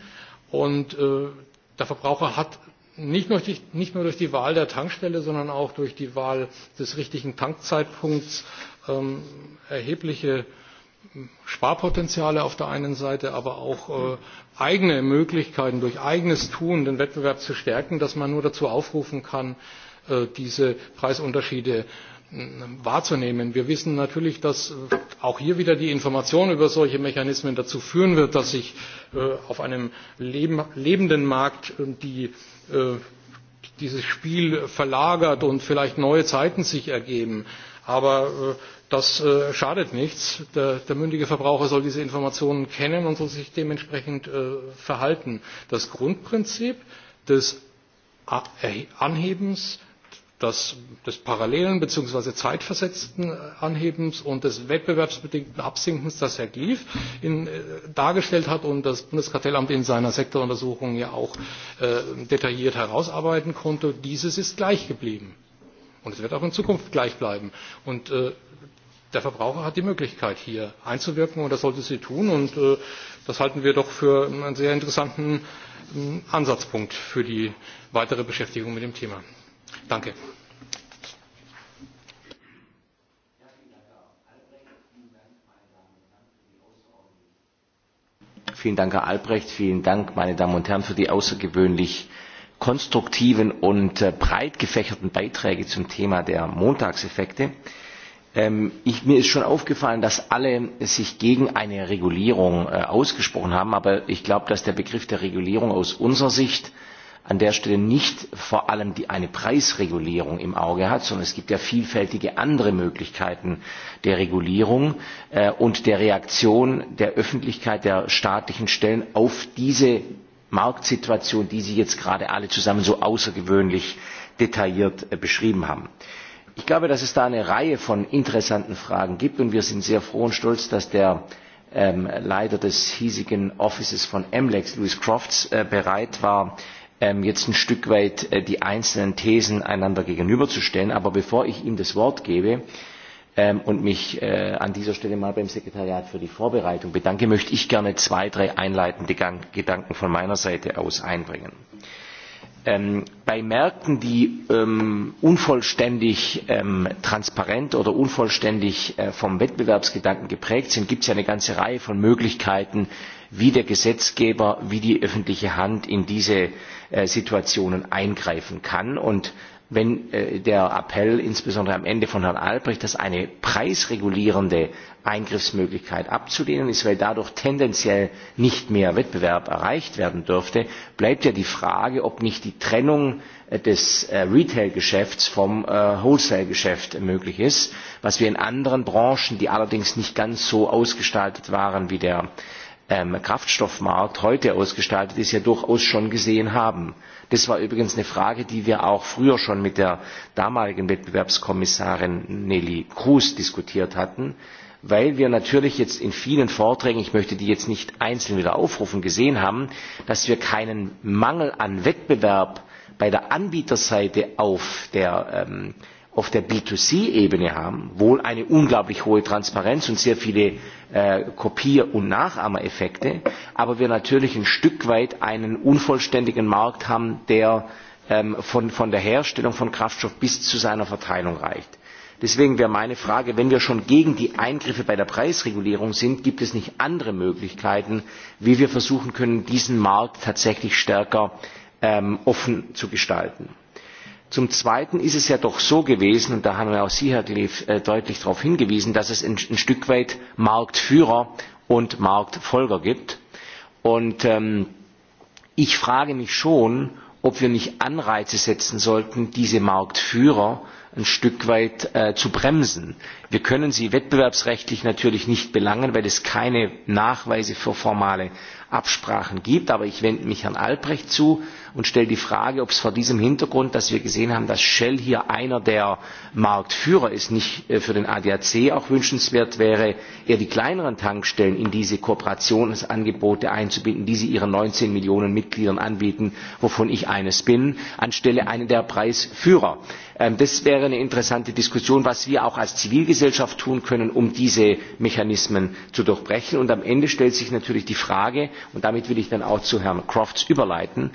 Und der Verbraucher hat nicht nur, durch, nicht nur durch die Wahl der Tankstelle, sondern auch durch die Wahl des richtigen Tankzeitpunkts erhebliche Sparpotenziale auf der einen Seite, aber auch eigene Möglichkeiten durch eigenes Tun den Wettbewerb zu stärken, dass man nur dazu aufrufen kann, diese Preisunterschiede wahrzunehmen. Wir wissen natürlich, dass auch hier wieder die Information über solche Mechanismen dazu führen wird, dass sich auf einem lebenden Markt dieses Spiel verlagert und vielleicht neue Zeiten sich ergeben. Aber Das schadet nichts. Der, mündige Verbraucher soll diese Informationen kennen und soll sich dementsprechend verhalten. Das Grundprinzip des Anhebens des parallelen bzw. zeitversetzten Anhebens und des wettbewerbsbedingten Absinkens, das Herr Glief dargestellt hat und das Bundeskartellamt in seiner Sektoruntersuchung ja auch detailliert herausarbeiten konnte, dieses ist gleich geblieben. Und es wird auch in Zukunft gleich bleiben. Und der Verbraucher hat die Möglichkeit, hier einzuwirken, und das sollte sie tun. Und das halten wir doch für einen sehr interessanten Ansatzpunkt für die weitere Beschäftigung mit dem Thema. Danke. Vielen Dank, Herr Albrecht. Vielen Dank, meine Damen und Herren, für die außergewöhnlich konstruktiven und breit gefächerten Beiträge zum Thema der Montagseffekte mir ist schon aufgefallen, dass alle sich gegen eine Regulierung ausgesprochen haben, aber ich glaube, dass der Begriff der Regulierung aus unserer Sicht an der Stelle nicht vor allem die, eine Preisregulierung im Auge hat, sondern es gibt ja vielfältige andere Möglichkeiten der Regulierung und der Reaktion der Öffentlichkeit, der staatlichen Stellen auf diese Marktsituation, die Sie jetzt gerade alle zusammen so außergewöhnlich detailliert beschrieben haben. Ich glaube, dass es da eine Reihe von interessanten Fragen gibt und wir sind sehr froh und stolz, dass der Leiter des hiesigen Offices von MLEX, Louis Crofts, bereit war, jetzt ein Stück weit die einzelnen Thesen einander gegenüberzustellen. Aber bevor ich ihm das Wort gebe und mich an dieser Stelle mal beim Sekretariat für die Vorbereitung bedanke, möchte ich gerne zwei, drei einleitende Gedanken von meiner Seite aus einbringen bei Märkten, die unvollständig transparent oder unvollständig vom Wettbewerbsgedanken geprägt sind, gibt es ja eine ganze Reihe von Möglichkeiten, wie der Gesetzgeber, wie die öffentliche Hand in diese Situationen eingreifen kann. Und wenn der Appell insbesondere am Ende von Herrn Albrecht, dass eine preisregulierende Eingriffsmöglichkeit abzulehnen ist, weil dadurch tendenziell nicht mehr Wettbewerb erreicht werden dürfte, bleibt ja die Frage, ob nicht die Trennung des Retail-Geschäfts vom Wholesale-Geschäft möglich ist, was wir in anderen Branchen, die allerdings nicht ganz so ausgestaltet waren wie der Kraftstoffmarkt heute ausgestaltet ist, ja durchaus schon gesehen haben Das war übrigens eine Frage, die wir auch früher schon mit der damaligen Wettbewerbskommissarin Nelly Kroes diskutiert hatten, weil wir natürlich jetzt in vielen Vorträgen, ich möchte die jetzt nicht einzeln wieder aufrufen, gesehen haben, dass wir keinen Mangel an Wettbewerb bei der Anbieterseite auf der auf der B2C-Ebene haben, wohl eine unglaublich hohe Transparenz und sehr viele äh, Kopier- und Nachahmereffekte, aber wir natürlich ein Stück weit einen unvollständigen Markt haben, der ähm, von, von der Herstellung von Kraftstoff bis zu seiner Verteilung reicht. Deswegen wäre meine Frage, wenn wir schon gegen die Eingriffe bei der Preisregulierung sind, gibt es nicht andere Möglichkeiten, wie wir versuchen können, diesen Markt tatsächlich stärker ähm, offen zu gestalten? Zum Zweiten ist es ja doch so gewesen, und da haben wir auch Sie, Herr Kleef, deutlich darauf hingewiesen, dass es ein, ein Stück weit Marktführer und Marktfolger gibt. Und ähm, ich frage mich schon, ob wir nicht Anreize setzen sollten, diese Marktführer ein Stück weit äh, zu bremsen. Wir können sie wettbewerbsrechtlich natürlich nicht belangen, weil es keine Nachweise für formale Absprachen gibt. Aber ich wende mich Herrn Albrecht zu und stelle die Frage, ob es vor diesem Hintergrund, dass wir gesehen haben, dass Shell hier einer der Marktführer ist, nicht für den ADAC auch wünschenswert wäre, eher die kleineren Tankstellen in diese Kooperationsangebote einzubinden, die sie ihren 19 Millionen Mitgliedern anbieten, wovon ich eines bin, anstelle einen der Preisführer. Das wäre eine interessante Diskussion, was wir auch als Zivilgesellschaft tun können, um diese Mechanismen zu durchbrechen. Und am Ende stellt sich natürlich die Frage, und damit will ich dann auch zu Herrn Crofts überleiten,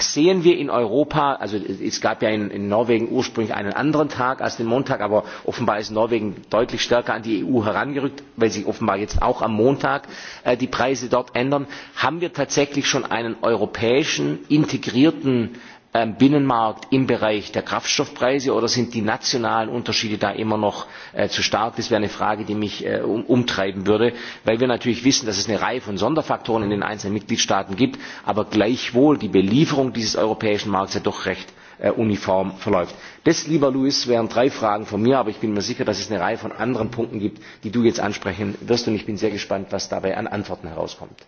sehen wir in Europa, also es gab ja in, in Norwegen ursprünglich einen anderen Tag als den Montag, aber offenbar ist Norwegen deutlich stärker an die EU herangerückt, weil sich offenbar jetzt auch am Montag äh, die Preise dort ändern. Haben wir tatsächlich schon einen europäischen integrierten binnenmarkt im bereich der kraftstoffpreise oder sind die nationalen unterschiede da immer noch zu stark? das wäre eine frage die mich umtreiben würde weil wir natürlich wissen dass es eine reihe von sonderfaktoren in den einzelnen mitgliedstaaten gibt aber gleichwohl die belieferung dieses europäischen marktes ja doch recht uniform verläuft. das lieber Luis wären drei fragen von mir aber ich bin mir sicher dass es eine reihe von anderen punkten gibt die du jetzt ansprechen wirst und ich bin sehr gespannt was dabei an antworten herauskommt.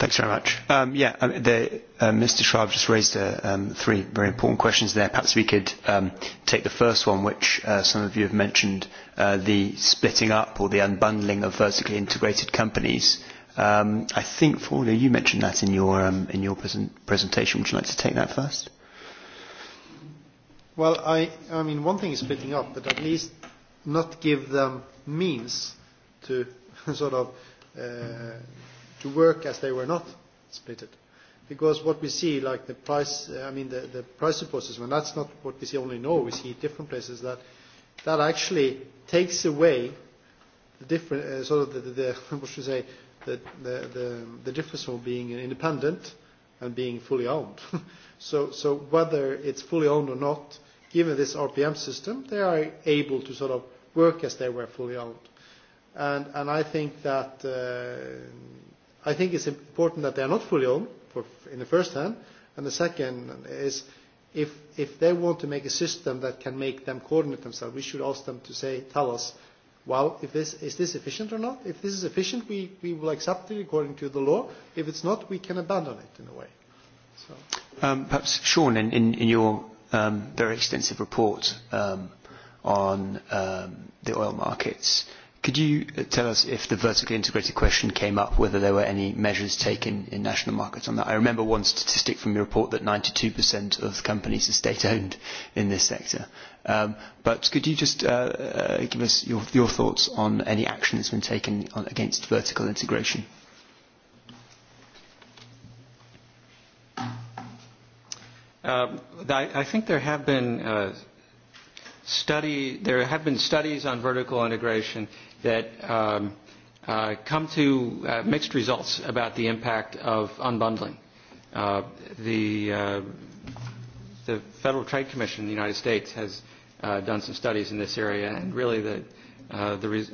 Thanks very much. Um, yeah, um, the, uh, Mr. Schwab just raised uh, um, three very important questions there. Perhaps we could um, take the first one, which uh, some of you have mentioned, uh, the splitting up or the unbundling of vertically integrated companies. Um, I think, Fauda, you mentioned that in your, um, in your present presentation. Would you like to take that first? Well, I, I mean, one thing is splitting up, but at least not give them means to sort of uh, to work as they were not split it. Because what we see, like the price, I mean, the, the price support and that's not what we see only in Norway, we see different places, that, that actually takes away the different, uh, sort of the, the, the what should I say, the, the, the, the difference from being independent and being fully owned. so, so whether it's fully owned or not, given this RPM system, they are able to sort of work as they were fully owned. And, and I think that uh, I think it's important that they are not fully owned for, in the first hand, and the second is if, if they want to make a system that can make them coordinate themselves, we should ask them to say, tell us, well, if this, is this efficient or not? If this is efficient, we, we will accept it according to the law. If it's not, we can abandon it in a way. So. Um, perhaps, Sean, in, in, in your um, very extensive report um, on um, the oil markets, Could you tell us if the vertically integrated question came up, whether there were any measures taken in national markets on that? I remember one statistic from your report that 92% of companies are state-owned in this sector. Um, but could you just uh, uh, give us your, your thoughts on any action that's been taken on, against vertical integration? I, I think there have been uh, study, there have been studies on vertical integration that um, uh, come to uh, mixed results about the impact of unbundling. Uh, the, uh, the Federal Trade Commission in the United States has uh, done some studies in this area, and really the, uh, the, res-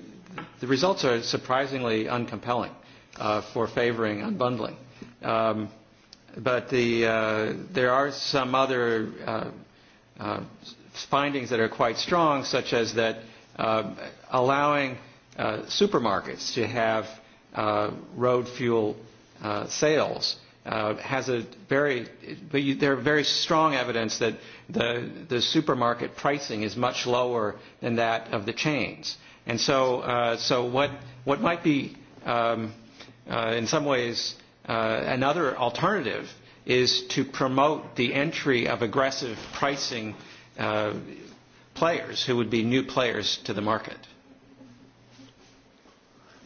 the results are surprisingly uncompelling uh, for favoring unbundling. Um, but the, uh, there are some other uh, uh, findings that are quite strong, such as that uh, allowing uh, supermarkets to have uh, road fuel uh, sales uh, has a very, but you, there are very strong evidence that the, the supermarket pricing is much lower than that of the chains. And so, uh, so what, what might be um, uh, in some ways uh, another alternative is to promote the entry of aggressive pricing uh, players who would be new players to the market.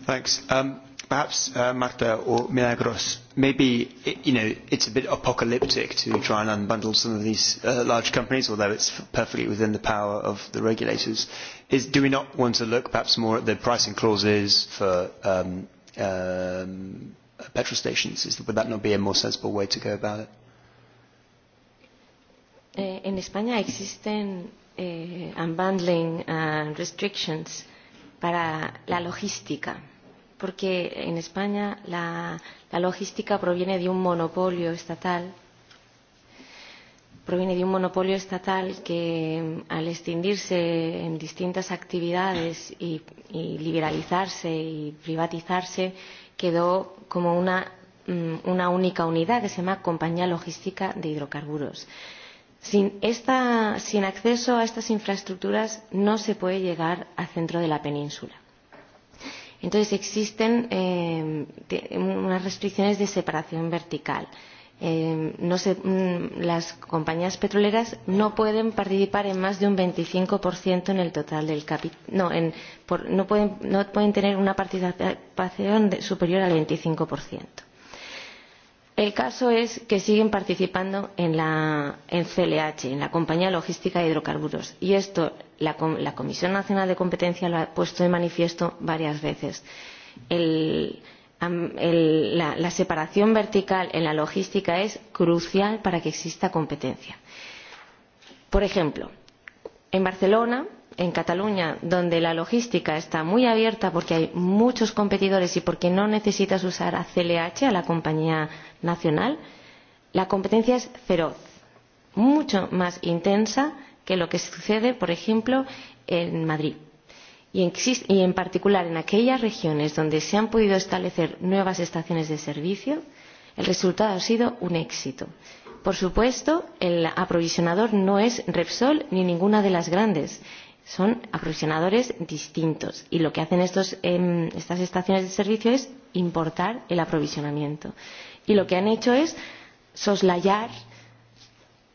Thanks. Um, perhaps uh, Marta or Milagros, maybe it you know it's a bit apocalyptic to try and unbundle some of these uh, large companies, although it's perfectly within the power of the regulators. Is do we not want to look perhaps more at the pricing clauses for um, um, petrol stations? Is, would that not be a more sensible way to go about it? Eh, en España existen eh, unbundling uh, restrictions para la logística, porque en España la, la logística proviene de un monopolio estatal, proviene de un monopolio estatal que al extindirse en distintas actividades y, y liberalizarse y privatizarse quedó como una, una única unidad que se llama Compañía Logística de Hidrocarburos. Sin, esta, sin acceso a estas infraestructuras no se puede llegar al centro de la península. Entonces existen eh, unas restricciones de separación vertical. Eh, no se, las compañías petroleras no pueden participar en más de un 25% en el total del capital. No, en, por, no, pueden, no pueden tener una participación de, superior al 25%. El caso es que siguen participando en, la, en CLH, en la Compañía Logística de Hidrocarburos. Y esto la, la Comisión Nacional de Competencia lo ha puesto de manifiesto varias veces. El, el, la, la separación vertical en la logística es crucial para que exista competencia. Por ejemplo, en Barcelona en Cataluña, donde la logística está muy abierta porque hay muchos competidores y porque no necesitas usar a CLH, a la compañía nacional, la competencia es feroz, mucho más intensa que lo que sucede, por ejemplo, en Madrid. Y en, y en particular en aquellas regiones donde se han podido establecer nuevas estaciones de servicio, el resultado ha sido un éxito. Por supuesto, el aprovisionador no es Repsol ni ninguna de las grandes son aprovisionadores distintos y lo que hacen estos, eh, estas estaciones de servicio es importar el aprovisionamiento. Y lo que han hecho es soslayar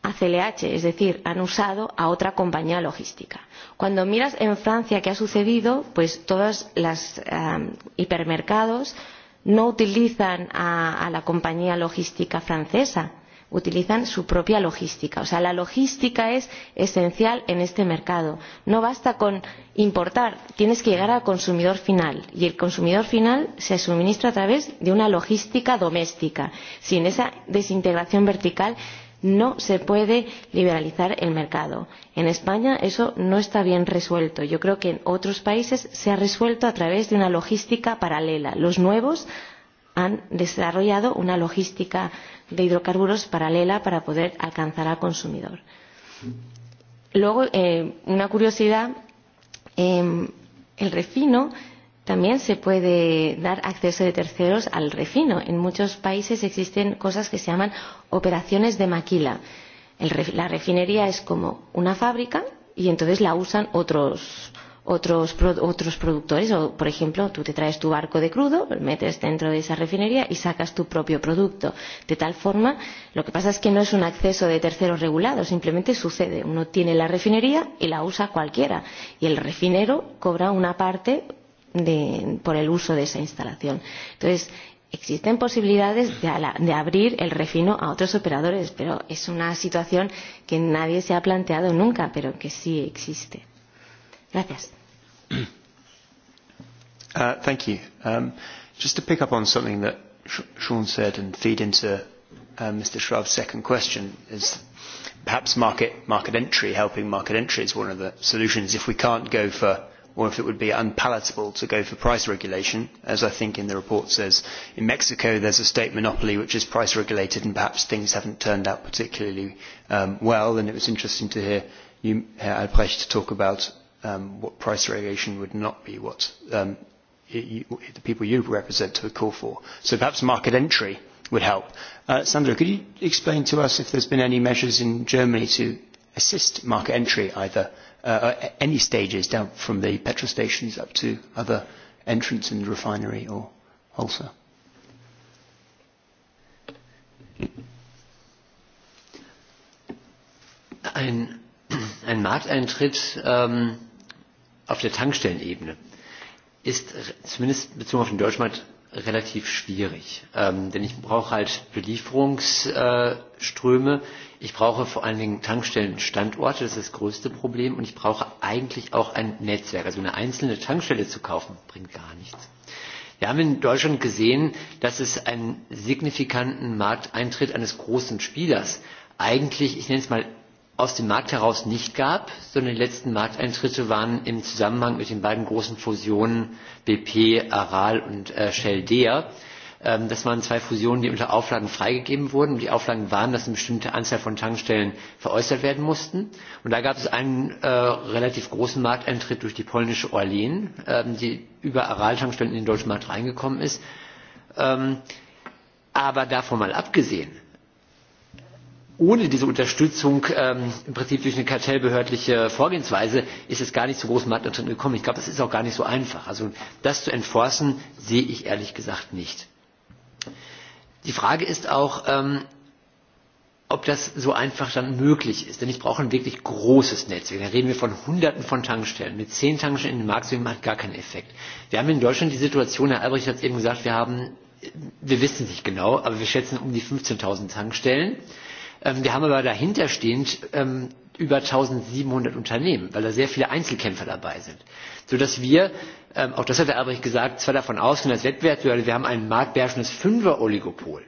a CLH, es decir, han usado a otra compañía logística. Cuando miras en Francia qué ha sucedido, pues todos los um, hipermercados no utilizan a, a la compañía logística francesa, utilizan su propia logística. O sea, la logística es esencial en este mercado. No basta con importar, tienes que llegar al consumidor final y el consumidor final se suministra a través de una logística doméstica. Sin esa desintegración vertical no se puede liberalizar el mercado. En España eso no está bien resuelto. Yo creo que en otros países se ha resuelto a través de una logística paralela. Los nuevos han desarrollado una logística paralela de hidrocarburos paralela para poder alcanzar al consumidor. Luego, eh, una curiosidad, eh, el refino también se puede dar acceso de terceros al refino. En muchos países existen cosas que se llaman operaciones de maquila. El, la refinería es como una fábrica y entonces la usan otros, otros, otros productores, o por ejemplo, tú te traes tu barco de crudo, lo metes dentro de esa refinería y sacas tu propio producto. De tal forma, lo que pasa es que no es un acceso de terceros regulado, simplemente sucede. Uno tiene la refinería y la usa cualquiera, y el refinero cobra una parte de, por el uso de esa instalación. Entonces, existen posibilidades de, de abrir el refino a otros operadores, pero es una situación que nadie se ha planteado nunca, pero que sí existe thank you. Um, just to pick up on something that Sean said and feed into uh, Mr. Schwab's second question is perhaps market, market entry, helping market entry is one of the solutions if we can't go for or if it would be unpalatable to go for price regulation. As I think in the report says, in Mexico there's a state monopoly which is price regulated and perhaps things haven't turned out particularly um, well. And it was interesting to hear you, Herr Albrecht, talk about um, what price variation would not be what um, it, you, the people you represent to call for. So perhaps market entry would help. Uh, Sandra, could you explain to us if there's been any measures in Germany to assist market entry, either uh, at any stages, down from the petrol stations up to other entrants in the refinery or also? Ein, ein Markteintritt ähm, auf der Tankstellenebene ist zumindest bezogen auf den Deutschmarkt relativ schwierig. Ähm, denn ich brauche halt Belieferungsströme, ich brauche vor allen Dingen Tankstellenstandorte, das ist das größte Problem, und ich brauche eigentlich auch ein Netzwerk. Also eine einzelne Tankstelle zu kaufen, bringt gar nichts. Wir haben in Deutschland gesehen, dass es einen signifikanten Markteintritt eines großen Spielers eigentlich, ich nenne es mal aus dem Markt heraus nicht gab, sondern die letzten Markteintritte waren im Zusammenhang mit den beiden großen Fusionen BP, Aral und äh, Shell Dea. Ähm, das waren zwei Fusionen, die unter Auflagen freigegeben wurden. und Die Auflagen waren, dass eine bestimmte Anzahl von Tankstellen veräußert werden mussten. Und da gab es einen äh, relativ großen Markteintritt durch die polnische Orlen, ähm, die über Aral-Tankstellen in den deutschen Markt reingekommen ist. Ähm, aber davon mal abgesehen, ohne diese Unterstützung ähm, im Prinzip durch eine kartellbehördliche Vorgehensweise ist es gar nicht zu großen Marktantritten gekommen. Ich glaube, das ist auch gar nicht so einfach. Also das zu enforcen, sehe ich ehrlich gesagt nicht. Die Frage ist auch, ähm, ob das so einfach dann möglich ist. Denn ich brauche ein wirklich großes Netzwerk. Da reden wir von Hunderten von Tankstellen. Mit zehn Tankstellen in den Markt zu gehen, hat gar keinen Effekt. Wir haben in Deutschland die Situation, Herr Albrecht hat es eben gesagt, wir haben, wir wissen es nicht genau, aber wir schätzen um die 15.000 Tankstellen wir haben aber dahinterstehend über 1700 Unternehmen, weil da sehr viele Einzelkämpfer dabei sind. Sodass wir, auch das hat der Albrecht gesagt, zwar davon ausgehen, dass wettbewerb, wir haben ein marktbeherrschendes Fünfer-Oligopol.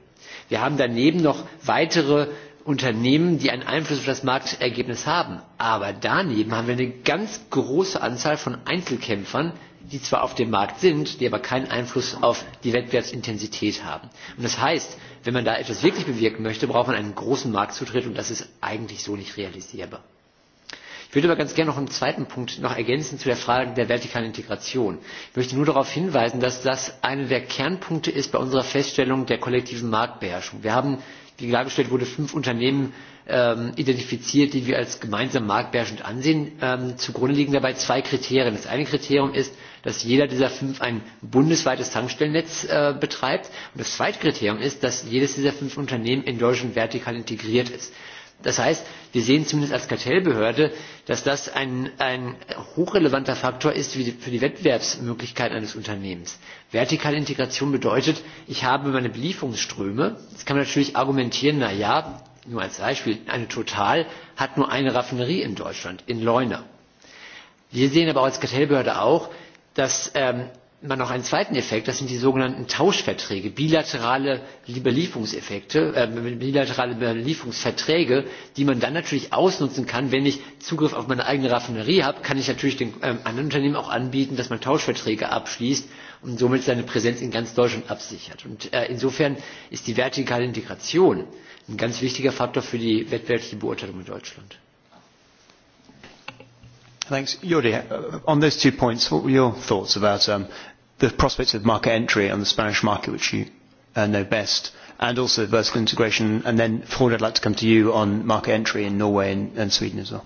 Wir haben daneben noch weitere Unternehmen, die einen Einfluss auf das Marktergebnis haben. Aber daneben haben wir eine ganz große Anzahl von Einzelkämpfern, die zwar auf dem Markt sind, die aber keinen Einfluss auf die Wettbewerbsintensität haben. Und das heißt, wenn man da etwas wirklich bewirken möchte, braucht man einen großen Marktzutritt und das ist eigentlich so nicht realisierbar. Ich würde aber ganz gerne noch einen zweiten Punkt noch ergänzen zu der Frage der vertikalen Integration. Ich möchte nur darauf hinweisen, dass das einer der Kernpunkte ist bei unserer Feststellung der kollektiven Marktbeherrschung. Wir haben, wie dargestellt wurde, fünf Unternehmen ähm, identifiziert, die wir als gemeinsam marktbeherrschend ansehen. Ähm, zugrunde liegen dabei zwei Kriterien. Das eine Kriterium ist, dass jeder dieser fünf ein bundesweites Tankstellennetz betreibt. Und das zweite Kriterium ist, dass jedes dieser fünf Unternehmen in Deutschland vertikal integriert ist. Das heißt, wir sehen zumindest als Kartellbehörde, dass das ein, ein hochrelevanter Faktor ist für die, für die Wettbewerbsmöglichkeiten eines Unternehmens. Vertikale Integration bedeutet, ich habe meine Belieferungsströme. das kann man natürlich argumentieren, na ja, nur als Beispiel, eine Total hat nur eine Raffinerie in Deutschland, in Leuna. Wir sehen aber als Kartellbehörde auch, dass man noch einen zweiten Effekt, das sind die sogenannten Tauschverträge, bilaterale Belieferungseffekte, äh, bilaterale Belieferungsverträge, die man dann natürlich ausnutzen kann. Wenn ich Zugriff auf meine eigene Raffinerie habe, kann ich natürlich den ähm, anderen Unternehmen auch anbieten, dass man Tauschverträge abschließt und somit seine Präsenz in ganz Deutschland absichert. Und äh, insofern ist die vertikale Integration ein ganz wichtiger Faktor für die wettbewerbliche Beurteilung in Deutschland. Thanks. Jordi, on those two points, what were your thoughts about um, the prospects of market entry on the Spanish market, which you uh, know best, and also vertical integration? And then, Ford, I'd like to come to you on market entry in Norway and, and Sweden as well.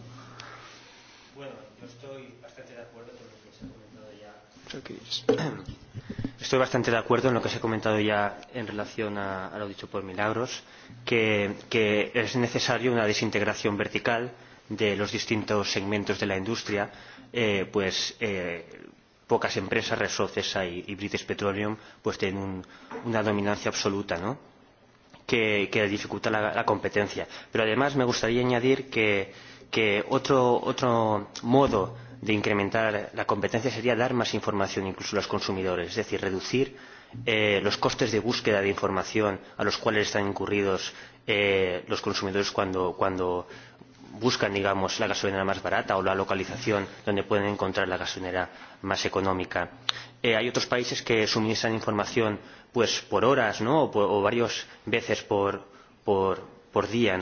Estoy bastante de acuerdo en lo que se ha comentado ya en relación a, a lo dicho por Milagros, que, que es necesario una desintegración vertical de los distintos segmentos de la industria, eh, pues eh, pocas empresas, Resocesa y, y British Petroleum, pues tienen un, una dominancia absoluta, ¿no? Que, que dificulta la, la competencia. Pero además me gustaría añadir que, que otro, otro modo de incrementar la competencia sería dar más información incluso a los consumidores, es decir, reducir eh, los costes de búsqueda de información a los cuales están incurridos eh, los consumidores cuando, cuando, buscan digamos la gasolinera más barata o la localización donde pueden encontrar la gasolinera más económica. hay otros países que suministran información por horas o, varias veces por, día.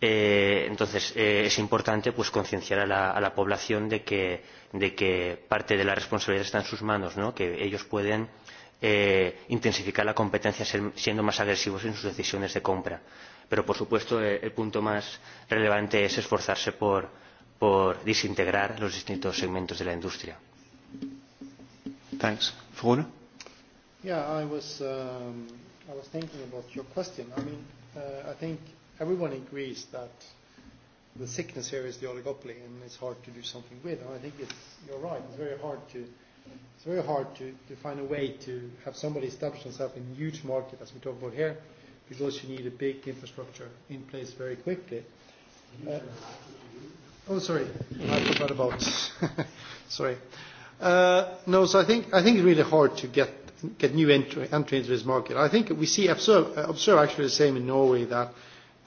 entonces es importante concienciar a la, población de que, parte de la responsabilidad está en sus manos, que ellos pueden intensificar la competencia siendo más agresivos en sus decisiones de compra pero por supuesto el punto más relevante es esforzarse por desintegrar los distintos segmentos de la industria. Thanks. Yeah, I was, um, I was thinking about your question. I mean, uh, I think everyone agrees that the sickness here is the oligopoly, and it's hard to do something with. And I think it's, you're right. It's very hard to, it's very hard to, to find a way to have somebody establish themselves in a huge market, as we talk about here, because you need a big infrastructure in place very quickly. Uh, oh, sorry, I forgot about. sorry. Uh, no, so I think I think it's really hard to get get new entry, entry into this market. I think we see observe, observe actually the same in Norway that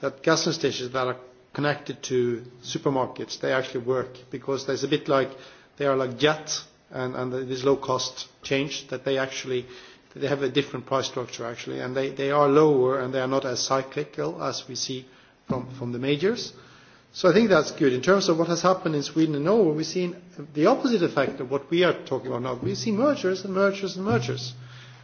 that gas stations that are connected to supermarkets they actually work because there's a bit like they are like jet and, and this low cost change that they actually uh, They have a different price structure, actually, and they they are lower, and they are not as cyclical as we see from from the majors. So I think that's good. In terms of what has happened in Sweden and Norway, we've seen the opposite effect of what we are talking about now. We've seen mergers and mergers and mergers.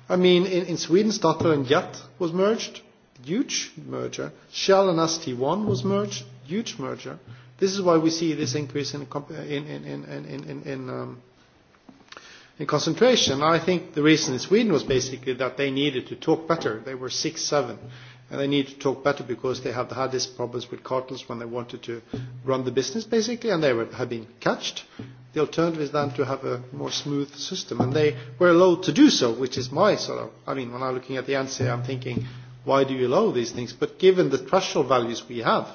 I mean, in in Sweden, Statoil and Yacht was merged, huge merger. Shell and ST1 was merged, huge merger. This is why we see this increase in in in in in in in um In concentration. I think the reason in Sweden was basically that they needed to talk better. They were six, seven, and they need to talk better because they have had these problems with cartels when they wanted to run the business, basically, and they were have been catched. The alternative is then to have a more smooth system, and they were allowed to do so, which is my sort of. I mean, when I'm looking at the answer, I'm thinking, why do you allow these things? But given the threshold values we have,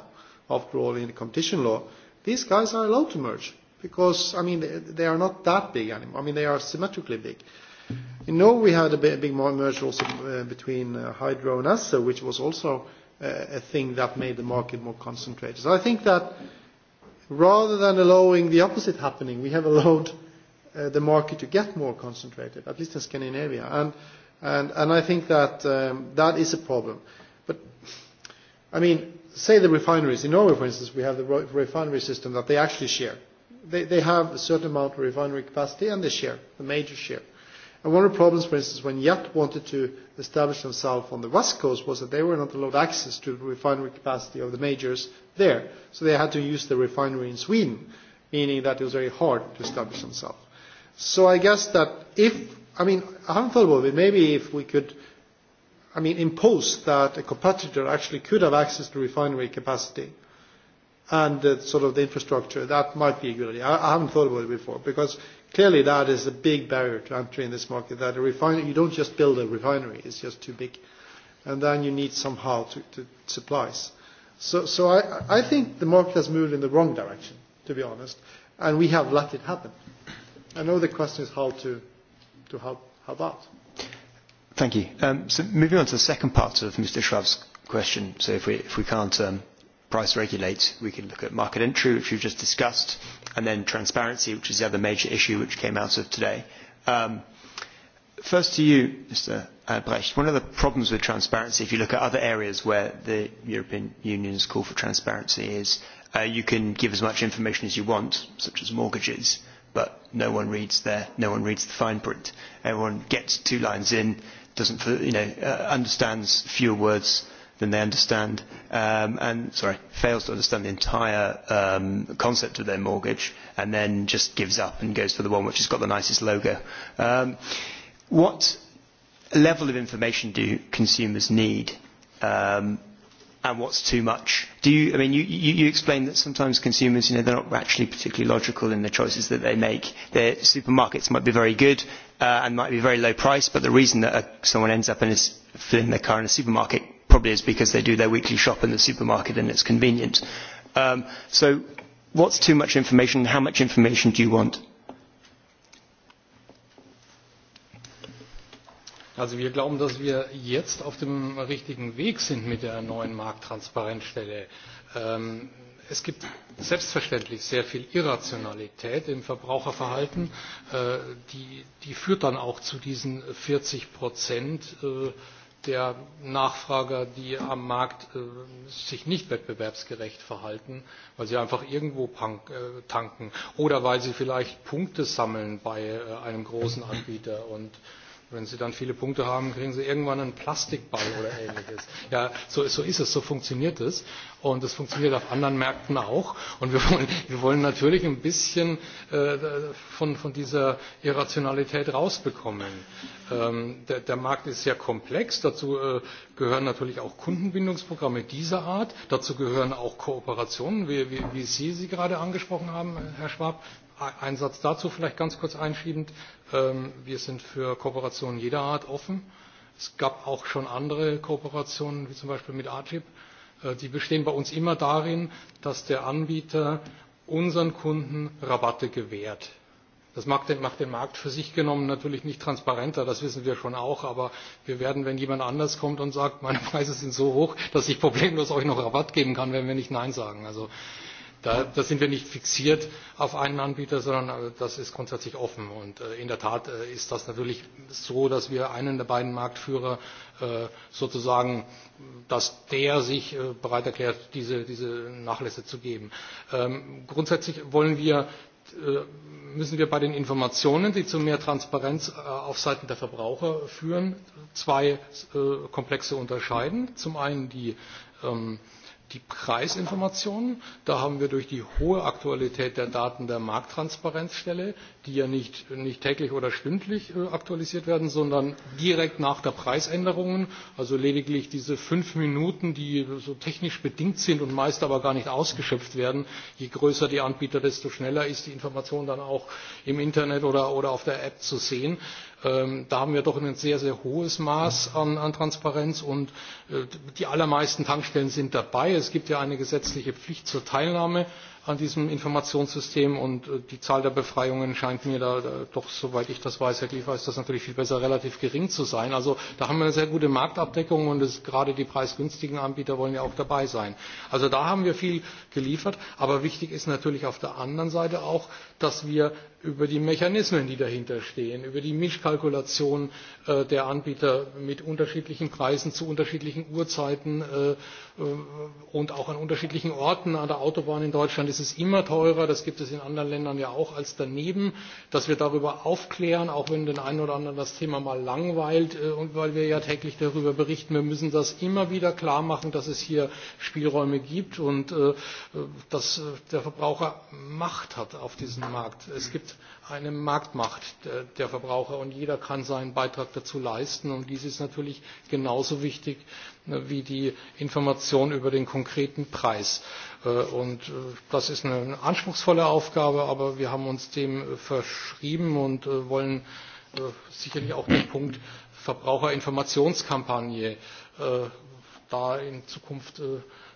after all, in the competition law, these guys are allowed to merge because, I mean, they are not that big anymore. I mean, they are symmetrically big. In Norway, we had a big merger also between Hydro and Esse, which was also a thing that made the market more concentrated. So I think that rather than allowing the opposite happening, we have allowed the market to get more concentrated, at least in Scandinavia. And and and I think that um that is a problem. But I mean, say the refineries. In Norway, for instance, we have the refinery system that they actually share they, they have a certain amount of refinery capacity and they share, the major share. And one of the problems, for instance, when Yacht wanted to establish themselves on the west coast was that they were not allowed access to the refinery capacity of the majors there. So they had to use the refinery in Sweden, meaning that it was very hard to establish themselves. So I guess that if, I mean, I haven't thought about it, maybe if we could, I mean, impose that a competitor actually could have access to refinery capacity and the sort of the infrastructure. That might be a good idea. I I haven't thought about it before because clearly that is a big barrier to entry in this market, that a refinery, you don't just build a refinery, it's just too big. And then you need somehow to to supplies. So so I I think the market has moved in the wrong direction, to be honest, and we have let it happen. I know the question is how to to help help out. Thank you. Um So moving on to the second part of Mr. Schwab's question, so if we if we can't um price regulate, We can look at market entry, which we've just discussed, and then transparency, which is the other major issue which came out of today. Um, first to you, Mr. Albrecht. One of the problems with transparency, if you look at other areas where the European Union's call for transparency is uh, you can give as much information as you want, such as mortgages, but no one reads there, no one reads the fine print. Everyone gets two lines in, doesn't you know, uh, understands fewer words than they understand um, and sorry fails to understand the entire um, concept of their mortgage and then just gives up and goes for the one which has got the nicest logo. Um, what level of information do consumers need? Um, and what's too much. Do you, I mean, you, you, you explained that sometimes consumers, you know, they're not actually particularly logical in the choices that they make. Their supermarkets might be very good uh, and might be very low price, but the reason that a someone ends up in a, filling their car in a supermarket probably is because they do their weekly shop in the supermarket and it's convenient. Um, so what's too much information and how much information do you want? Also wir glauben, dass wir jetzt auf dem richtigen Weg sind mit der neuen Markttransparenzstelle. Ähm, es gibt selbstverständlich sehr viel Irrationalität im Verbraucherverhalten. Äh, die, die führt dann auch zu diesen 40 Prozent äh, der Nachfrager, die am Markt sich nicht wettbewerbsgerecht verhalten, weil sie einfach irgendwo tanken oder weil sie vielleicht Punkte sammeln bei einem großen Anbieter und Wenn Sie dann viele Punkte haben, kriegen Sie irgendwann einen Plastikball oder ähnliches. Ja, so, so ist es, so funktioniert es. Und es funktioniert auf anderen Märkten auch. Und wir wollen, wir wollen natürlich ein bisschen äh, von, von dieser Irrationalität rausbekommen. Ähm, der, der Markt ist sehr komplex. Dazu äh, gehören natürlich auch Kundenbindungsprogramme dieser Art. Dazu gehören auch Kooperationen, wie, wie, wie Sie sie gerade angesprochen haben, Herr Schwab, Ein Satz dazu vielleicht ganz kurz einschiebend. Wir sind für Kooperationen jeder Art offen. Es gab auch schon andere Kooperationen, wie zum Beispiel mit Agip. Die bestehen bei uns immer darin, dass der Anbieter unseren Kunden Rabatte gewährt. Das macht den, macht den Markt für sich genommen natürlich nicht transparenter, das wissen wir schon auch, aber wir werden, wenn jemand anders kommt und sagt, meine Preise sind so hoch, dass ich problemlos euch noch Rabatt geben kann, wenn wir nicht Nein sagen. Also Da, sind wir nicht fixiert auf einen Anbieter, sondern das ist grundsätzlich offen. Und in der Tat ist das natürlich so, dass wir einen der beiden Marktführer sozusagen, dass der sich bereit erklärt, diese, Nachlässe zu geben. grundsätzlich wollen wir müssen wir bei den Informationen, die zu mehr Transparenz auf Seiten der Verbraucher führen, zwei Komplexe unterscheiden. Zum einen die die Preisinformationen. Da haben wir durch die hohe Aktualität der Daten der Markttransparenzstelle, die ja nicht, täglich oder stündlich aktualisiert werden, sondern direkt nach der Preisänderung, also lediglich diese fünf Minuten, die so technisch bedingt sind und meist aber gar nicht ausgeschöpft werden. Je größer die Anbieter, desto schneller ist die Information dann auch im Internet oder, auf der App zu sehen da haben wir doch ein sehr, sehr hohes Maß an, Transparenz und die allermeisten Tankstellen sind dabei. Es gibt ja eine gesetzliche Pflicht zur Teilnahme an diesem Informationssystem und die Zahl der Befreiungen scheint mir da doch, soweit ich das weiß, Herr Kliefer, ist das natürlich viel besser, relativ gering zu sein. Also da haben wir eine sehr gute Marktabdeckung und gerade die preisgünstigen Anbieter wollen ja auch dabei sein. Also da haben wir viel geliefert, aber wichtig ist natürlich auf der anderen Seite auch, dass wir über die Mechanismen, die dahinter stehen, über die Mischkalkulation der Anbieter mit unterschiedlichen Preisen zu unterschiedlichen Uhrzeiten und auch an unterschiedlichen Orten. An der Autobahn in Deutschland ist es immer teurer, das gibt es in anderen Ländern ja auch als daneben, dass wir darüber aufklären, auch wenn den einen oder anderen das Thema mal langweilt und weil wir ja täglich darüber berichten. Wir müssen das immer wieder klar machen, dass es hier Spielräume gibt und dass der Verbraucher Macht hat auf diesem Markt. Es gibt eine Marktmacht der Verbraucher und jeder kann seinen Beitrag dazu leisten. Und dies ist natürlich genauso wichtig wie die Information über den konkreten Preis. Und das ist eine anspruchsvolle Aufgabe, aber wir haben uns dem verschrieben und wollen sicherlich auch den Punkt Verbraucherinformationskampagne da in Zukunft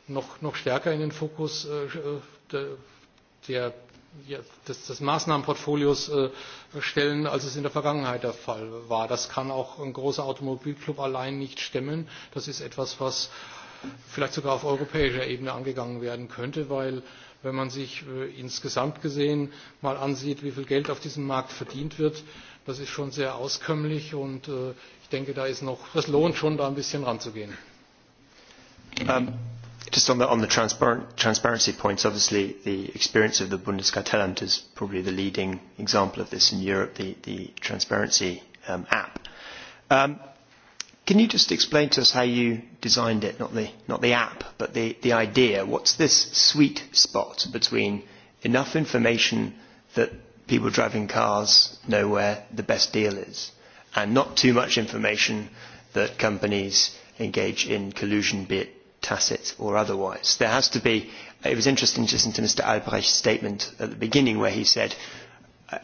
noch, noch stärker in den Fokus der des, Maßnahmenportfolios stellen, als es in der Vergangenheit der Fall war. Das kann auch ein großer Automobilclub allein nicht stemmen. Das ist etwas, was vielleicht sogar auf europäischer Ebene angegangen werden könnte, weil wenn man sich insgesamt gesehen mal ansieht, wie viel Geld auf diesem Markt verdient wird, das ist schon sehr auskömmlich und ich denke, da ist noch, das lohnt schon, da ein bisschen ranzugehen. Just on the, on the transparent, transparency points, obviously the experience of the Bundeskartellamt is probably the leading example of this in Europe, the, the transparency um, app. Um, can you just explain to us how you designed it, not the, not the app, but the, the idea? What's this sweet spot between enough information that people driving cars know where the best deal is and not too much information that companies engage in collusion, be it tacit or otherwise. There has to be, it was interesting to listen to Mr. Albrecht's statement at the beginning where he said,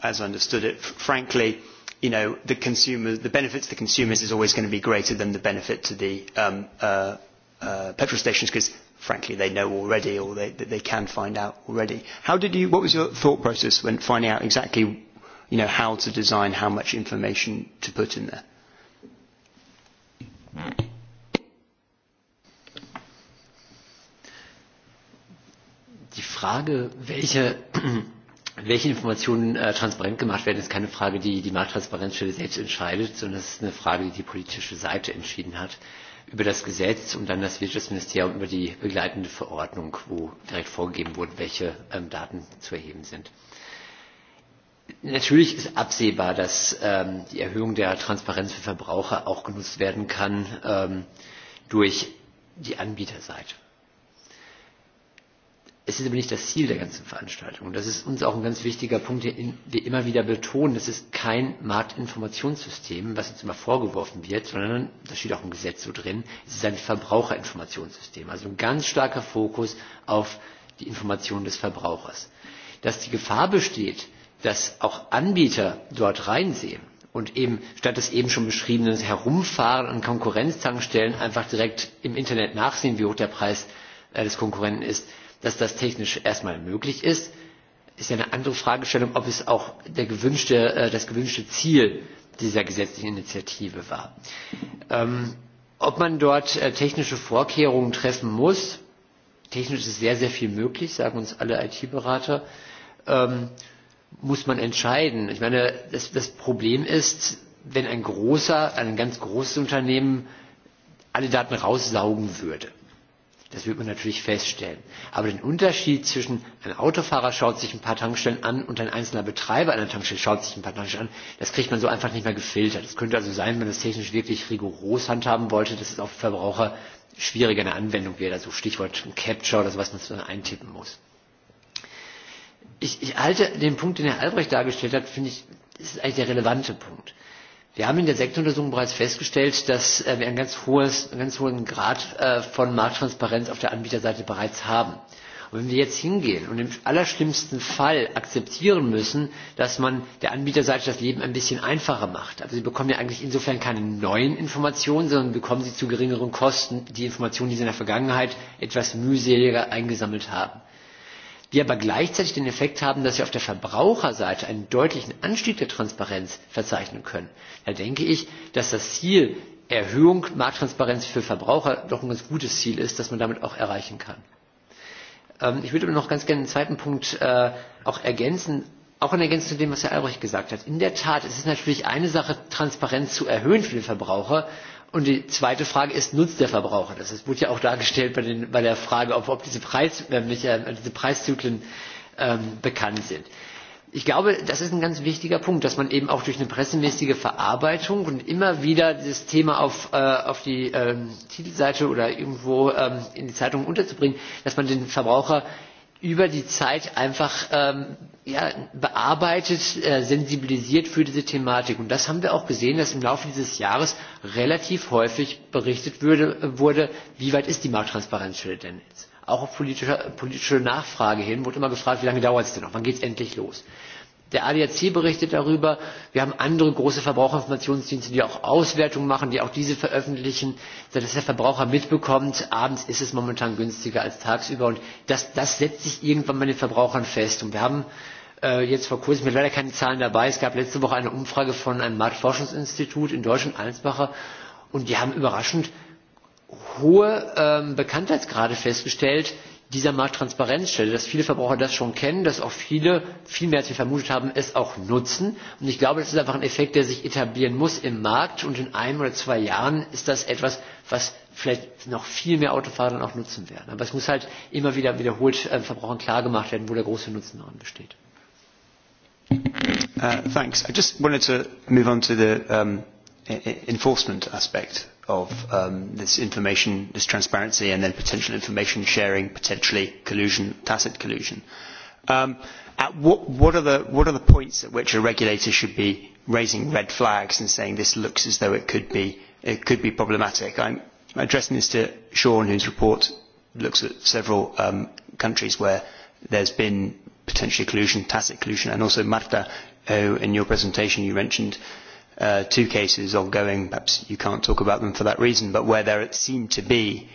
as I understood it, frankly, you know, the, consumer, the benefit to the consumers is always going to be greater than the benefit to the um, uh, uh, petrol stations because, frankly, they know already or they, they can find out already. How did you, what was your thought process when finding out exactly, you know, how to design how much information to put in there? Frage, welche, welche Informationen äh, transparent gemacht werden, ist keine Frage, die die Markttransparenzstelle selbst entscheidet, sondern es ist eine Frage, die die politische Seite entschieden hat über das Gesetz und dann das Wirtschaftsministerium über die begleitende Verordnung, wo direkt vorgegeben wurde, welche ähm, Daten zu erheben sind. Natürlich ist absehbar, dass ähm, die Erhöhung der Transparenz für Verbraucher auch genutzt werden kann ähm, durch die Anbieterseite es ist aber nicht das Ziel der ganzen Veranstaltung. Das ist uns auch ein ganz wichtiger Punkt, den wir immer wieder betonen. Es ist kein Marktinformationssystem, was uns immer vorgeworfen wird, sondern, das steht auch im Gesetz so drin, es ist ein Verbraucherinformationssystem. Also ein ganz starker Fokus auf die Information des Verbrauchers. Dass die Gefahr besteht, dass auch Anbieter dort reinsehen und eben statt des eben schon beschriebenen Herumfahren an Konkurrenztankstellen einfach direkt im Internet nachsehen, wie hoch der Preis des Konkurrenten ist, dass das technisch erstmal möglich ist. Ist ja eine andere Fragestellung, ob es auch der gewünschte, das gewünschte Ziel dieser gesetzlichen Initiative war. ob man dort technische Vorkehrungen treffen muss, technisch ist sehr, sehr viel möglich, sagen uns alle IT-Berater, muss man entscheiden. Ich meine, das, das Problem ist, wenn ein großer, ein ganz großes Unternehmen alle Daten raussaugen würde Das wird man natürlich feststellen. Aber den Unterschied zwischen ein Autofahrer schaut sich ein paar Tankstellen an und ein einzelner Betreiber einer Tankstelle schaut sich ein paar Tankstellen an, das kriegt man so einfach nicht mehr gefiltert. Es könnte also sein, wenn man das technisch wirklich rigoros handhaben wollte, dass es auch für Verbraucher schwieriger eine Anwendung wäre, Also Stichwort Capture oder sowas, was man eintippen muss. Ich, ich halte den Punkt, den Herr Albrecht dargestellt hat, finde ich, das ist eigentlich der relevante Punkt. Wir haben in der Sektoruntersuchung bereits festgestellt, dass wir einen ganz, hohes, einen ganz hohen Grad von Markttransparenz auf der Anbieterseite bereits haben. Und wenn wir jetzt hingehen und im allerschlimmsten Fall akzeptieren müssen, dass man der Anbieterseite das Leben ein bisschen einfacher macht, aber sie bekommen ja eigentlich insofern keine neuen Informationen, sondern bekommen sie zu geringeren Kosten die Informationen, die sie in der Vergangenheit etwas mühseliger eingesammelt haben die aber gleichzeitig den Effekt haben, dass wir auf der Verbraucherseite einen deutlichen Anstieg der Transparenz verzeichnen können. Da denke ich, dass das Ziel Erhöhung Markttransparenz für Verbraucher doch ein ganz gutes Ziel ist, das man damit auch erreichen kann. Ähm, ich würde noch ganz gerne einen zweiten Punkt äh, auch ergänzen, auch in Ergänzung zu dem, was Herr Albrecht gesagt hat. In der Tat, es ist natürlich eine Sache, Transparenz zu erhöhen für den Verbraucher. Und die zweite Frage ist, nutzt der Verbraucher das? Das wurde ja auch dargestellt bei, den, bei der Frage, ob, ob diese, Preis, äh, diese Preiszyklen ähm, bekannt sind. Ich glaube, das ist ein ganz wichtiger Punkt, dass man eben auch durch eine pressemäßige Verarbeitung und immer wieder dieses Thema auf, äh, auf die ähm, Titelseite oder irgendwo ähm, in die Zeitung unterzubringen, dass man den Verbraucher über die Zeit einfach bearbeitet, sensibilisiert für diese Thematik. Und das haben wir auch gesehen, dass im Laufe dieses Jahres relativ häufig berichtet wurde, wie weit ist die Markttransparenzstelle denn jetzt? Auch auf politische, Nachfrage hin wurde immer gefragt, wie lange dauert es denn noch, wann geht es endlich los? Der ADAC berichtet darüber. Wir haben andere große Verbraucherinformationsdienste, die auch Auswertungen machen, die auch diese veröffentlichen, sodass der Verbraucher mitbekommt, abends ist es momentan günstiger als tagsüber. Und das, das setzt sich irgendwann bei den Verbrauchern fest. Und wir haben jetzt vor kurzem, mir leider keine Zahlen dabei, es gab letzte Woche eine Umfrage von einem Marktforschungsinstitut in Deutschland, Allensbacher, und die haben überraschend hohe Bekanntheitsgrade festgestellt, dieser Markttransparenzstelle, dass viele Verbraucher das schon kennen, dass auch viele, viel mehr als wir vermutet haben, es auch nutzen. Und ich glaube, das ist einfach ein Effekt, der sich etablieren muss im Markt. Und in einem oder zwei Jahren ist das etwas, was vielleicht noch viel mehr Autofahrer auch nutzen werden. Aber es muss halt immer wieder wiederholt Verbrauchern klar gemacht werden, wo der große Nutzen daran besteht. Uh, thanks. I just wanted to move on to the um, enforcement aspect of um, this information, this transparency, and then potential information sharing, potentially collusion, tacit collusion. Um, at what, what, are the, what are the points at which a regulator should be raising red flags and saying this looks as though it could be, it could be problematic? I'm addressing this to Sean, whose report looks at several um, countries where there's been potentially collusion, tacit collusion, and also Marta, who in your presentation you mentioned uh, two cases ongoing, perhaps you can't talk about them for that reason, but where there seem to be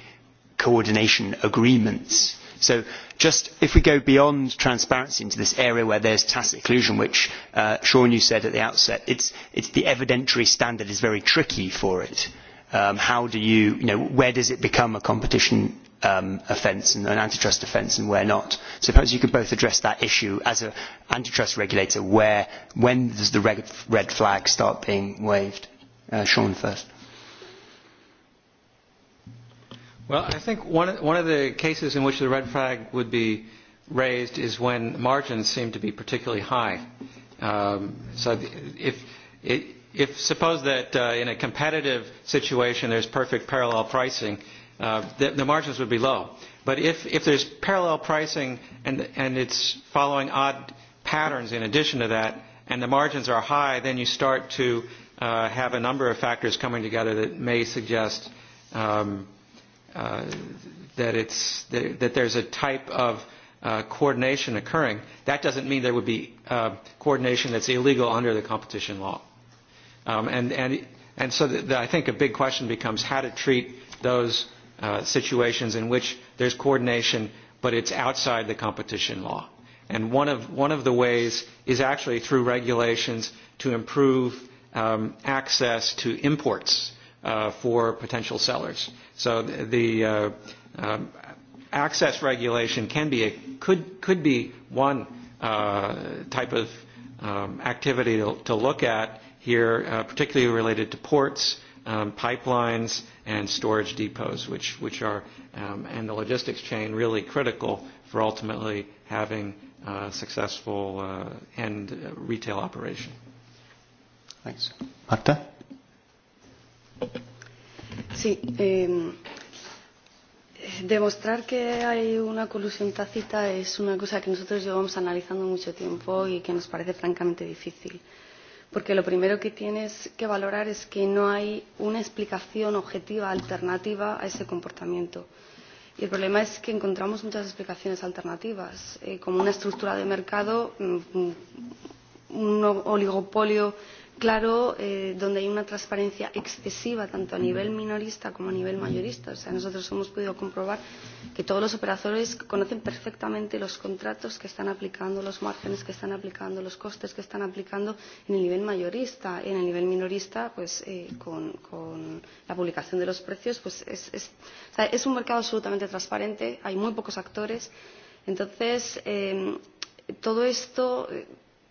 coordination agreements. So just if we go beyond transparency into this area where there's tacit collusion, which uh, Sean, you said at the outset, it's, it's the evidentiary standard is very tricky for it. Um, how do you, you know, where does it become a competition um, offence and an antitrust offence and where not. So perhaps you could both address that issue as an antitrust regulator, where, when does the red, red flag start being waved? Uh, Sean first. Well, I think one, one of the cases in which the red flag would be raised is when margins seem to be particularly high. Um, so if, if suppose that uh, in a competitive situation there's perfect parallel pricing, uh, uh, the, the margins would be low. But if, if there's parallel pricing and, and it's following odd patterns in addition to that, and the margins are high, then you start to uh, have a number of factors coming together that may suggest um, uh, that, it's, that, that there's a type of uh, coordination occurring. That doesn't mean there would be uh, coordination that's illegal under the competition law. Um, and, and, and so the, the, I think a big question becomes how to treat those situations in which there's coordination, but it's outside the competition law. And one of, one of the ways is actually through regulations to improve um, access to imports uh, for potential sellers. So the, the uh, um, access regulation can be a, could could be one uh, type of um, activity to, to look at here, uh, particularly related to ports, um, pipelines, and storage depots, which, which are, um, and the logistics chain, really critical for ultimately having uh, successful uh, end retail operation. Thanks. Marta? Sí, Um, demostrar que hay una colusión tácita es una cosa que nosotros llevamos analizando mucho tiempo y que nos parece francamente difícil. Eh, porque lo primero que tienes que valorar es que no hay una explicación objetiva alternativa a ese comportamiento. Y el problema es que encontramos muchas explicaciones alternativas, eh, como una estructura de mercado, un oligopolio claro eh, donde hay una transparencia excesiva tanto a nivel minorista como a nivel mayorista. O sea, nosotros hemos podido comprobar que todos los operadores conocen perfectamente los contratos que están aplicando, los márgenes que están aplicando, los costes que están aplicando en el nivel mayorista. En el nivel minorista, pues eh, con, con la publicación de los precios, pues es, es, o sea, es un mercado absolutamente transparente, hay muy pocos actores. Entonces, eh, todo esto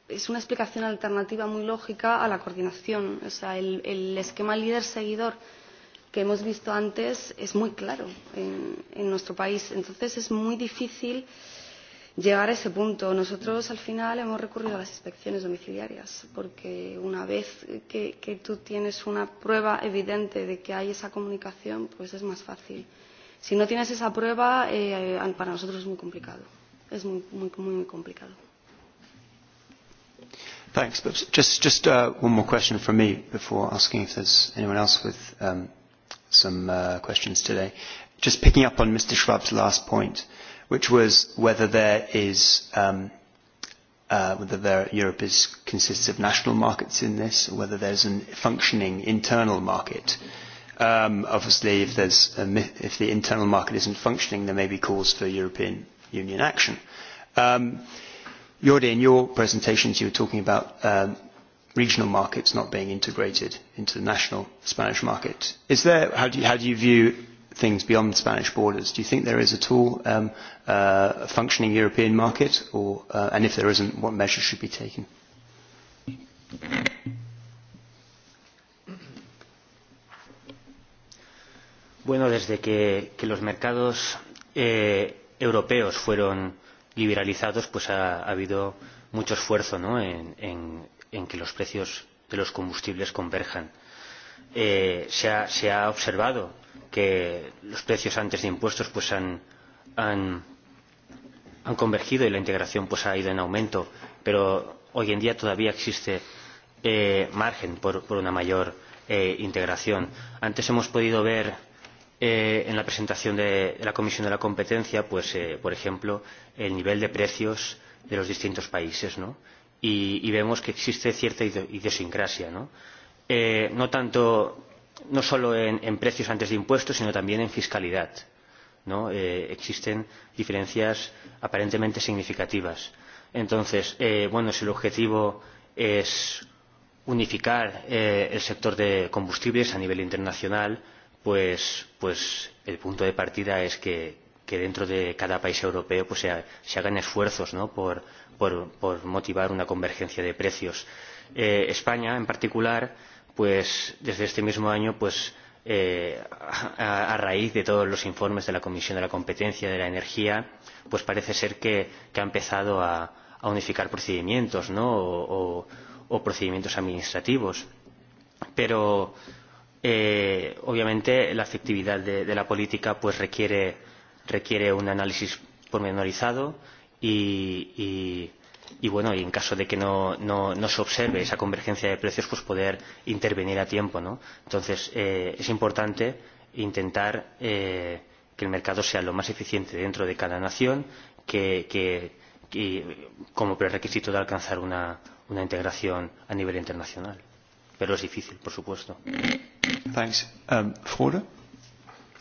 es una explicación alternativa muy lógica a la coordinación. O sea, el, el esquema líder-seguidor que hemos visto antes es muy claro en, en nuestro país. Entonces es muy difícil llegar a ese punto. Nosotros al final hemos recurrido a las inspecciones domiciliarias porque una vez que, que tú tienes una prueba evidente de que hay esa comunicación, pues es más fácil. Si no tienes esa prueba, eh, para nosotros es muy complicado. Es muy, muy, muy, muy complicado. Thanks. But just just uh, one more question from me before asking if there's anyone else with um, some uh, questions today. Just picking up on Mr. Schwab's last point, which was whether there is um, uh, whether there, Europe is, consists of national markets in this, or whether there's a functioning internal market. Um, obviously, if, there's a, if the internal market isn't functioning, there may be calls for European Union action. Um, Jordi, in your presentations, you were talking about um, regional markets not being integrated into the national Spanish market. Is there, how, do you, how do you view things beyond the Spanish borders? Do you think there is at all um, uh, a functioning European market, or, uh, and if there isn't, what measures should be taken? Bueno, desde que, que los mercados eh, europeos fueron liberalizados ha, habido mucho esfuerzo en, que los precios de los combustibles converjan. se, ha, observado que los precios antes de impuestos han, convergido y la integración ha ido en aumento, pero hoy en día todavía existe margen por, una mayor integración. Antes hemos podido ver en la presentación de la Comisión de la Competencia, pues, por ejemplo, el nivel de precios de los distintos países, ¿no? Y, vemos que existe cierta idiosincrasia, ¿no? no tanto, no solo en, precios antes de impuestos, sino también en fiscalidad, ¿no? existen diferencias aparentemente significativas. Entonces, bueno, si el objetivo es unificar el sector de combustibles a nivel internacional, pues el punto de partida es que dentro de cada país europeo se hagan esfuerzos por motivar una convergencia de precios. españa en particular pues desde este mismo año a raíz de todos los informes de la comisión de la competencia de la energía pues parece ser que ha empezado a unificar procedimientos o procedimientos administrativos pero eh, obviamente la efectividad de, de la política pues requiere, requiere un análisis pormenorizado y, y, y bueno y en caso de que no, no, no se observe esa convergencia de precios pues poder intervenir a tiempo ¿no? entonces eh, es importante intentar eh, que el mercado sea lo más eficiente dentro de cada nación que, que, que como prerequisito de alcanzar una, una integración a nivel internacional pero es difícil, por supuesto. Thanks. Um, Frode,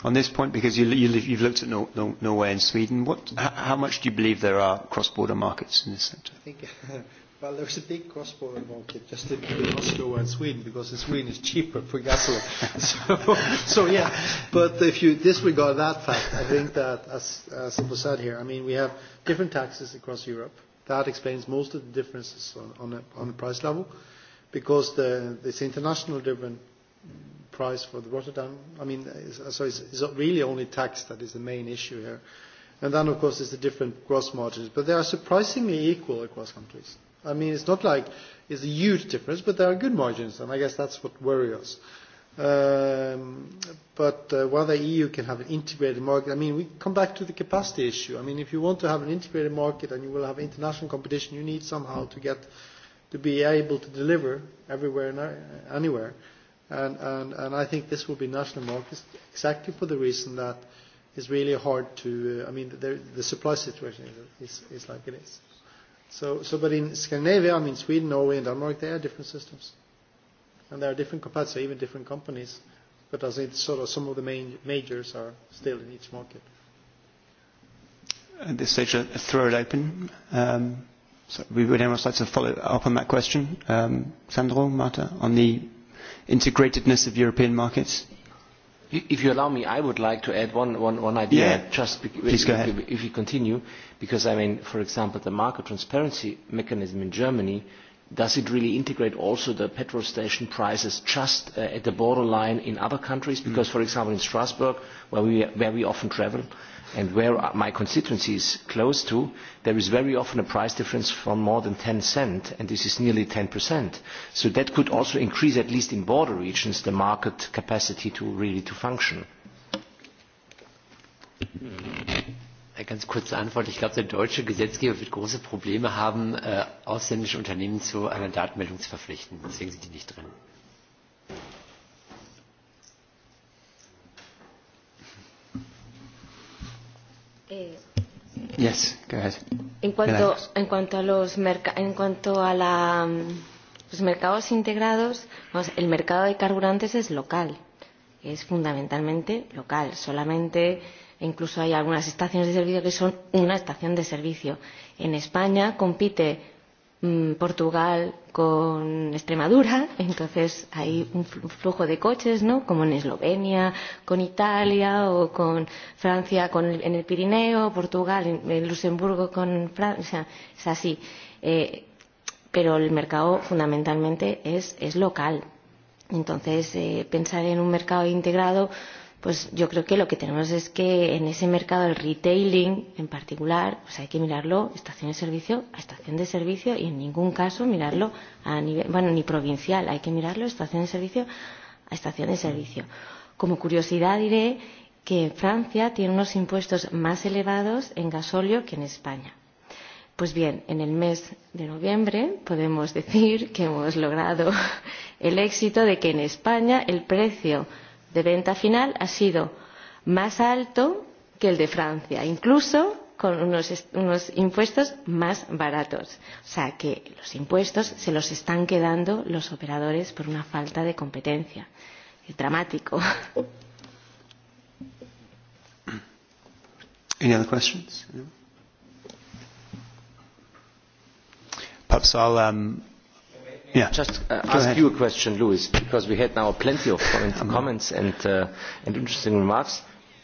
on this point, because you, you, you've looked at Norway and Sweden, what, how much do you believe there are cross-border markets in this sector? I think, well, there's a big cross-border market just in Moscow and Sweden, because in Sweden it's cheaper for gasoline. so, so, yeah, but if you disregard that fact, I think that, as, as was said here, I mean, we have different taxes across Europe. That explains most of the differences on, on, a, on a price level. Uh, because the, this international driven price for the Rotterdam, I mean, so it's, it's really only tax that is the main issue here. And then, of course, it's the different gross margins, but they are surprisingly equal across countries. I mean, it's not like it's a huge difference, but there are good margins, and I guess that's what worries us. Um, but uh, whether the EU can have an integrated market, I mean, we come back to the capacity issue. I mean, if you want to have an integrated market and you will have international competition, you need somehow to get to be able to deliver everywhere and anywhere. And, and, and I think this will be national markets exactly for the reason that it's really hard to, uh, I mean, the, the supply situation is, is, is like it is. So, so, but in Scandinavia, I mean, Sweden, Norway, and Denmark, they are different systems. And there are different competitors, even different companies. But I think sort of some of the main majors are still in each market. At this stage, I throw it open. Um, So we would anyone like to follow up on that question. Um, Sandro, Marta, on the integratedness of European markets. If you allow me, I would like to add one, one, one idea. Yeah. Just be- Please go ahead. If you continue, because I mean, for example, the market transparency mechanism in Germany does it really integrate also the petrol station prices just uh, at the borderline in other countries? Because, for example, in Strasbourg, where we, where we often travel and where my constituency is close to, there is very often a price difference from more than 10 cent, and this is nearly 10%. So that could also increase, at least in border regions, the market capacity to really to function. Mm-hmm Eine ganz kurze Antwort. Ich glaube, der deutsche Gesetzgeber wird große Probleme haben, äh, ausländische Unternehmen zu einer Datenmeldung zu verpflichten. Deswegen sind die nicht drin. Yes, go ahead. En cuanto, en cuanto a los en cuanto a la, los mercados integrados, vamos, el mercado de carburantes es local, es fundamentalmente local. Solamente Incluso hay algunas estaciones de servicio que son una estación de servicio. En España compite mmm, Portugal con Extremadura, entonces hay un flujo de coches, ¿no? Como en Eslovenia, con Italia o con Francia con el, en el Pirineo, Portugal, en, en Luxemburgo con Francia, es así. Eh, pero el mercado fundamentalmente es, es local. Entonces, eh, pensar en un mercado integrado pues yo creo que lo que tenemos es que en ese mercado del retailing en particular, pues hay que mirarlo estación de servicio a estación de servicio y en ningún caso mirarlo a nivel, bueno, ni provincial, hay que mirarlo estación de servicio a estación de servicio. Como curiosidad diré que Francia tiene unos impuestos más elevados en gasóleo que en España. Pues bien, en el mes de noviembre podemos decir que hemos logrado el éxito de que en España el precio de venta final ha sido más alto que el de Francia, incluso con unos, unos impuestos más baratos. O sea que los impuestos se los están quedando los operadores por una falta de competencia. Es dramático. Any other questions? Perhaps I'll um, Yeah. Just uh, ask you a question, Louis, because we had now plenty of comments and, uh, and interesting remarks.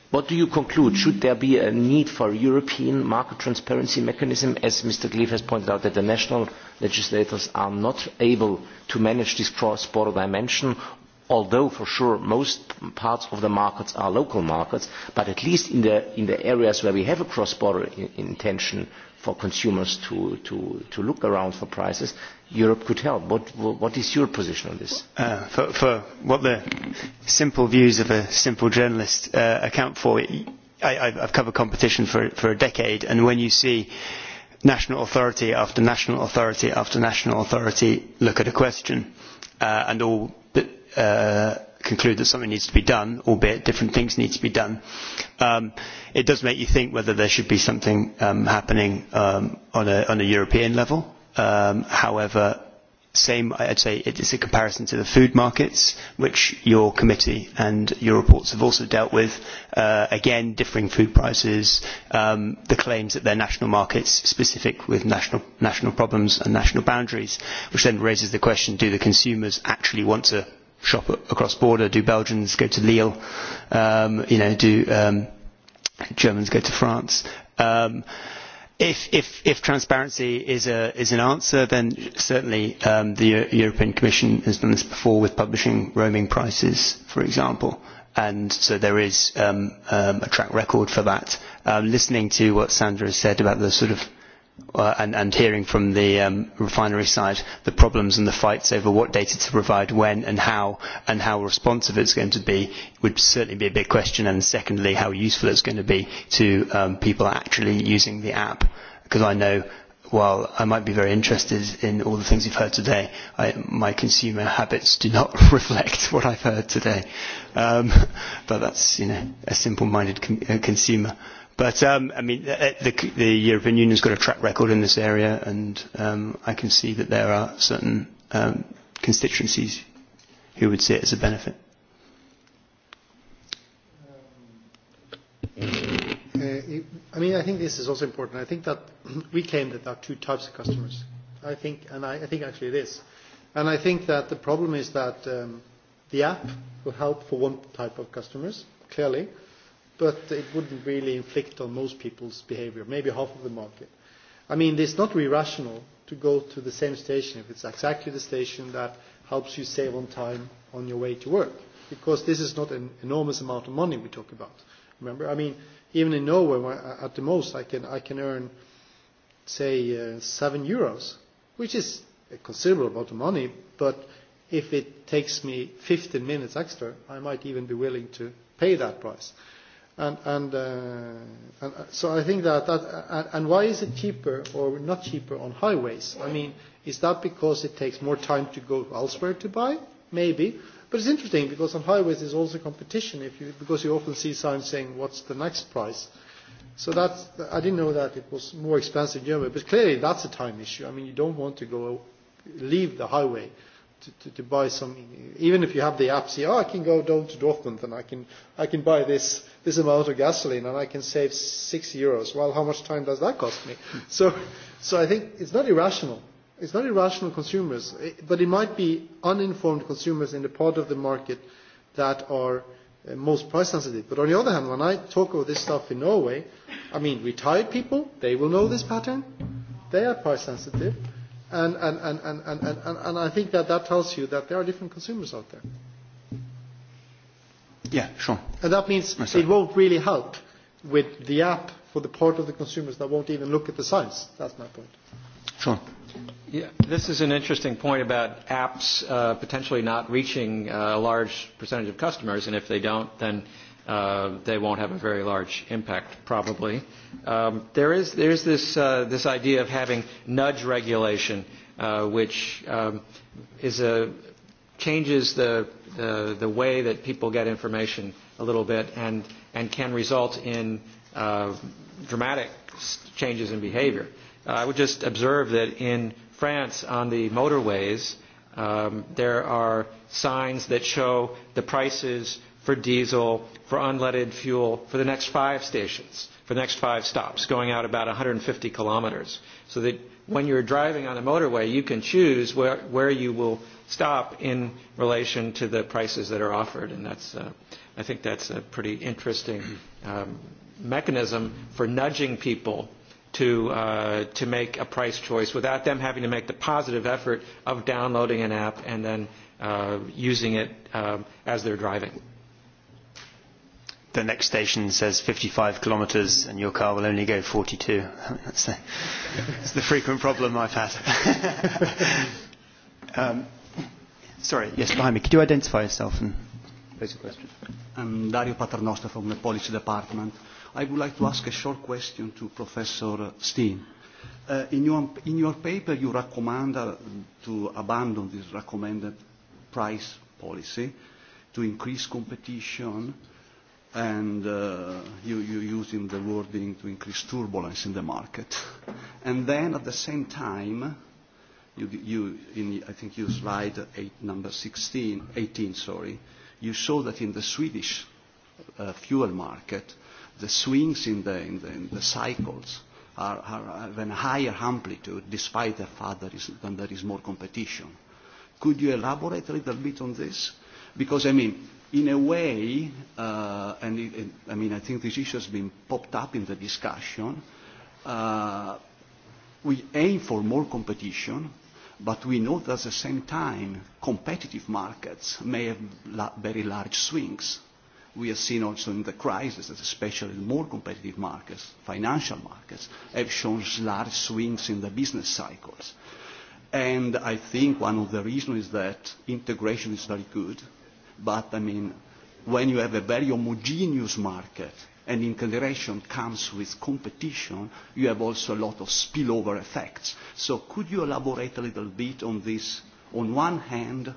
What do you conclude? Should there be a need for a European market transparency mechanism, as Mr. Gleef has pointed out, that the national legislators are not able to manage this cross-border dimension, although for sure most parts of the markets are local markets, but at least in the, in the areas where we have a cross-border intention, for consumers to, to, to look around for prices, Europe could help. What, what is your position on this? Uh, for, for what the simple views of a simple journalist uh, account for, I, I've covered competition for, for a decade, and when you see national authority after national authority after national authority look at a question, uh, and all uh, conclude that something needs to be done, albeit different things need to be done. Um, it does make you think whether there should be something um, happening um, on, a, on a European level. Um, however, same, I'd say it's a comparison to the food markets, which your committee and your reports have also dealt with. Uh, again, differing food prices, um, the claims that they're national markets specific with national, national problems and national boundaries, which then raises the question, do the consumers actually want to shop across border? Do Belgians go to Lille? Um, you know, do um, Germans go to France? Um, if, if, if transparency is, a, is an answer, then certainly um, the European Commission has done this before with publishing roaming prices, for example. And so there is um, um, a track record for that. Um, listening to what Sandra has said about the sort of uh, and, and hearing from the um, refinery side the problems and the fights over what data to provide when and how and how responsive it's going to be would certainly be a big question and secondly how useful it's going to be to um, people actually using the app because I know while I might be very interested in all the things you've heard today, I, my consumer habits do not reflect what I've heard today. Um, but that's, you know, a simple-minded con- consumer. But um, I mean, the, the the European Union's got a track record in this area, and um, I can see that there are certain um, constituencies who would see it as a benefit. I mean, I think this is also important. I think that we claim that there are two types of customers. I think, and I, I think actually it is. And I think that the problem is that um, the app will help for one type of customers, clearly, but it wouldn't really inflict on most people's behavior, maybe half of the market. I mean, it's not really rational to go to the same station if it's exactly the station that helps you save on time on your way to work, because this is not an enormous amount of money we talk about. Remember, I mean, even in Norway, at the most, I can I can earn, say, uh, seven euros, which is a considerable amount of money, but if it takes me 15 minutes extra, I might even be willing to pay that price. Uh, And, and, uh, and so I think that, that and, and why is it cheaper or not cheaper on highways? I mean, is that because it takes more time to go elsewhere to buy? Maybe. But it's interesting because on highways there's also competition if you, because you often see signs saying what's the next price. So that's, I didn't know that it was more expensive in Germany, but clearly that's a time issue. I mean, you don't want to go leave the highway to, to, to buy some, even if you have the app, say, oh, I can go down to Dortmund and I can, I can buy this this amount of gasoline and I can save six euros. Well, how much time does that cost me? so, so I think it's not irrational. It's not irrational consumers, but it might be uninformed consumers in the part of the market that are most price sensitive. But on the other hand, when I talk about this stuff in Norway, I mean, retired people, they will know this pattern. They are price sensitive. And, and, and, and, and, and, and I think that that tells you that there are different consumers out there. Yeah, sure. And that means it won't really help with the app for the part of the consumers that won't even look at the science. That's my point. Sure. Yeah, this is an interesting point about apps uh, potentially not reaching uh, a large percentage of customers, and if they don't, then uh, they won't have a very large impact, probably. Um, there is there's this uh, this idea of having nudge regulation, uh, which um, is a changes the, the, the way that people get information a little bit and, and can result in uh, dramatic changes in behavior. Uh, I would just observe that in France, on the motorways, um, there are signs that show the prices for diesel, for unleaded fuel for the next five stations, for the next five stops, going out about 150 kilometers. So that when you're driving on the motorway, you can choose where, where you will stop in relation to the prices that are offered. And that's, uh, I think that's a pretty interesting um, mechanism for nudging people to uh, to make a price choice without them having to make the positive effort of downloading an app and then uh, using it um, as they're driving. The next station says 55 kilometres, and your car will only go 42. That's the, that's the frequent problem I've had. um, Sorry, yes, behind me. Could you identify yourself and raise a question? I'm Dario Paternoster from the Policy Department. I would like to ask a short question to Professor Steen. Uh, in, your, in your paper, you recommend uh, to abandon this recommended price policy to increase competition, and uh, you, you using the wording to increase turbulence in the market. And then at the same time, you, you in, I think you slide eight, number 16, 18, sorry, you show that in the Swedish uh, fuel market, the swings in the, in the, in the cycles are, are of a higher amplitude despite the fact that, is, that there is more competition. Could you elaborate a little bit on this? Because, I mean, in a way, uh, and it, it, I mean, I think this issue has been popped up in the discussion, uh, we aim for more competition, But we know that at the same time, competitive markets may have la very large swings. We have seen also in the crisis that especially the more competitive markets, financial markets, have shown large swings in the business cycles. And I think one of the reasons is that integration is very good, but I mean, when you have a very homogeneous market, and integration comes with competition, you have also a lot of spillover effects. So could you elaborate a little bit on this? On one hand,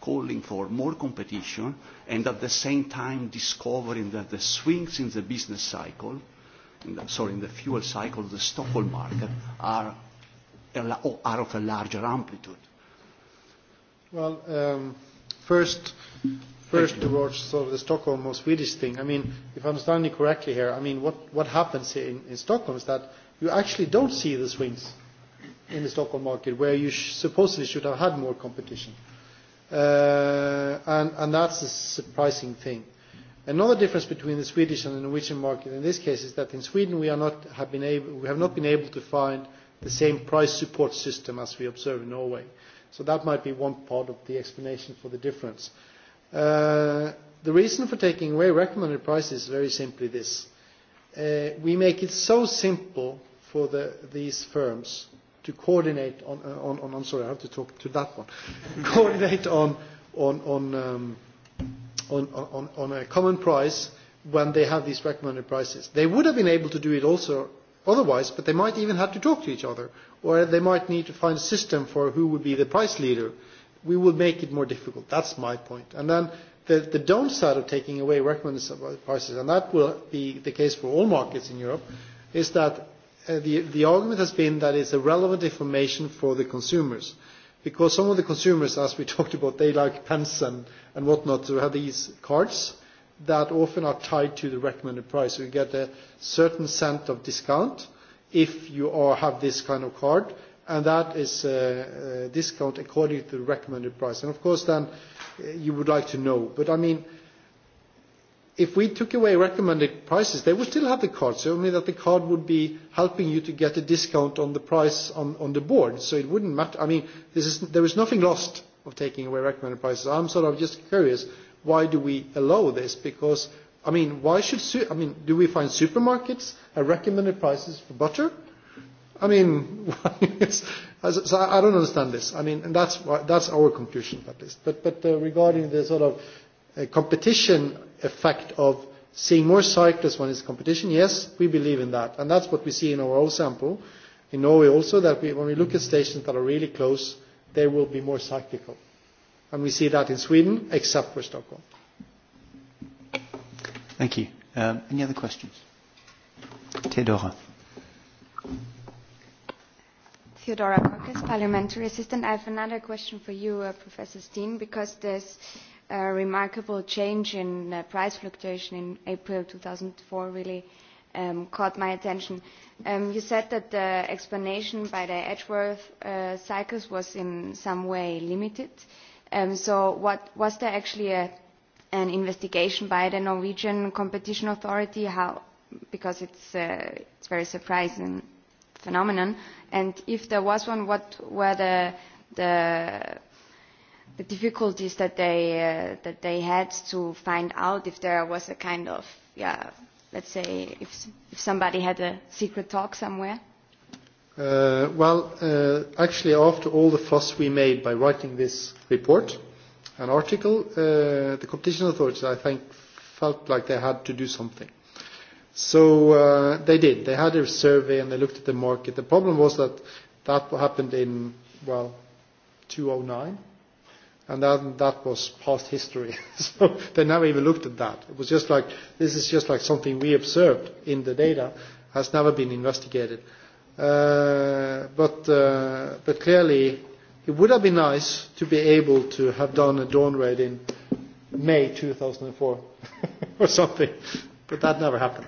calling for more competition and at the same time discovering that the swings in the business cycle, in the, sorry, in the fuel cycle, the Stockholm market, are, are of a larger amplitude? Well, um, first, First, towards sort of the Stockholm or Swedish thing. I mean, if I understand you correctly here, I mean, what, what happens in, in Stockholm is that you actually don't see the swings in the Stockholm market where you sh- supposedly should have had more competition. Uh, and, and that's a surprising thing. Another difference between the Swedish and the Norwegian market in this case is that in Sweden we, are not, have, been able, we have not been able to find the same price support system as we observe in Norway. So that might be one part of the explanation for the difference. Uh, Uh, the reason for taking away recommended prices is very simply this. we make it so simple for the, these firms to coordinate on, on, on, I'm sorry, I have to talk to that one, coordinate on, on, on, um, on, on, on a common price when they have these recommended prices. They would have been able to do it also otherwise, but they might even have to talk to each other, or they might need to find a system for who would be the price leader we will make it more difficult. That's my point. And then the, the downside of taking away recommended prices, and that will be the case for all markets in Europe, is that uh, the, the argument has been that it's irrelevant information for the consumers. Because some of the consumers, as we talked about, they like pens and, and whatnot to have these cards that often are tied to the recommended price. So you get a certain cent of discount if you are, have this kind of card and that is a discount according to the recommended price. And Of course, then you would like to know. But I mean, if we took away recommended prices, they would still have the card, so only that the card would be helping you to get a discount on the price on on the board. So It wouldn't matter. I mean, this is there is nothing lost of taking away recommended prices. I'm sort of just curious, why do we allow this? Because, I mean, why should I mean, do we find supermarkets at recommended prices for butter? I mean, so I don't understand this. I mean, and that's why, that's our conclusion at least. But but uh, regarding the sort of uh, competition effect of seeing more cyclists when it's competition, yes, we believe in that, and that's what we see in our own sample. In Norway also, that we, when we look at stations that are really close, they will be more cyclical, and we see that in Sweden, except for Stockholm. Thank you. Um, any other questions? Theodora. Theodora Kokis, parliamentary assistant. I have another question for you, uh, Professor Steen, because there's a remarkable change in uh, price fluctuation in April 2004 really um, caught my attention. Um, you said that the explanation by the Edgeworth uh, cycles was in some way limited. Um, so what, was there actually a, an investigation by the Norwegian Competition Authority? How, because it's, uh, it's very surprising phenomenon? And if there was one, what were the, the, the difficulties that they, uh, that they had to find out if there was a kind of, yeah, let's say, if, if somebody had a secret talk somewhere? Uh, well, uh, actually, after all the fuss we made by writing this report, an article, uh, the competition authorities, I think, felt like they had to do something So uh, they did. They had a survey and they looked at the market. The problem was that that happened in, well, 2009. And that, that was past history. so they never even looked at that. It was just like, this is just like something we observed in the data, has never been investigated. Uh, but, uh, but clearly, it would have been nice to be able to have done a dawn raid in May 2004 or something, but that never happened.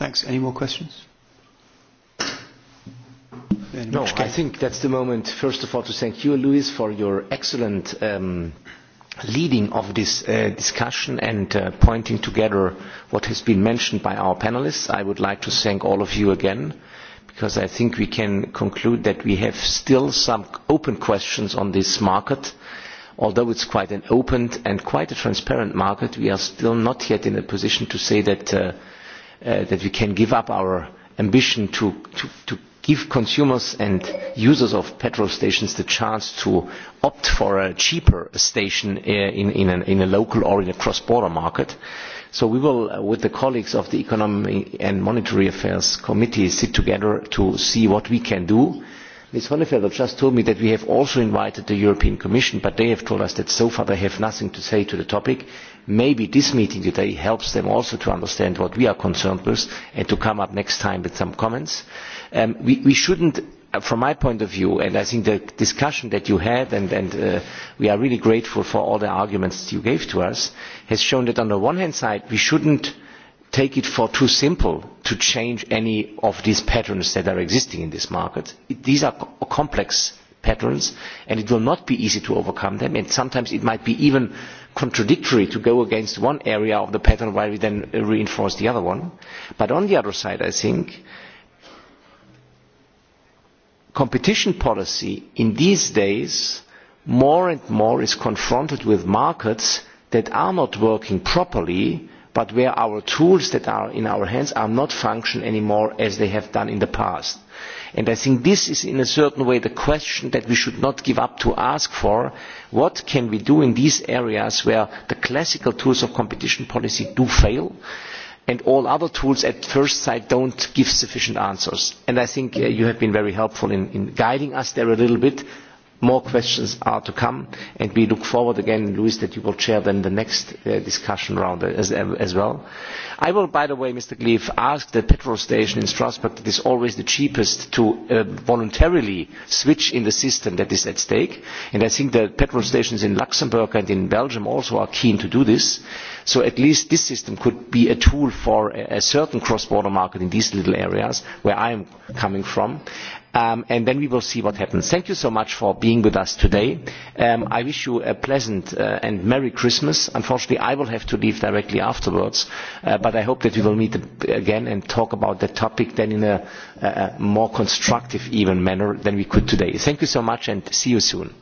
Thanks. Any more questions? No, I think that's the moment, first of all, to thank you, Luis, for your excellent um, leading of this uh, discussion and uh, pointing together what has been mentioned by our panelists. I would like to thank all of you again because I think we can conclude that we have still some open questions on this market. Although it's quite an open and quite a transparent market, we are still not yet in a position to say that uh, that we can give up our ambition to, to, to give consumers and users of petrol stations the chance to opt for a cheaper station in, in, an, in a local or in a cross-border market. So we will, with the colleagues of the Economic and Monetary Affairs Committee, sit together to see what we can do. Ms. Honefeller just told me that we have also invited the European Commission, but they have told us that so far they have nothing to say to the topic maybe this meeting today helps them also to understand what we are concerned with and to come up next time with some comments. Um, we, we shouldn't from my point of view, and I think the discussion that you had, and, and uh, we are really grateful for all the arguments you gave to us, has shown that on the one hand side, we shouldn't take it for too simple to change any of these patterns that are existing in this market. these are complex patterns, and it will not be easy to overcome them, and sometimes it might be even contradictory to go against one area of the pattern while we then reinforce the other one. But on the other side, I think competition policy in these days more and more is confronted with markets that are not working properly but where our tools that are in our hands are not functioning anymore as they have done in the past. And I think this is in a certain way the question that we should not give up to ask for. What can we do in these areas where the classical tools of competition policy do fail? and all other tools at first sight don't give sufficient answers. And I think you have been very helpful in, guiding us there a little bit. More questions are to come, and we look forward again, Luis, that you will chair then the next uh, discussion round as, as well. I will, by the way, Mr. Gleef, ask the petrol station in Strasbourg that is always the cheapest to uh, voluntarily switch in the system that is at stake. And I think the petrol stations in Luxembourg and in Belgium also are keen to do this. So at least this system could be a tool for a, a certain cross-border market in these little areas where I am coming from and then we will see what happens. Thank you so much for being with us today. I wish you a pleasant and Merry Christmas. Unfortunately, I will have to leave directly afterwards, but I hope that we will meet again and talk about the topic then in a, more constructive even manner than we could today. Thank you so much and see you soon.